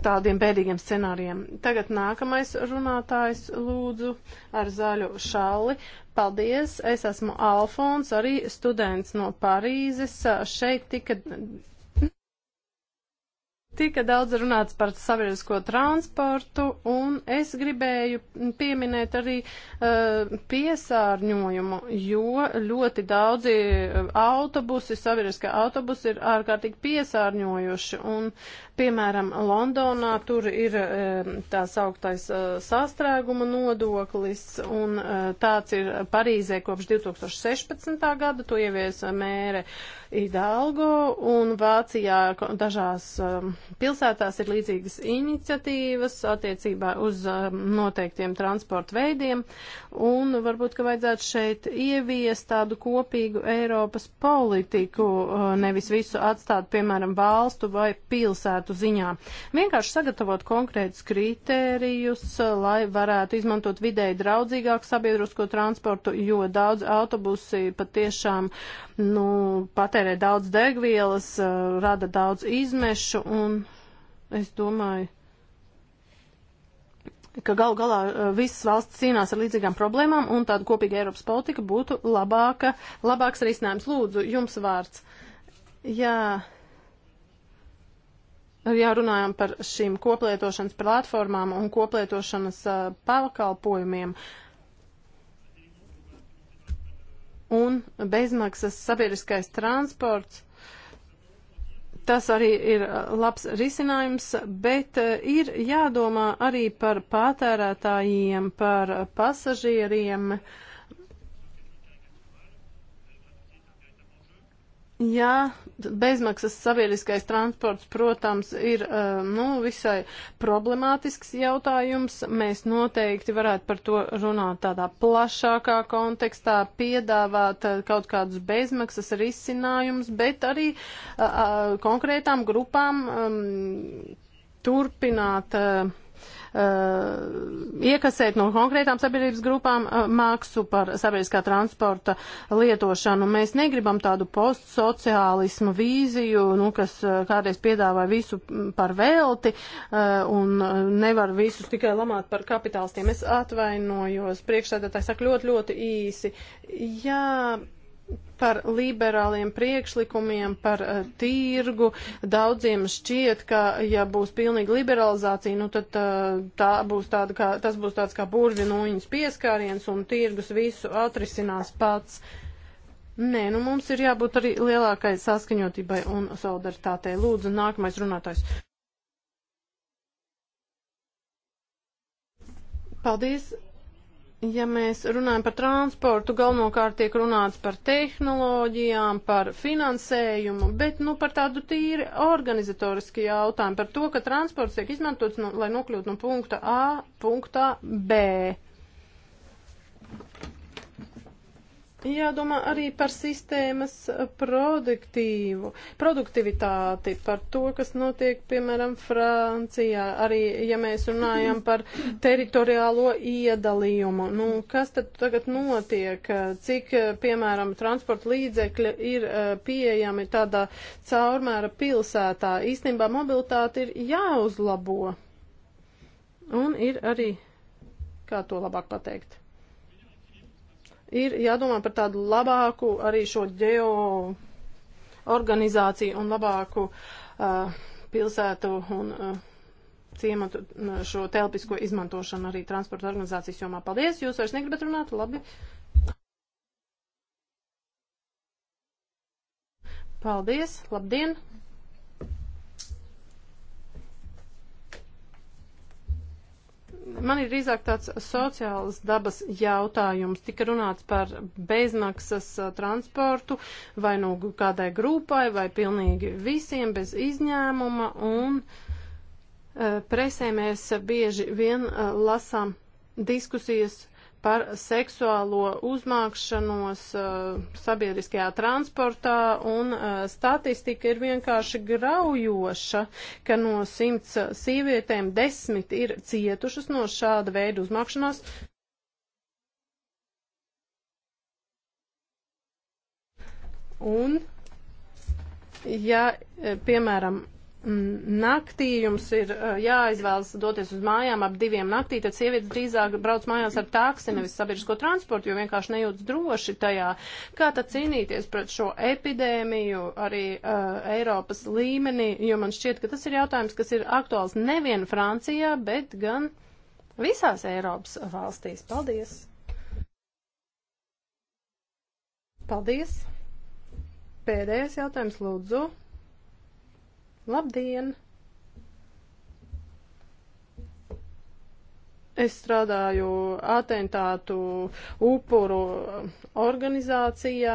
tādiem bēdīgiem scenārijiem. Tagad nākamais runātājs lūdzu ar zaļu šalli. Paldies, es esmu Alfons, arī students no Parīzes. Šeit tika Tika daudz runāts par sabiedrisko transportu, un es gribēju pieminēt arī uh, piesārņojumu, jo ļoti daudzi eh, autobusi, sabiedriskie autobusi ir ārkārtīgi piesārņojuši, un, piemēram, Londonā tur ir uh, tā sauktais uh, sastrēguma nodoklis, un uh, tāds ir Parīzē kopš 2016. gada, to ievies mēre. Uh, Idalgo, un Vācijā dažās um, pilsētās ir līdzīgas iniciatīvas attiecībā uz um, noteiktiem transporta veidiem, un varbūt, ka vajadzētu šeit ieviest tādu kopīgu Eiropas politiku, uh, nevis visu atstāt, piemēram, valstu vai pilsētu ziņā. Vienkārši sagatavot konkrētus kritērijus, uh, lai varētu izmantot vidēji draudzīgāku sabiedrisko transportu, jo daudz autobusi patiešām uh, nu, patērē daudz degvielas, eh, rada daudz izmešu, un es domāju, ka gal galā eh, visas valsts cīnās ar līdzīgām problēmām, un tāda kopīga Eiropas politika būtu labāka, labāks risinājums. Lūdzu, jums vārds. Jā. Jā, runājam par šīm koplietošanas platformām un koplietošanas eh, pakalpojumiem. Uh, un bezmaksas sabiedriskais transports. Tas arī ir uh, labs risinājums, bet uh, ir jādomā arī par patērētājiem, par pasažieriem. Uh, Jā, bezmaksas sabiedriskais transports, protams, ir nu, visai problemātisks jautājums. Mēs noteikti varētu par to runāt tādā plašākā kontekstā, piedāvāt kaut kādus bezmaksas risinājumus, bet arī a, a, konkrētām grupām a, turpināt. A, Uh, iekasēt no konkrētām sabiedrības grupām uh, maksu par sabiedriskā transporta lietošanu. Mēs negribam tādu postsociālismu vīziju, nu, kas uh, kādreiz piedāvā visu par velti un nevar visus tikai lamāt par kapitālistiem. Es atvainojos priekšsēdētāji, saka ļoti, ļoti īsi. Jā, par liberāliem priekšlikumiem, par uh, tirgu. Daudziem šķiet, ka ja būs pilnīga liberalizācija, nu tad uh, tā būs tāda kā, tas būs tāds kā burvi no viņas pieskāriens un tirgus visu atrisinās pats. Nē, nu mums ir jābūt arī lielākai saskaņotībai un solidaritātei. Lūdzu, nākamais runātājs. Paldies! Ja mēs runājam par transportu, galvenokārt tiek runāts par tehnoloģijām, par finansējumu, bet nu, par tādu tīri organizatorisku jautājumu, par to, ka transports tiek izmantots, nu, lai nokļūtu no punkta A punktā B. Jādomā arī par sistēmas produktīvu, produktivitāti, par to, kas notiek, piemēram, Francijā, arī, ja mēs runājam par teritoriālo iedalījumu. Nu, kas tad tagad notiek? Cik, piemēram, transporta līdzekļi ir eh, pieejami tādā caurmēra pilsētā? Īstenībā mobilitāte ir jāuzlabo. Un ir arī, kā to labāk pateikt? Ir jādomā par tādu labāku arī šo ģeo organizāciju un labāku uh, pilsētu un uh, ciematu šo telpisko izmantošanu arī transporta organizācijas jomā. Paldies, jūs vairs negribat runāt, labi. Paldies, labdien! Man ir drīzāk tāds sociāls dabas jautājums. Tika runāts par bezmaksas uh, transportu vai nu no kādai grupai vai pilnīgi visiem bez izņēmuma un uh, presē mēs bieži vien uh, lasām diskusijas par seksuālo uzmākšanos uh, sabiedriskajā transportā, un uh, statistika ir vienkārši graujoša, ka no simts sievietēm desmit ir cietušas no šāda veida uzmākšanās. Un, ja, piemēram, naktī jums ir jāizvēlas doties uz mājām ap diviem naktī, tad sievietes drīzāk brauc mājās ar taksi, nevis sabiedrisko transportu, jo vienkārši nejūtas droši tajā. Kā tad cīnīties pret šo epidēmiju arī uh, Eiropas līmenī, jo man šķiet, ka tas ir jautājums, kas ir aktuāls nevien Francijā, bet gan visās Eiropas valstīs. Paldies! Paldies! Pēdējais jautājums lūdzu. Labdien! Es strādāju atentātu upuru organizācijā,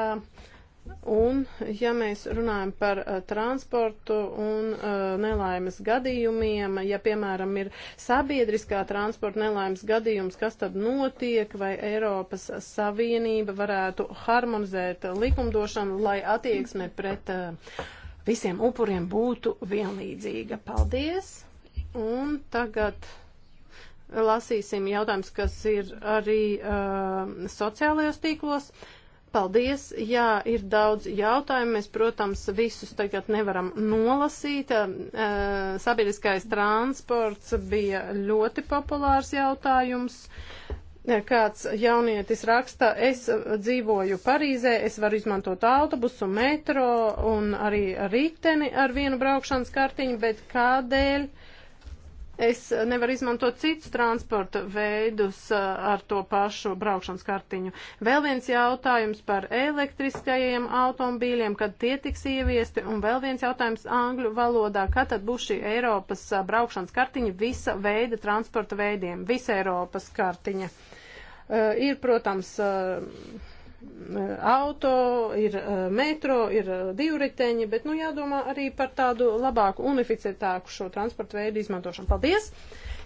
un, ja mēs runājam par uh, transportu un uh, nelaimes gadījumiem, ja, piemēram, ir sabiedriskā transporta nelaimes gadījums, kas tad notiek, vai Eiropas Savienība varētu harmonizēt likumdošanu, lai attieksme pret uh, visiem upuriem būtu vienlīdzīga. Paldies! Un tagad lasīsim jautājums, kas ir arī uh, sociālajos tīklos. Paldies! Jā, ir daudz jautājumu. Mēs, protams, visus tagad nevaram nolasīt. Uh, sabiedriskais transports bija ļoti populārs jautājums. Uh, Kāds jaunietis raksta, es dzīvoju Parīzē, es varu izmantot autobusu, metro un arī riteni ar vienu braukšanas kartiņu, bet kādēļ? es nevaru izmantot citus transporta veidus uh, ar to pašu braukšanas kartiņu. Vēl viens jautājums par elektriskajiem automobīļiem, kad tie tiks ieviesti, un vēl viens jautājums angļu valodā, kad tad būs šī Eiropas uh, braukšanas kartiņa visa veida transporta veidiem, visa Eiropas kartiņa. Uh, Eh, ir, protams, eh, auto, ir eh, metro, ir divriteņi, bet, nu, jādomā arī par tādu labāku, unificētāku šo transportu veidu izmantošanu. Paldies!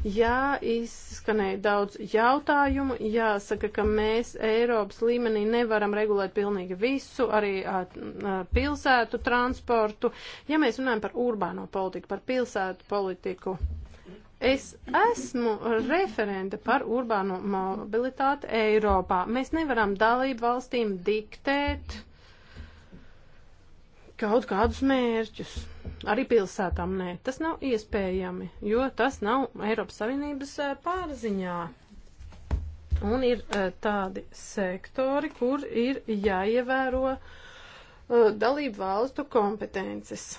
Jā, izskanēja daudz jautājumu. Jāsaka, ka mēs Eiropas līmenī nevaram regulēt pilnīgi visu, arī a, a, pilsētu transportu. Ja mēs runājam par urbāno politiku, par pilsētu politiku, Es esmu referente par urbāno mobilitāti Eiropā. Mēs nevaram dalību valstīm diktēt kaut kādus mērķus. Arī pilsētām nē. Tas nav iespējami, jo tas nav Eiropas Savienības eh, pārziņā. Un ir eh, tādi sektori, kur ir jāievēro eh, dalību valstu kompetences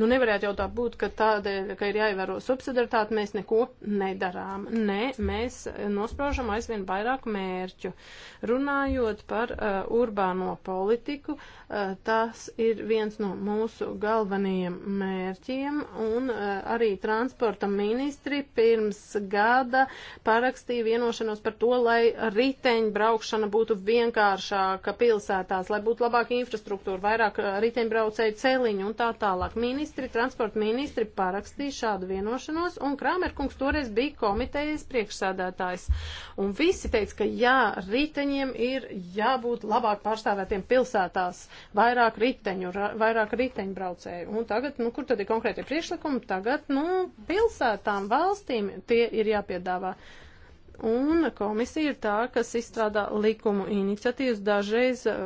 Nu, nevarētu jau tā būt, ka tādēļ, ka ir jāievēro subsidaritāte, mēs neko nedarām. Nē, mēs nospraužam aizvien vairāk mērķu. Runājot par uh, urbāno politiku, Eh, tas ir viens no mūsu galvenajiem mērķiem, un eh, arī transporta ministri pirms gada parakstīja vienošanos par to, lai riteņbraukšana būtu vienkāršāka pilsētās, lai būtu labāka infrastruktūra, vairāk eh, riteņbraucēju celiņu un tā tālāk. Ministri, transporta ministri parakstīja šādu vienošanos, un Krāmerkungs toreiz bija komitejas priekšsēdētājs. Un visi teica, ka jā, riteņiem ir jābūt labāk pārstāvētiem pilsētās vairāk riteņu, vairāk riteņbraucēju. Un tagad, nu, kur tad ir konkrētie priešlikumi? Tagad, nu, pilsētām, valstīm tie ir jāpiedāvā. Un komisija ir tā, kas izstrādā likumu iniciatīvas. Dažreiz eh,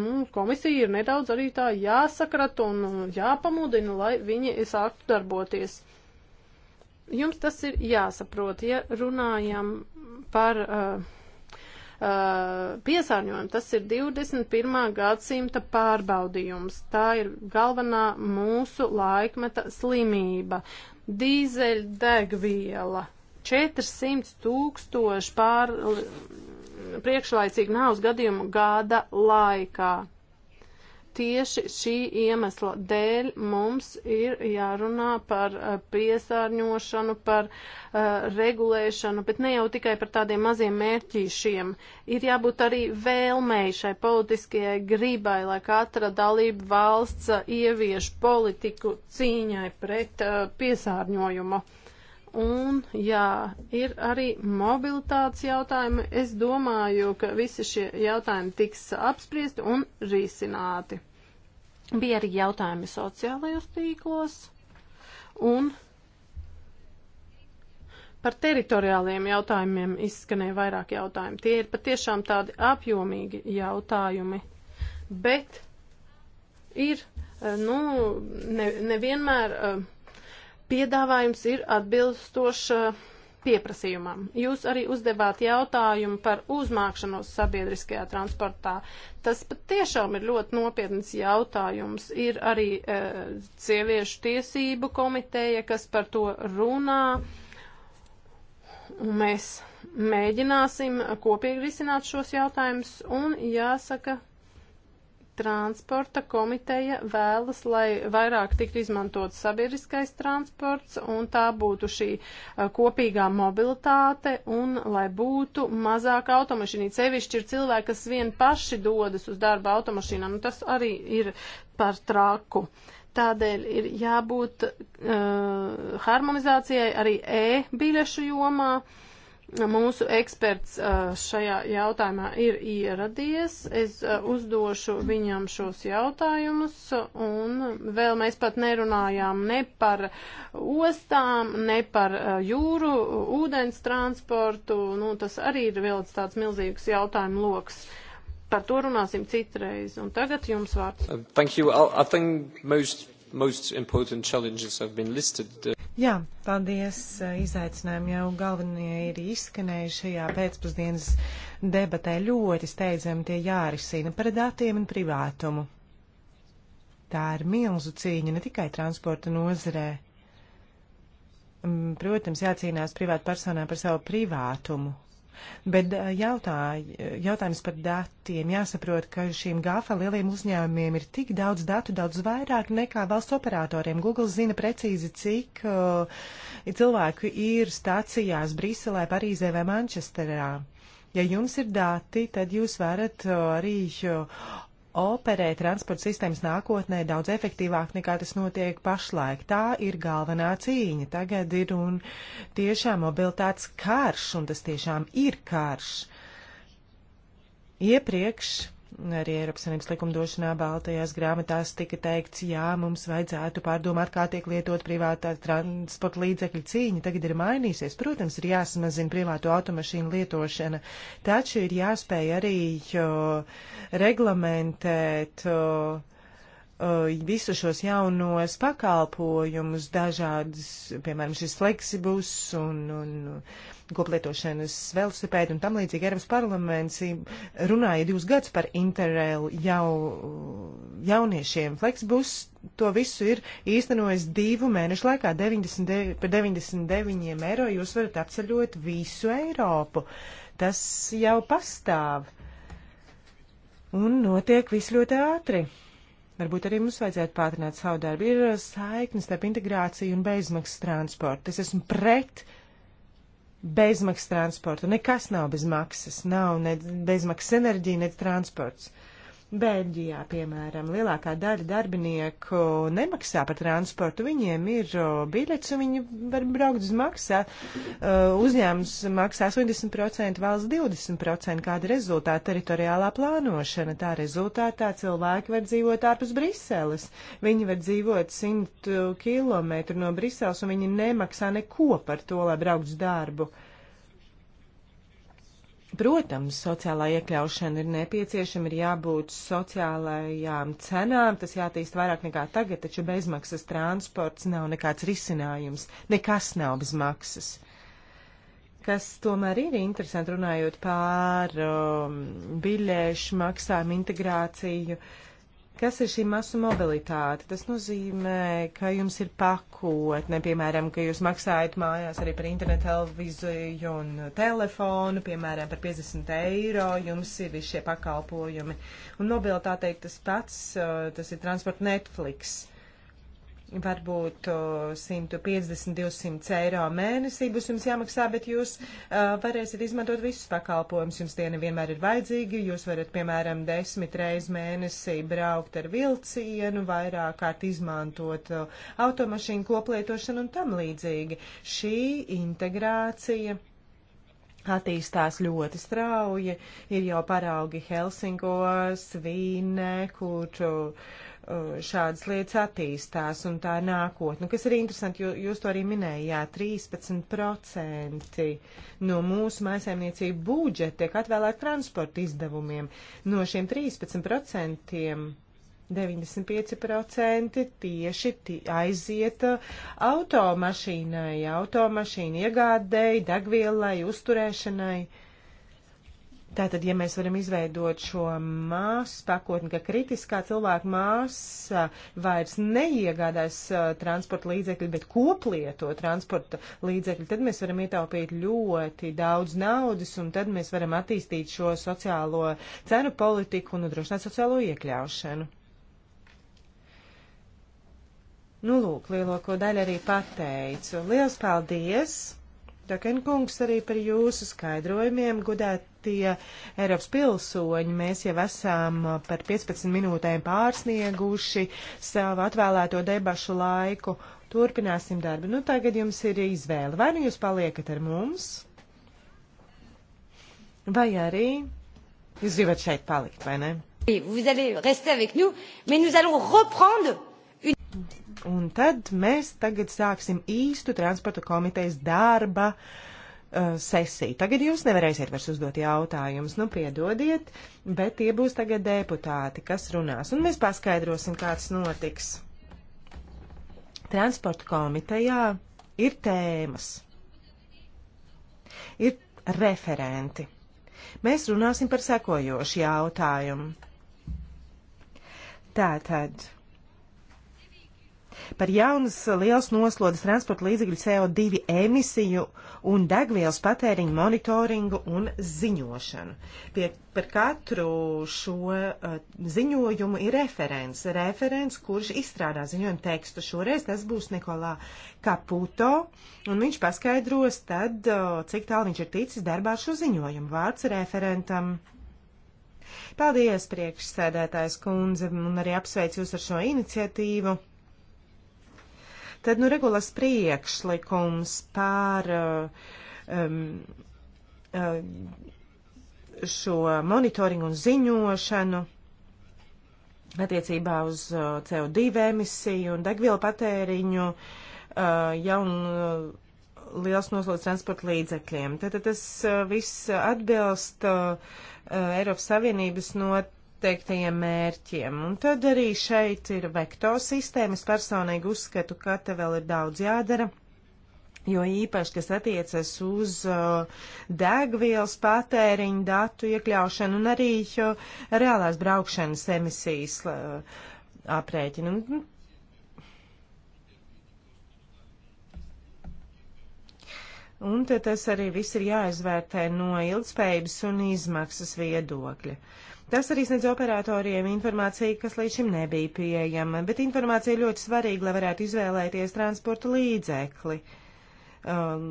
nu, komisija ir nedaudz arī tā jāsakrat un jāpamudina, lai viņi sāktu darboties. Jums tas ir jāsaprot, ja runājam par. Uh, Uh, piesārņojumu. Tas ir 21. gadsimta pārbaudījums. Tā ir galvenā mūsu laikmeta slimība. Dīzeļdegviela. 400 tūkstoši pār priekšlaicīgi nāvs gadījumu gada laikā tieši šī iemesla dēļ mums ir jārunā par eh, piesārņošanu, par uh, regulēšanu, bet ne jau tikai par tādiem maziem mērķīšiem. Ir jābūt arī vēlmei šai politiskajai gribai, lai katra dalība valsts eh, ievieš politiku cīņai pret uh, piesārņojumu. Un, jā, ir arī mobilitātes jautājumi. Es domāju, ka visi šie jautājumi tiks apspriesti un risināti. Bija arī jautājumi sociālajos tīklos un par teritoriāliem jautājumiem izskanēja vairāk jautājumu. Tie ir patiešām tādi apjomīgi jautājumi, bet ir, eh, nu, ne, nevienmēr. Ne eh, piedāvājums ir atbilstošs pieprasījumam. Jūs arī uzdevāt jautājumu par uzmākšanos sabiedriskajā transportā. Tas patiešām ir ļoti nopietns jautājums. Ir arī e, sieviešu tiesību komiteja, kas par to runā. Un mēs mēģināsim kopīgi risināt šos jautājumus un jāsaka, transporta komiteja vēlas, lai vairāk tiktu izmantot sabiedriskais transports un tā būtu šī uh, kopīgā mobilitāte un lai būtu mazāk automašīnī. Cevišķi ir cilvēki, kas vien paši dodas uz darbu automašīnām, un tas arī ir par traku. Tādēļ ir jābūt uh, harmonizācijai arī e-biļešu jomā. Uh, Mūsu eksperts uh, šajā jautājumā ir ieradies. Es uh, uzdošu viņam šos jautājumus, un vēl mēs pat nerunājām ne par ostām, ne par uh, jūru, ūdens transportu. Nu, tas arī ir vēl tāds milzīgs jautājumu lokus. Par to runāsim citreiz. Un tagad jums vārds. Thank you. I think most, most important challenges have been listed. Jā, paldies. Eh, izaicinājumi jau galvenie ir izskanējuši šajā pēcpusdienas debatē. Ļoti steidzami tie jārisina par datiem un privātumu. Tā ir milzu cīņa ne tikai transporta nozarē. Mm, protams, jācīnās privāta personā par savu privātumu, Bet jautāj, jautājums par datiem. Jāsaprot, ka šīm GAFA lieliem uzņēmumiem ir tik daudz datu, daudz vairāk nekā valsts operatoriem. Google zina precīzi, cik uh, cilvēku ir stācijās Briselē, Parīzē vai Mančesterā. Ja jums ir dati, tad jūs varat arī operē transporta sistēmas nākotnē daudz efektīvāk nekā tas notiek pašlaik. Tā ir galvenā cīņa. Tagad ir un tiešām mobilitātes karš, un tas tiešām ir karš. Iepriekš arī Eiropas Savienības likumdošanā Baltajās grāmatās tika teikts, jā, mums vajadzētu pārdomāt, kā tiek lietot privātā transporta līdzekļu cīņa. Tagad ir mainīsies. Protams, ir jāsamazina privāto automašīnu lietošana, taču ir jāspēj arī jo, reglamentēt. Jo, Uh, visu šos jaunos pakalpojumus, dažādas, piemēram, šis fleksibus un, un koplietošanas velosipēdu un tam līdzīgi Eiropas parlaments runāja divus gadus par interrailu jau jauniešiem. Fleksibus to visu ir īstenojis divu mēnešu laikā 99, par 99 eiro. Jūs varat apceļot visu Eiropu. Tas jau pastāv. Un notiek viss ļoti ātri. Varbūt arī mums vajadzētu pātrināt savu darbu. Ir uh, saiknes starp integrāciju un bezmaksas transportu. Es esmu pret bezmaksas transportu. Nekas nav bez maksas. Nav ne bezmaksas enerģija, ne transports. Uh, Beļģijā, piemēram, lielākā daļa darbinieku nemaksā par transportu. Viņiem ir biļets un viņi var braukt uz maksā. Uzņēmums maksā 80%, valsts 20%. Kāda rezultāta teritoriālā plānošana? Tā rezultātā cilvēki var dzīvot ārpus Briseles. Viņi var dzīvot 100 km no Briseles un viņi nemaksā neko par to, lai brauktu uz darbu. Protams, sociālā iekļaušana ir nepieciešama, ir jābūt sociālajām cenām, tas jātīst vairāk nekā tagad, taču bezmaksas transports nav nekāds risinājums, nekas nav bez maksas. Kas tomēr ir interesanti runājot pār um, biļēšu maksājumu integrāciju. Uh, Kas ir šī masu mobilitāte? Tas nozīmē, ka jums ir pakotne, piemēram, ka jūs maksājat mājās arī par internetu, televīziju un telefonu, piemēram, par 50 eiro, jums ir visi šie pakalpojumi. Un mobilitāte ir tas pats, uh, tas ir transporta Netflix varbūt 150-200 eiro mēnesī būs jums jāmaksā, bet jūs uh, varēsiet izmantot visus pakalpojumus. Jums tie nevienmēr ir vajadzīgi. Jūs varat, piemēram, desmit reizes mēnesī braukt ar vilcienu, vairāk kārt izmantot uh, automašīnu koplietošanu un tam līdzīgi. Šī integrācija. Attīstās ļoti strauji, ir jau paraugi Helsingos, Vīnē, kur uh, Eh, šādas lietas attīstās, un tā ir nākotne. Kas ir interesanti, jo jūs to arī minējāt, 13% no mūsu mājasēmniecību budžeta tiek atvēlēt transporta izdevumiem. No šiem 13% 95% tieši aiziet eh, automašīnai, automašīnu iegādēji, degvielai, uzturēšanai. Uh, Tātad, ja mēs varam izveidot šo māsu pakotni, ka kritiskā cilvēka māsa vairs neiegādās transporta līdzekļi, bet koplieto transporta līdzekļi, tad mēs varam ietaupīt ļoti daudz naudas un tad mēs varam attīstīt šo sociālo cenu politiku un nodrošināt sociālo iekļaušanu. Nu, lūk, lielāko daļu arī pateicu. Liels paldies! Dakenkungs arī par jūsu skaidrojumiem, gudēt tie Eiropas pilsoņi. Mēs jau esam par 15 minūtēm pārsnieguši savu atvēlēto debašu laiku. Turpināsim darbu. Nu, tagad jums ir izvēle. Vai nu jūs paliekat ar mums, vai arī jūs gribat šeit palikt, vai ne? Vous allez rester avec nous, mais nous allons reprendre Un tad mēs tagad sāksim īstu transporta komitejas darba uh, uh, sesiju. Tagad jūs nevarēsiet vairs uzdot jautājumus, nu piedodiet, bet tie būs tagad deputāti, kas runās, un mēs paskaidrosim, kāds notiks. Transporta komitejā ir tēmas, ir referenti. Mēs runāsim par sekojošu jautājumu. Tātad par jaunas liels noslodas transporta līdzekļu CO2 emisiju un degvielas patēriņu monitoringu un ziņošanu. Pie, par katru šo uh, ziņojumu ir referents. Referents, kurš izstrādā ziņojumu tekstu. Šoreiz tas būs Nikolā Kaputo, un viņš paskaidros tad, uh, cik tālu viņš ir ticis darbā ar šo ziņojumu. Vārds referentam. Paldies, priekšsēdētājs kundze, un arī apsveicu jūs ar šo iniciatīvu. Tad nu regulas priekšlikums par uh, um, uh, šo monitoringu un ziņošanu attiecībā uz uh, CO2 emisiju un degvielu patēriņu jaunu liels noslodzes transporta līdzekļiem. Tātad tas viss atbilst Eiropas Savienības not noteiktajiem mērķiem. Un tad arī šeit ir vektorsistēma. Es personīgi uzskatu, ka te vēl ir daudz jādara. Jo īpaši, kas attiecas uz uh, degvielas patēriņu datu iekļaušanu un arī uh, reālās braukšanas emisijas uh, aprēķinu. Un tad tas arī viss ir jāizvērtē no ilgspējības un izmaksas viedokļa. Uh, Tas arī sniedz operatoriem informāciju, kas līdz šim nebija pieejama, bet informācija ļoti svarīga, lai varētu izvēlēties transporta līdzekli um,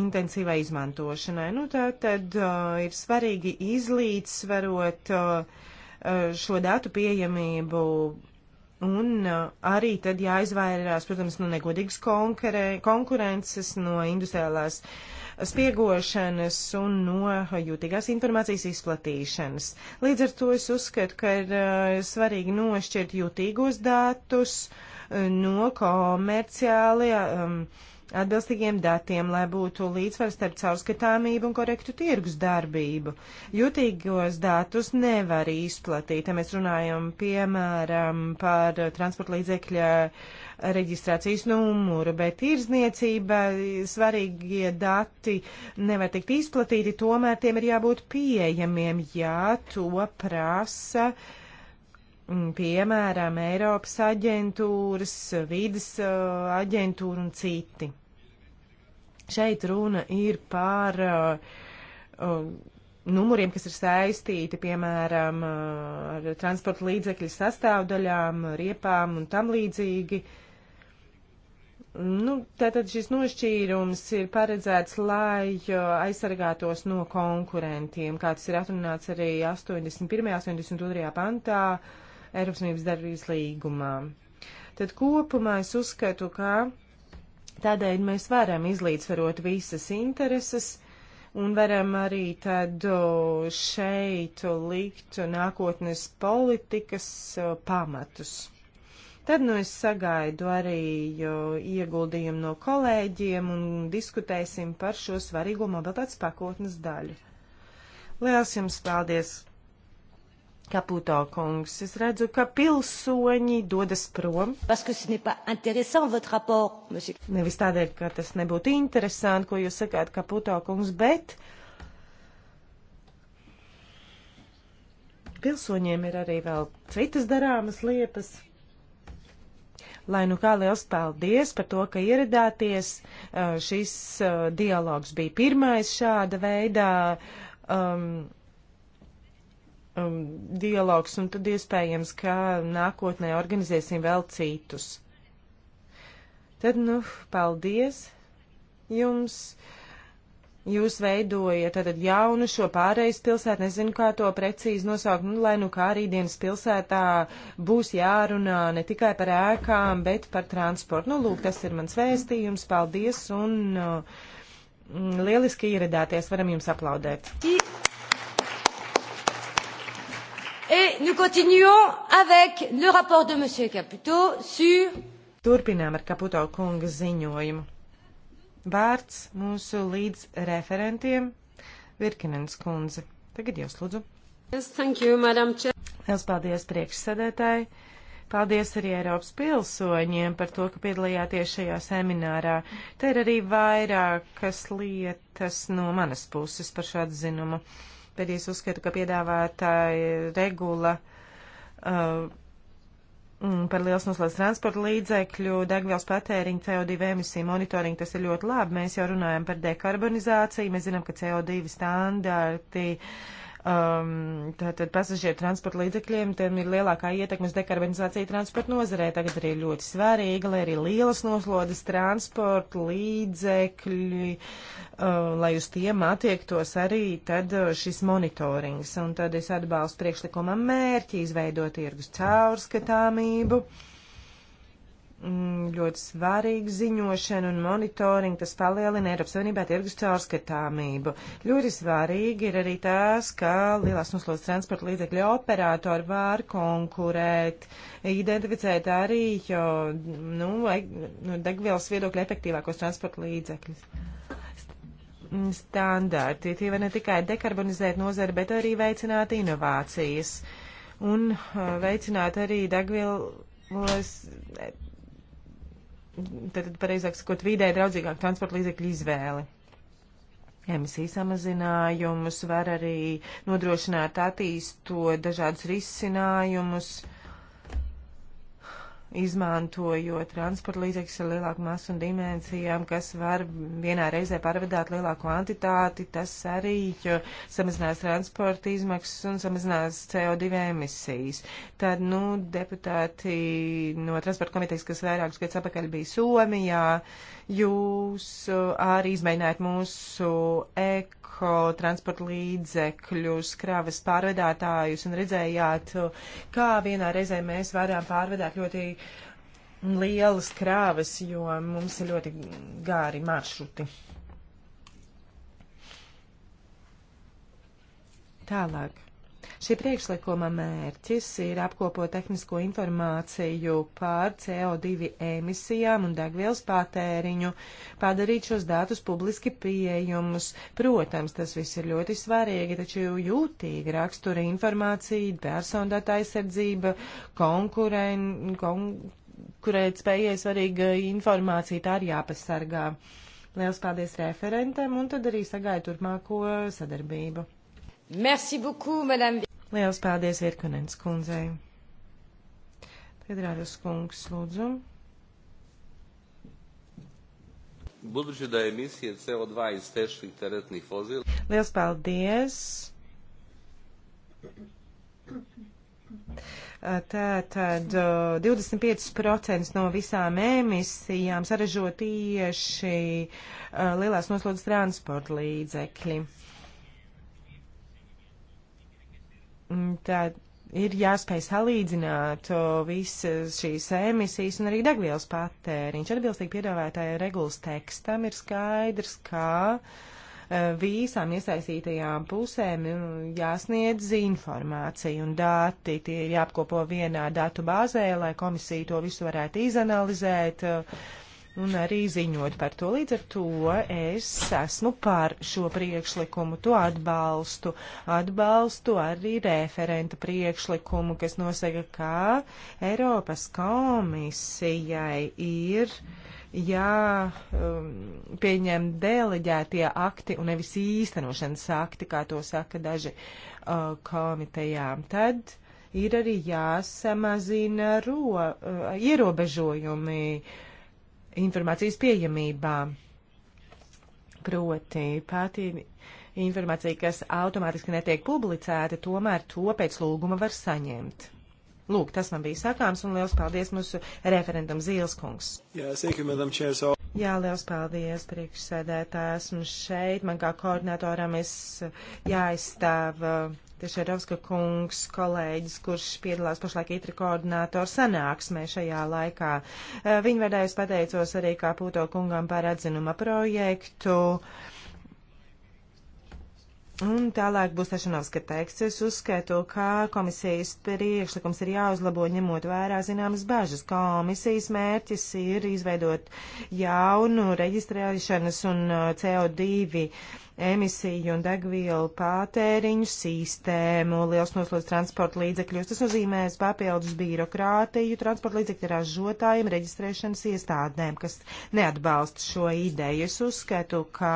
intensīvai izmantošanai. Nu, tā tad uh, ir svarīgi izlīdzsvarot uh, uh šo datu pieejamību Un uh, arī tad jāizvairās, protams, no negodīgas konkurences, no industriālās spiegošanas un no jūtīgās informācijas izplatīšanas. Līdz ar to es uzskatu, ka ir eh, svarīgi nošķirt jūtīgos datus eh, no komerciālajiem. Um, atbilstīgiem datiem, lai būtu līdzsvars starp caurskatāmību un korektu tirgus darbību. Jutīgos datus nevar izplatīt, ja mēs runājam piemēram par transporta līdzekļa reģistrācijas numuru, bet tirzniecība svarīgie dati nevar tikt izplatīti, tomēr tiem ir jābūt pieejamiem, ja to prasa mm, piemēram Eiropas aģentūras, vidas uh, aģentūra un citi. Šeit runa ir par uh, uh, numuriem, kas ir saistīti, piemēram, uh, ar transporta līdzekļu sastāvdaļām, riepām un tam līdzīgi. Nu, tātad šis nošķīrums ir paredzēts, lai uh, aizsargātos no konkurentiem, kā tas ir atrunāts arī 81. 82. pantā Eiropas Unības darbības līgumā. Tad kopumā es uzskatu, ka Tādēļ mēs varam izlīdzvarot visas intereses un varam arī tad šeit likt nākotnes politikas pamatus. Tad nu es sagaidu arī ieguldījumu no kolēģiem un diskutēsim par šo svarīgo mobilitātes pakotnes daļu. Liels jums paldies! Kaputo kungs, es redzu, ka pilsoņi dodas prom. Rapport, Nevis tādēļ, ka tas nebūtu interesanti, ko jūs sakāt, Kaputo kungs, bet pilsoņiem ir arī vēl citas darāmas lietas. Lai nu kā liels paldies par to, ka ieradāties. Uh, šis uh, dialogs bija pirmais šāda veidā. Um, um, dialogs, un tad iespējams, ka nākotnē organizēsim vēl citus. Tad, nu, paldies jums! Jūs veidojat tad jaunu šo pārejas pilsētu, nezinu, kā to precīzi nosaukt, nu, lai nu kā rītdienas pilsētā būs jārunā ne tikai par ēkām, bet par transportu. Nu, lūk, tas ir mans vēstījums, paldies un mm, lieliski ieradāties, varam jums aplaudēt. Et nous continuons avec le rapport de M. Caputo sur. Turpinām ar Kaputo kunga ziņojumu. Vārds mūsu līdz referentiem Virkinens kundze. Tagad jūs lūdzu. Yes, thank you, Madam Chair. Liels paldies priekšsēdētāji. Paldies arī Eiropas pilsoņiem par to, ka piedalījāties šajā seminārā. Te ir arī vairākas lietas no manas puses par šo atzinumu. Uh, Tad es uzskatu, ka piedāvātāja regula uh, mm, par liels noslēdz transporta līdzekļu, degvielas patēriņu, CO2 emisiju monitoringu, tas ir ļoti labi. Mēs jau runājam par dekarbonizāciju, mēs zinām, ka CO2 standarti uh, um, tātad pasažieru transporta līdzekļiem, tiem ir lielākā ietekmes dekarbonizācija transporta nozarē. Tagad arī ļoti svarīga, lai arī lielas noslodas transporta līdzekļi, um, lai uz tiem attiektos arī tad uh, šis monitorings. Un tad es atbalstu priekšlikumam mērķi izveidot tirgus caurskatāmību. Mm Mm, ļoti svarīgu ziņošanu un monitoringu, tas palielina Eiropas Savienībā tirgus caurskatāmību. Ļoti svarīgi ir arī tās, ka lielās noslodzes transporta līdzekļu operatori var konkurēt, identificēt arī, jo, nu, nu degvielas viedokļa efektīvākos transporta līdzekļus mm, standārti. Tie var ne tikai dekarbonizēt nozari, bet arī veicināt inovācijas un uh, veicināt arī degvielas tad pareizāk sakot, vidē draudzīgāk transporta līdzekļu izvēli. Emisiju samazinājumus var arī nodrošināt attīstot dažādus risinājumus izmantojot transporta līdzekļus ar lielāku masu un dimensijām, kas var vienā reizē pārvedāt lielāku kvantitāti, tas arī samazinās transporta izmaksas un samazinās CO2 emisijas. Tad, nu, deputāti no transporta komitejas, kas vairākus gadus apakaļ bija Somijā, jūs uh, arī izmēģinājāt mūsu ek alkohola transporta līdzekļus, kravas pārvedātājus un redzējāt, kā vienā reizē mēs varam pārvedāt ļoti lielas krāvas, jo mums ir ļoti gāri maršruti. Tālāk. Šī priekšlikuma mērķis ir apkopot tehnisko informāciju par CO2 emisijām un degvielas patēriņu, padarīt šos datus publiski pieejumus. Protams, tas viss ir ļoti svarīgi, taču jūtīga rakstura informācija, persondata aizsardzība, konkuren, konkurētspējai svarīga informācija, tā ir jāpasargā. Liels paldies referentam un tad arī sagaidu turpmāko sadarbību. Merci beaucoup, madame. Lielas paldies Virkunens kundzei. Piedrādus kungs, lūdzu. Budući da je emisija CO2 iz teških teretnih vozila. Lielas paldies. Tātad 25% no visām emisijām sarežo tieši lielās noslodzes transporta līdzekļi. Mm, tā ir jāspēj salīdzināt visas šīs emisijas un arī degvielas patēriņš. Atbilstīgi piedāvātāja regulas tekstam ir skaidrs, ka e, visām iesaistītajām pusēm ir mm, jāsniedz informācija un dati. Tie ir jāapkopo vienā datu bāzē, lai komisija to visu varētu izanalizēt. Uh, un arī ziņot par to. Līdz ar to es esmu par šo priekšlikumu, to atbalstu. Atbalstu arī referenta priekšlikumu, kas nosaka, kā Eiropas komisijai ir jāpieņem um, deleģētie akti un nevis īstenošanas akti, kā to saka daži uh, komitejām. Tad ir arī jāsamazina ro, uh, ierobežojumi uh, informācijas pieejamībā. Proti, pati informācija, kas automātiski netiek publicēta, tomēr to pēc lūguma var saņemt. Lūk, tas man bija sakāms, un liels paldies mūsu referentam Zīleskungs. Jā, sveiki, madam Čērs. Jā, liels paldies, priekšsēdētāji, esmu šeit. Man kā koordinatoram es jāizstāv uh, tieši Rovska kungs, kolēģis, kurš piedalās pašlaik itri koordinātoru sanāksmē šajā laikā. Uh, Viņu vadējus pateicos arī kā Pūto kungam par atzinuma projektu. Uh, Un tālāk būs Tašanovska teksts. Es uzskatu, ka komisijas priekšlikums ir jāuzlabo ņemot vērā zināmas bažas. Komisijas mērķis ir izveidot jaunu reģistrēšanas un uh, CO2 emisiju un degvielu pātēriņu sistēmu, liels noslodzes transporta līdzekļus. Tas nozīmēs papildus birokrātiju transporta līdzekļu ražotājiem, reģistrēšanas iestādēm, kas neatbalsta šo ideju. Es uzskatu, ka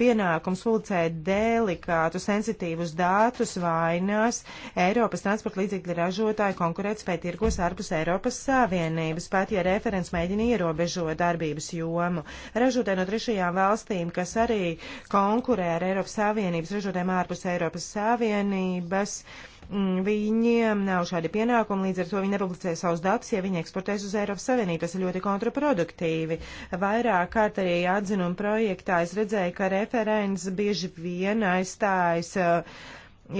pienākums pulcēt delikātu, sensitīvus datus vainās Eiropas transporta līdzekļu ražotāju konkurētspēju tirgos ārpus Eiropas Savienības, pat ja referents mēģina ierobežot darbības jomu. Ražotāji no trešajām valstīm, kas arī konkurē konkurē ar Eiropas Savienības ražotēm ārpus Eiropas Savienības. Mm, Viņiem nav šādi pienākumi, līdz ar to viņi nepublicē savus datus, ja viņi eksportēs uz Eiropas Savienību. Tas ir ļoti kontraproduktīvi. Vairāk kārt arī atzinuma projektā es redzēju, ka referents bieži vien aizstājas uh,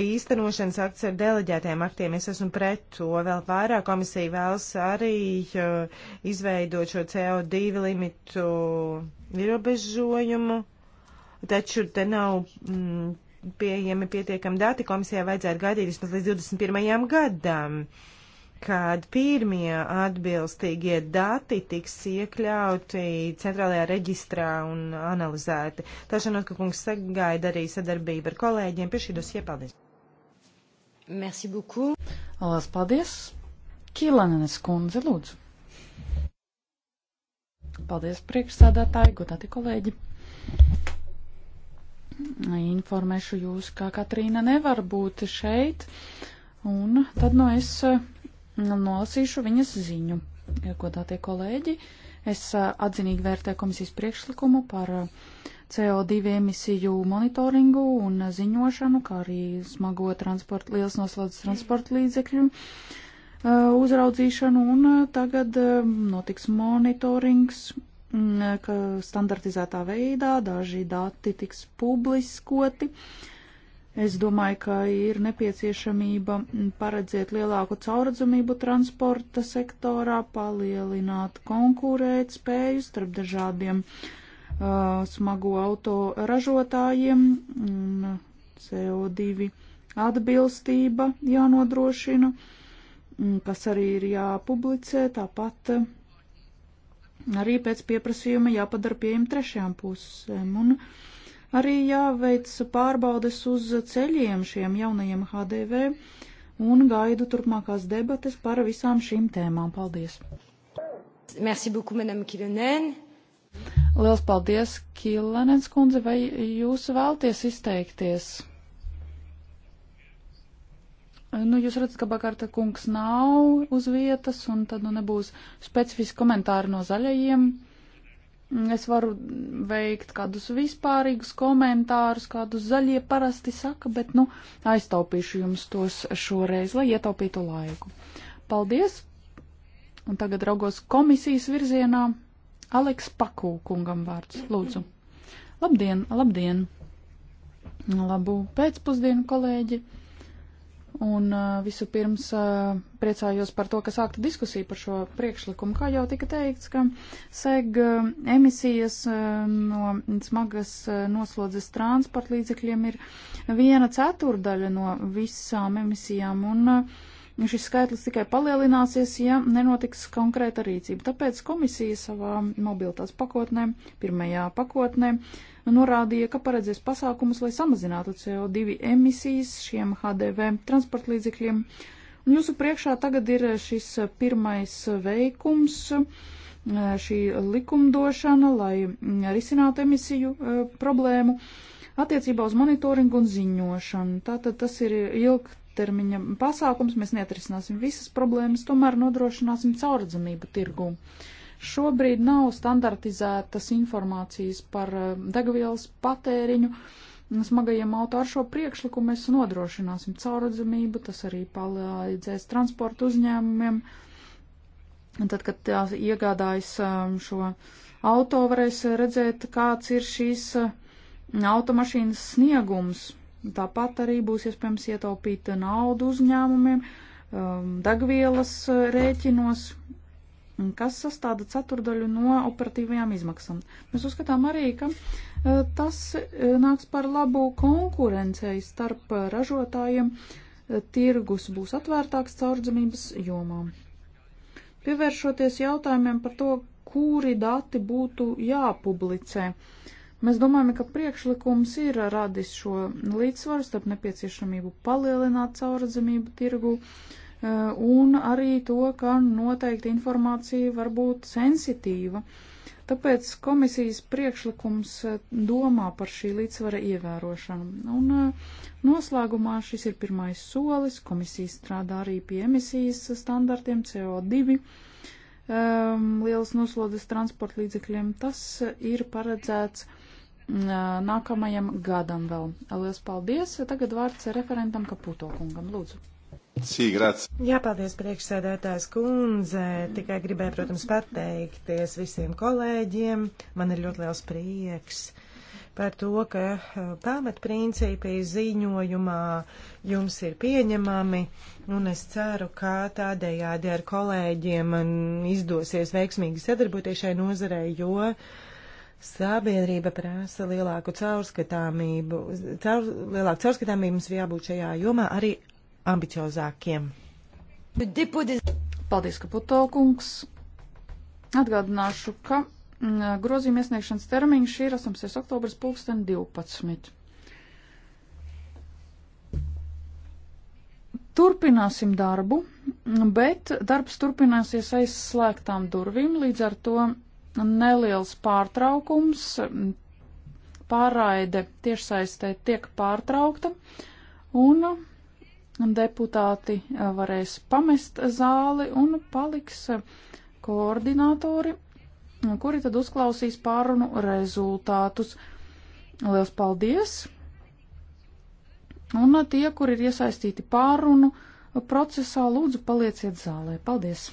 īstenošanas akts ar deleģētiem aktiem. Es esmu pret to. Vēl vairāk komisija vēlas arī uh, izveidot šo CO2 limitu ierobežojumu taču te nav mm, pieejami pietiekami dati. Komisijai vajadzētu gaidīt vismaz līdz 21. gadam, kad pirmie atbilstīgie dati tiks iekļauti centrālajā reģistrā un analizēti. Tāšanot, ka kungs sagaida arī sadarbību ar kolēģiem pie šī dosie. Paldies! Merci beaucoup! Lās paldies! Kīlanenes kundze, lūdzu! Paldies, priekšsādātāji, godāti kolēģi! informēšu jūs, ka Katrīna nevar būt šeit, un tad no es nu, nolasīšu viņas ziņu. Godātie kolēģi, es atzinīgi vērtēju komisijas priekšlikumu par CO2 emisiju monitoringu un ziņošanu, kā arī smago transportu, liels noslodzes transporta līdzekļu uzraudzīšanu, un tagad notiks monitorings ka standartizētā veidā daži dati tiks publiskoti. Es domāju, ka ir nepieciešamība paredzēt lielāku caurredzamību transporta sektorā, palielināt konkurēt spēju starp dažādiem uh, smagu auto ražotājiem, un CO2 atbilstība jānodrošina, kas arī ir jāpublicē, tāpat uh, arī pēc pieprasījuma jāpadara pieejam trešajām pusēm. Un arī jāveic pārbaudes uz ceļiem šiem jaunajiem HDV un gaidu turpmākās debates par visām šīm tēmām. Paldies! Merci beaucoup, Madame Kilonen. Liels paldies, Kilenens kundze, vai jūs vēlties izteikties? Nu, jūs redzat, ka Bakarta kungs nav uz vietas, un tad nu, nebūs specifiski komentāri no zaļajiem. Es varu veikt kādus vispārīgus komentārus, kādus zaļie parasti saka, bet nu, aiztaupīšu jums tos šoreiz, lai ietaupītu laiku. Paldies! Un tagad raugos komisijas virzienā. Aleks Pakū kungam vārds. Lūdzu. Labdien, labdien! Labu pēcpusdienu, kolēģi! Un vispirms priecājos par to, ka sākta diskusija par šo priekšlikumu. Kā jau tika teikts, ka seg emisijas no smagas noslodzes transporta līdzekļiem ir viena ceturdaļa no visām emisijām. Un šis skaitlis tikai palielināsies, ja nenotiks konkrēta rīcība. Tāpēc komisija savā mobilitātes pakotnē, pirmajā pakotnē, uh, Nu, norādīja, ka paredzēs pasākumus, lai samazinātu CO2 emisijas šiem HDV transportlīdzekļiem. Un jūsu priekšā tagad ir šis pirmais veikums, šī likumdošana, lai risinātu emisiju e, problēmu attiecībā uz monitoringu un ziņošanu. Tātad tas ir ilgtermiņa pasākums, mēs neatrisināsim visas problēmas, tomēr nodrošināsim caurdzamību tirgumu. Šobrīd nav standartizētas informācijas par eh, degvielas patēriņu. Mm, smagajiem auto ar šo priekšlikumu mēs nodrošināsim caurredzamību, tas arī palīdzēs transporta uzņēmumiem. Un tad, kad tās iegādājas eh, šo auto, varēs redzēt, kāds ir šīs eh, automašīnas sniegums. Tāpat arī būs iespējams ietaupīt naudu uzņēmumiem, degvielas rēķinos, kas sastāda ceturdaļu no operatīvajām izmaksām. Mēs uzskatām arī, ka e, tas e, nāks par labu konkurencei starp ražotājiem, e, tirgus būs atvērtāks caurdzamības jomā. Pievēršoties jautājumiem par to, kuri dati būtu jāpublicē, mēs domājam, ka priekšlikums ir radis šo līdzsvaru starp nepieciešamību palielināt caurdzamību tirgu, uh, Eh, un arī to, ka noteikti informācija var būt sensitīva. Tāpēc komisijas priekšlikums eh, domā par šī līdzsvara ievērošanu. Un eh, noslēgumā šis ir pirmais solis. Komisija strādā arī pie emisijas standartiem CO2. Ehm, lielas noslodzes transporta līdzekļiem tas ir paredzēts mm, nākamajam gadam vēl. Lielas paldies! Tagad vārds referentam Kaputo kungam. Lūdzu! Sī, grāts. Jā, paldies priekšsēdētājs kundze. Tikai gribēju, protams, pateikties visiem kolēģiem. Man ir ļoti liels prieks par to, ka eh, pamatprincipi ziņojumā jums ir pieņemami, un es ceru, ka tādējādi ar kolēģiem man mm, izdosies veiksmīgi sadarboties šai nozarei, jo. Sabiedrība prasa lielāku caurskatāmību. Caur, lielāku caurskatāmību mums ir jābūt šajā jomā arī ambiciozākiem. Paldies, ka putokungs. Atgādināšu, ka mm, grozījuma iesniegšanas termiņš ir 8. oktobris 2012. Turpināsim darbu, bet darbs turpināsies aizslēgtām durvīm, līdz ar to neliels pārtraukums, pārraide tiešsaistē tiek pārtraukta, un deputāti eh, varēs pamest zāli un paliks eh, koordinātori, eh, kuri tad uzklausīs pārunu rezultātus. Liels paldies! Un tie, kur ir iesaistīti pārunu procesā, lūdzu palieciet zālē. Paldies!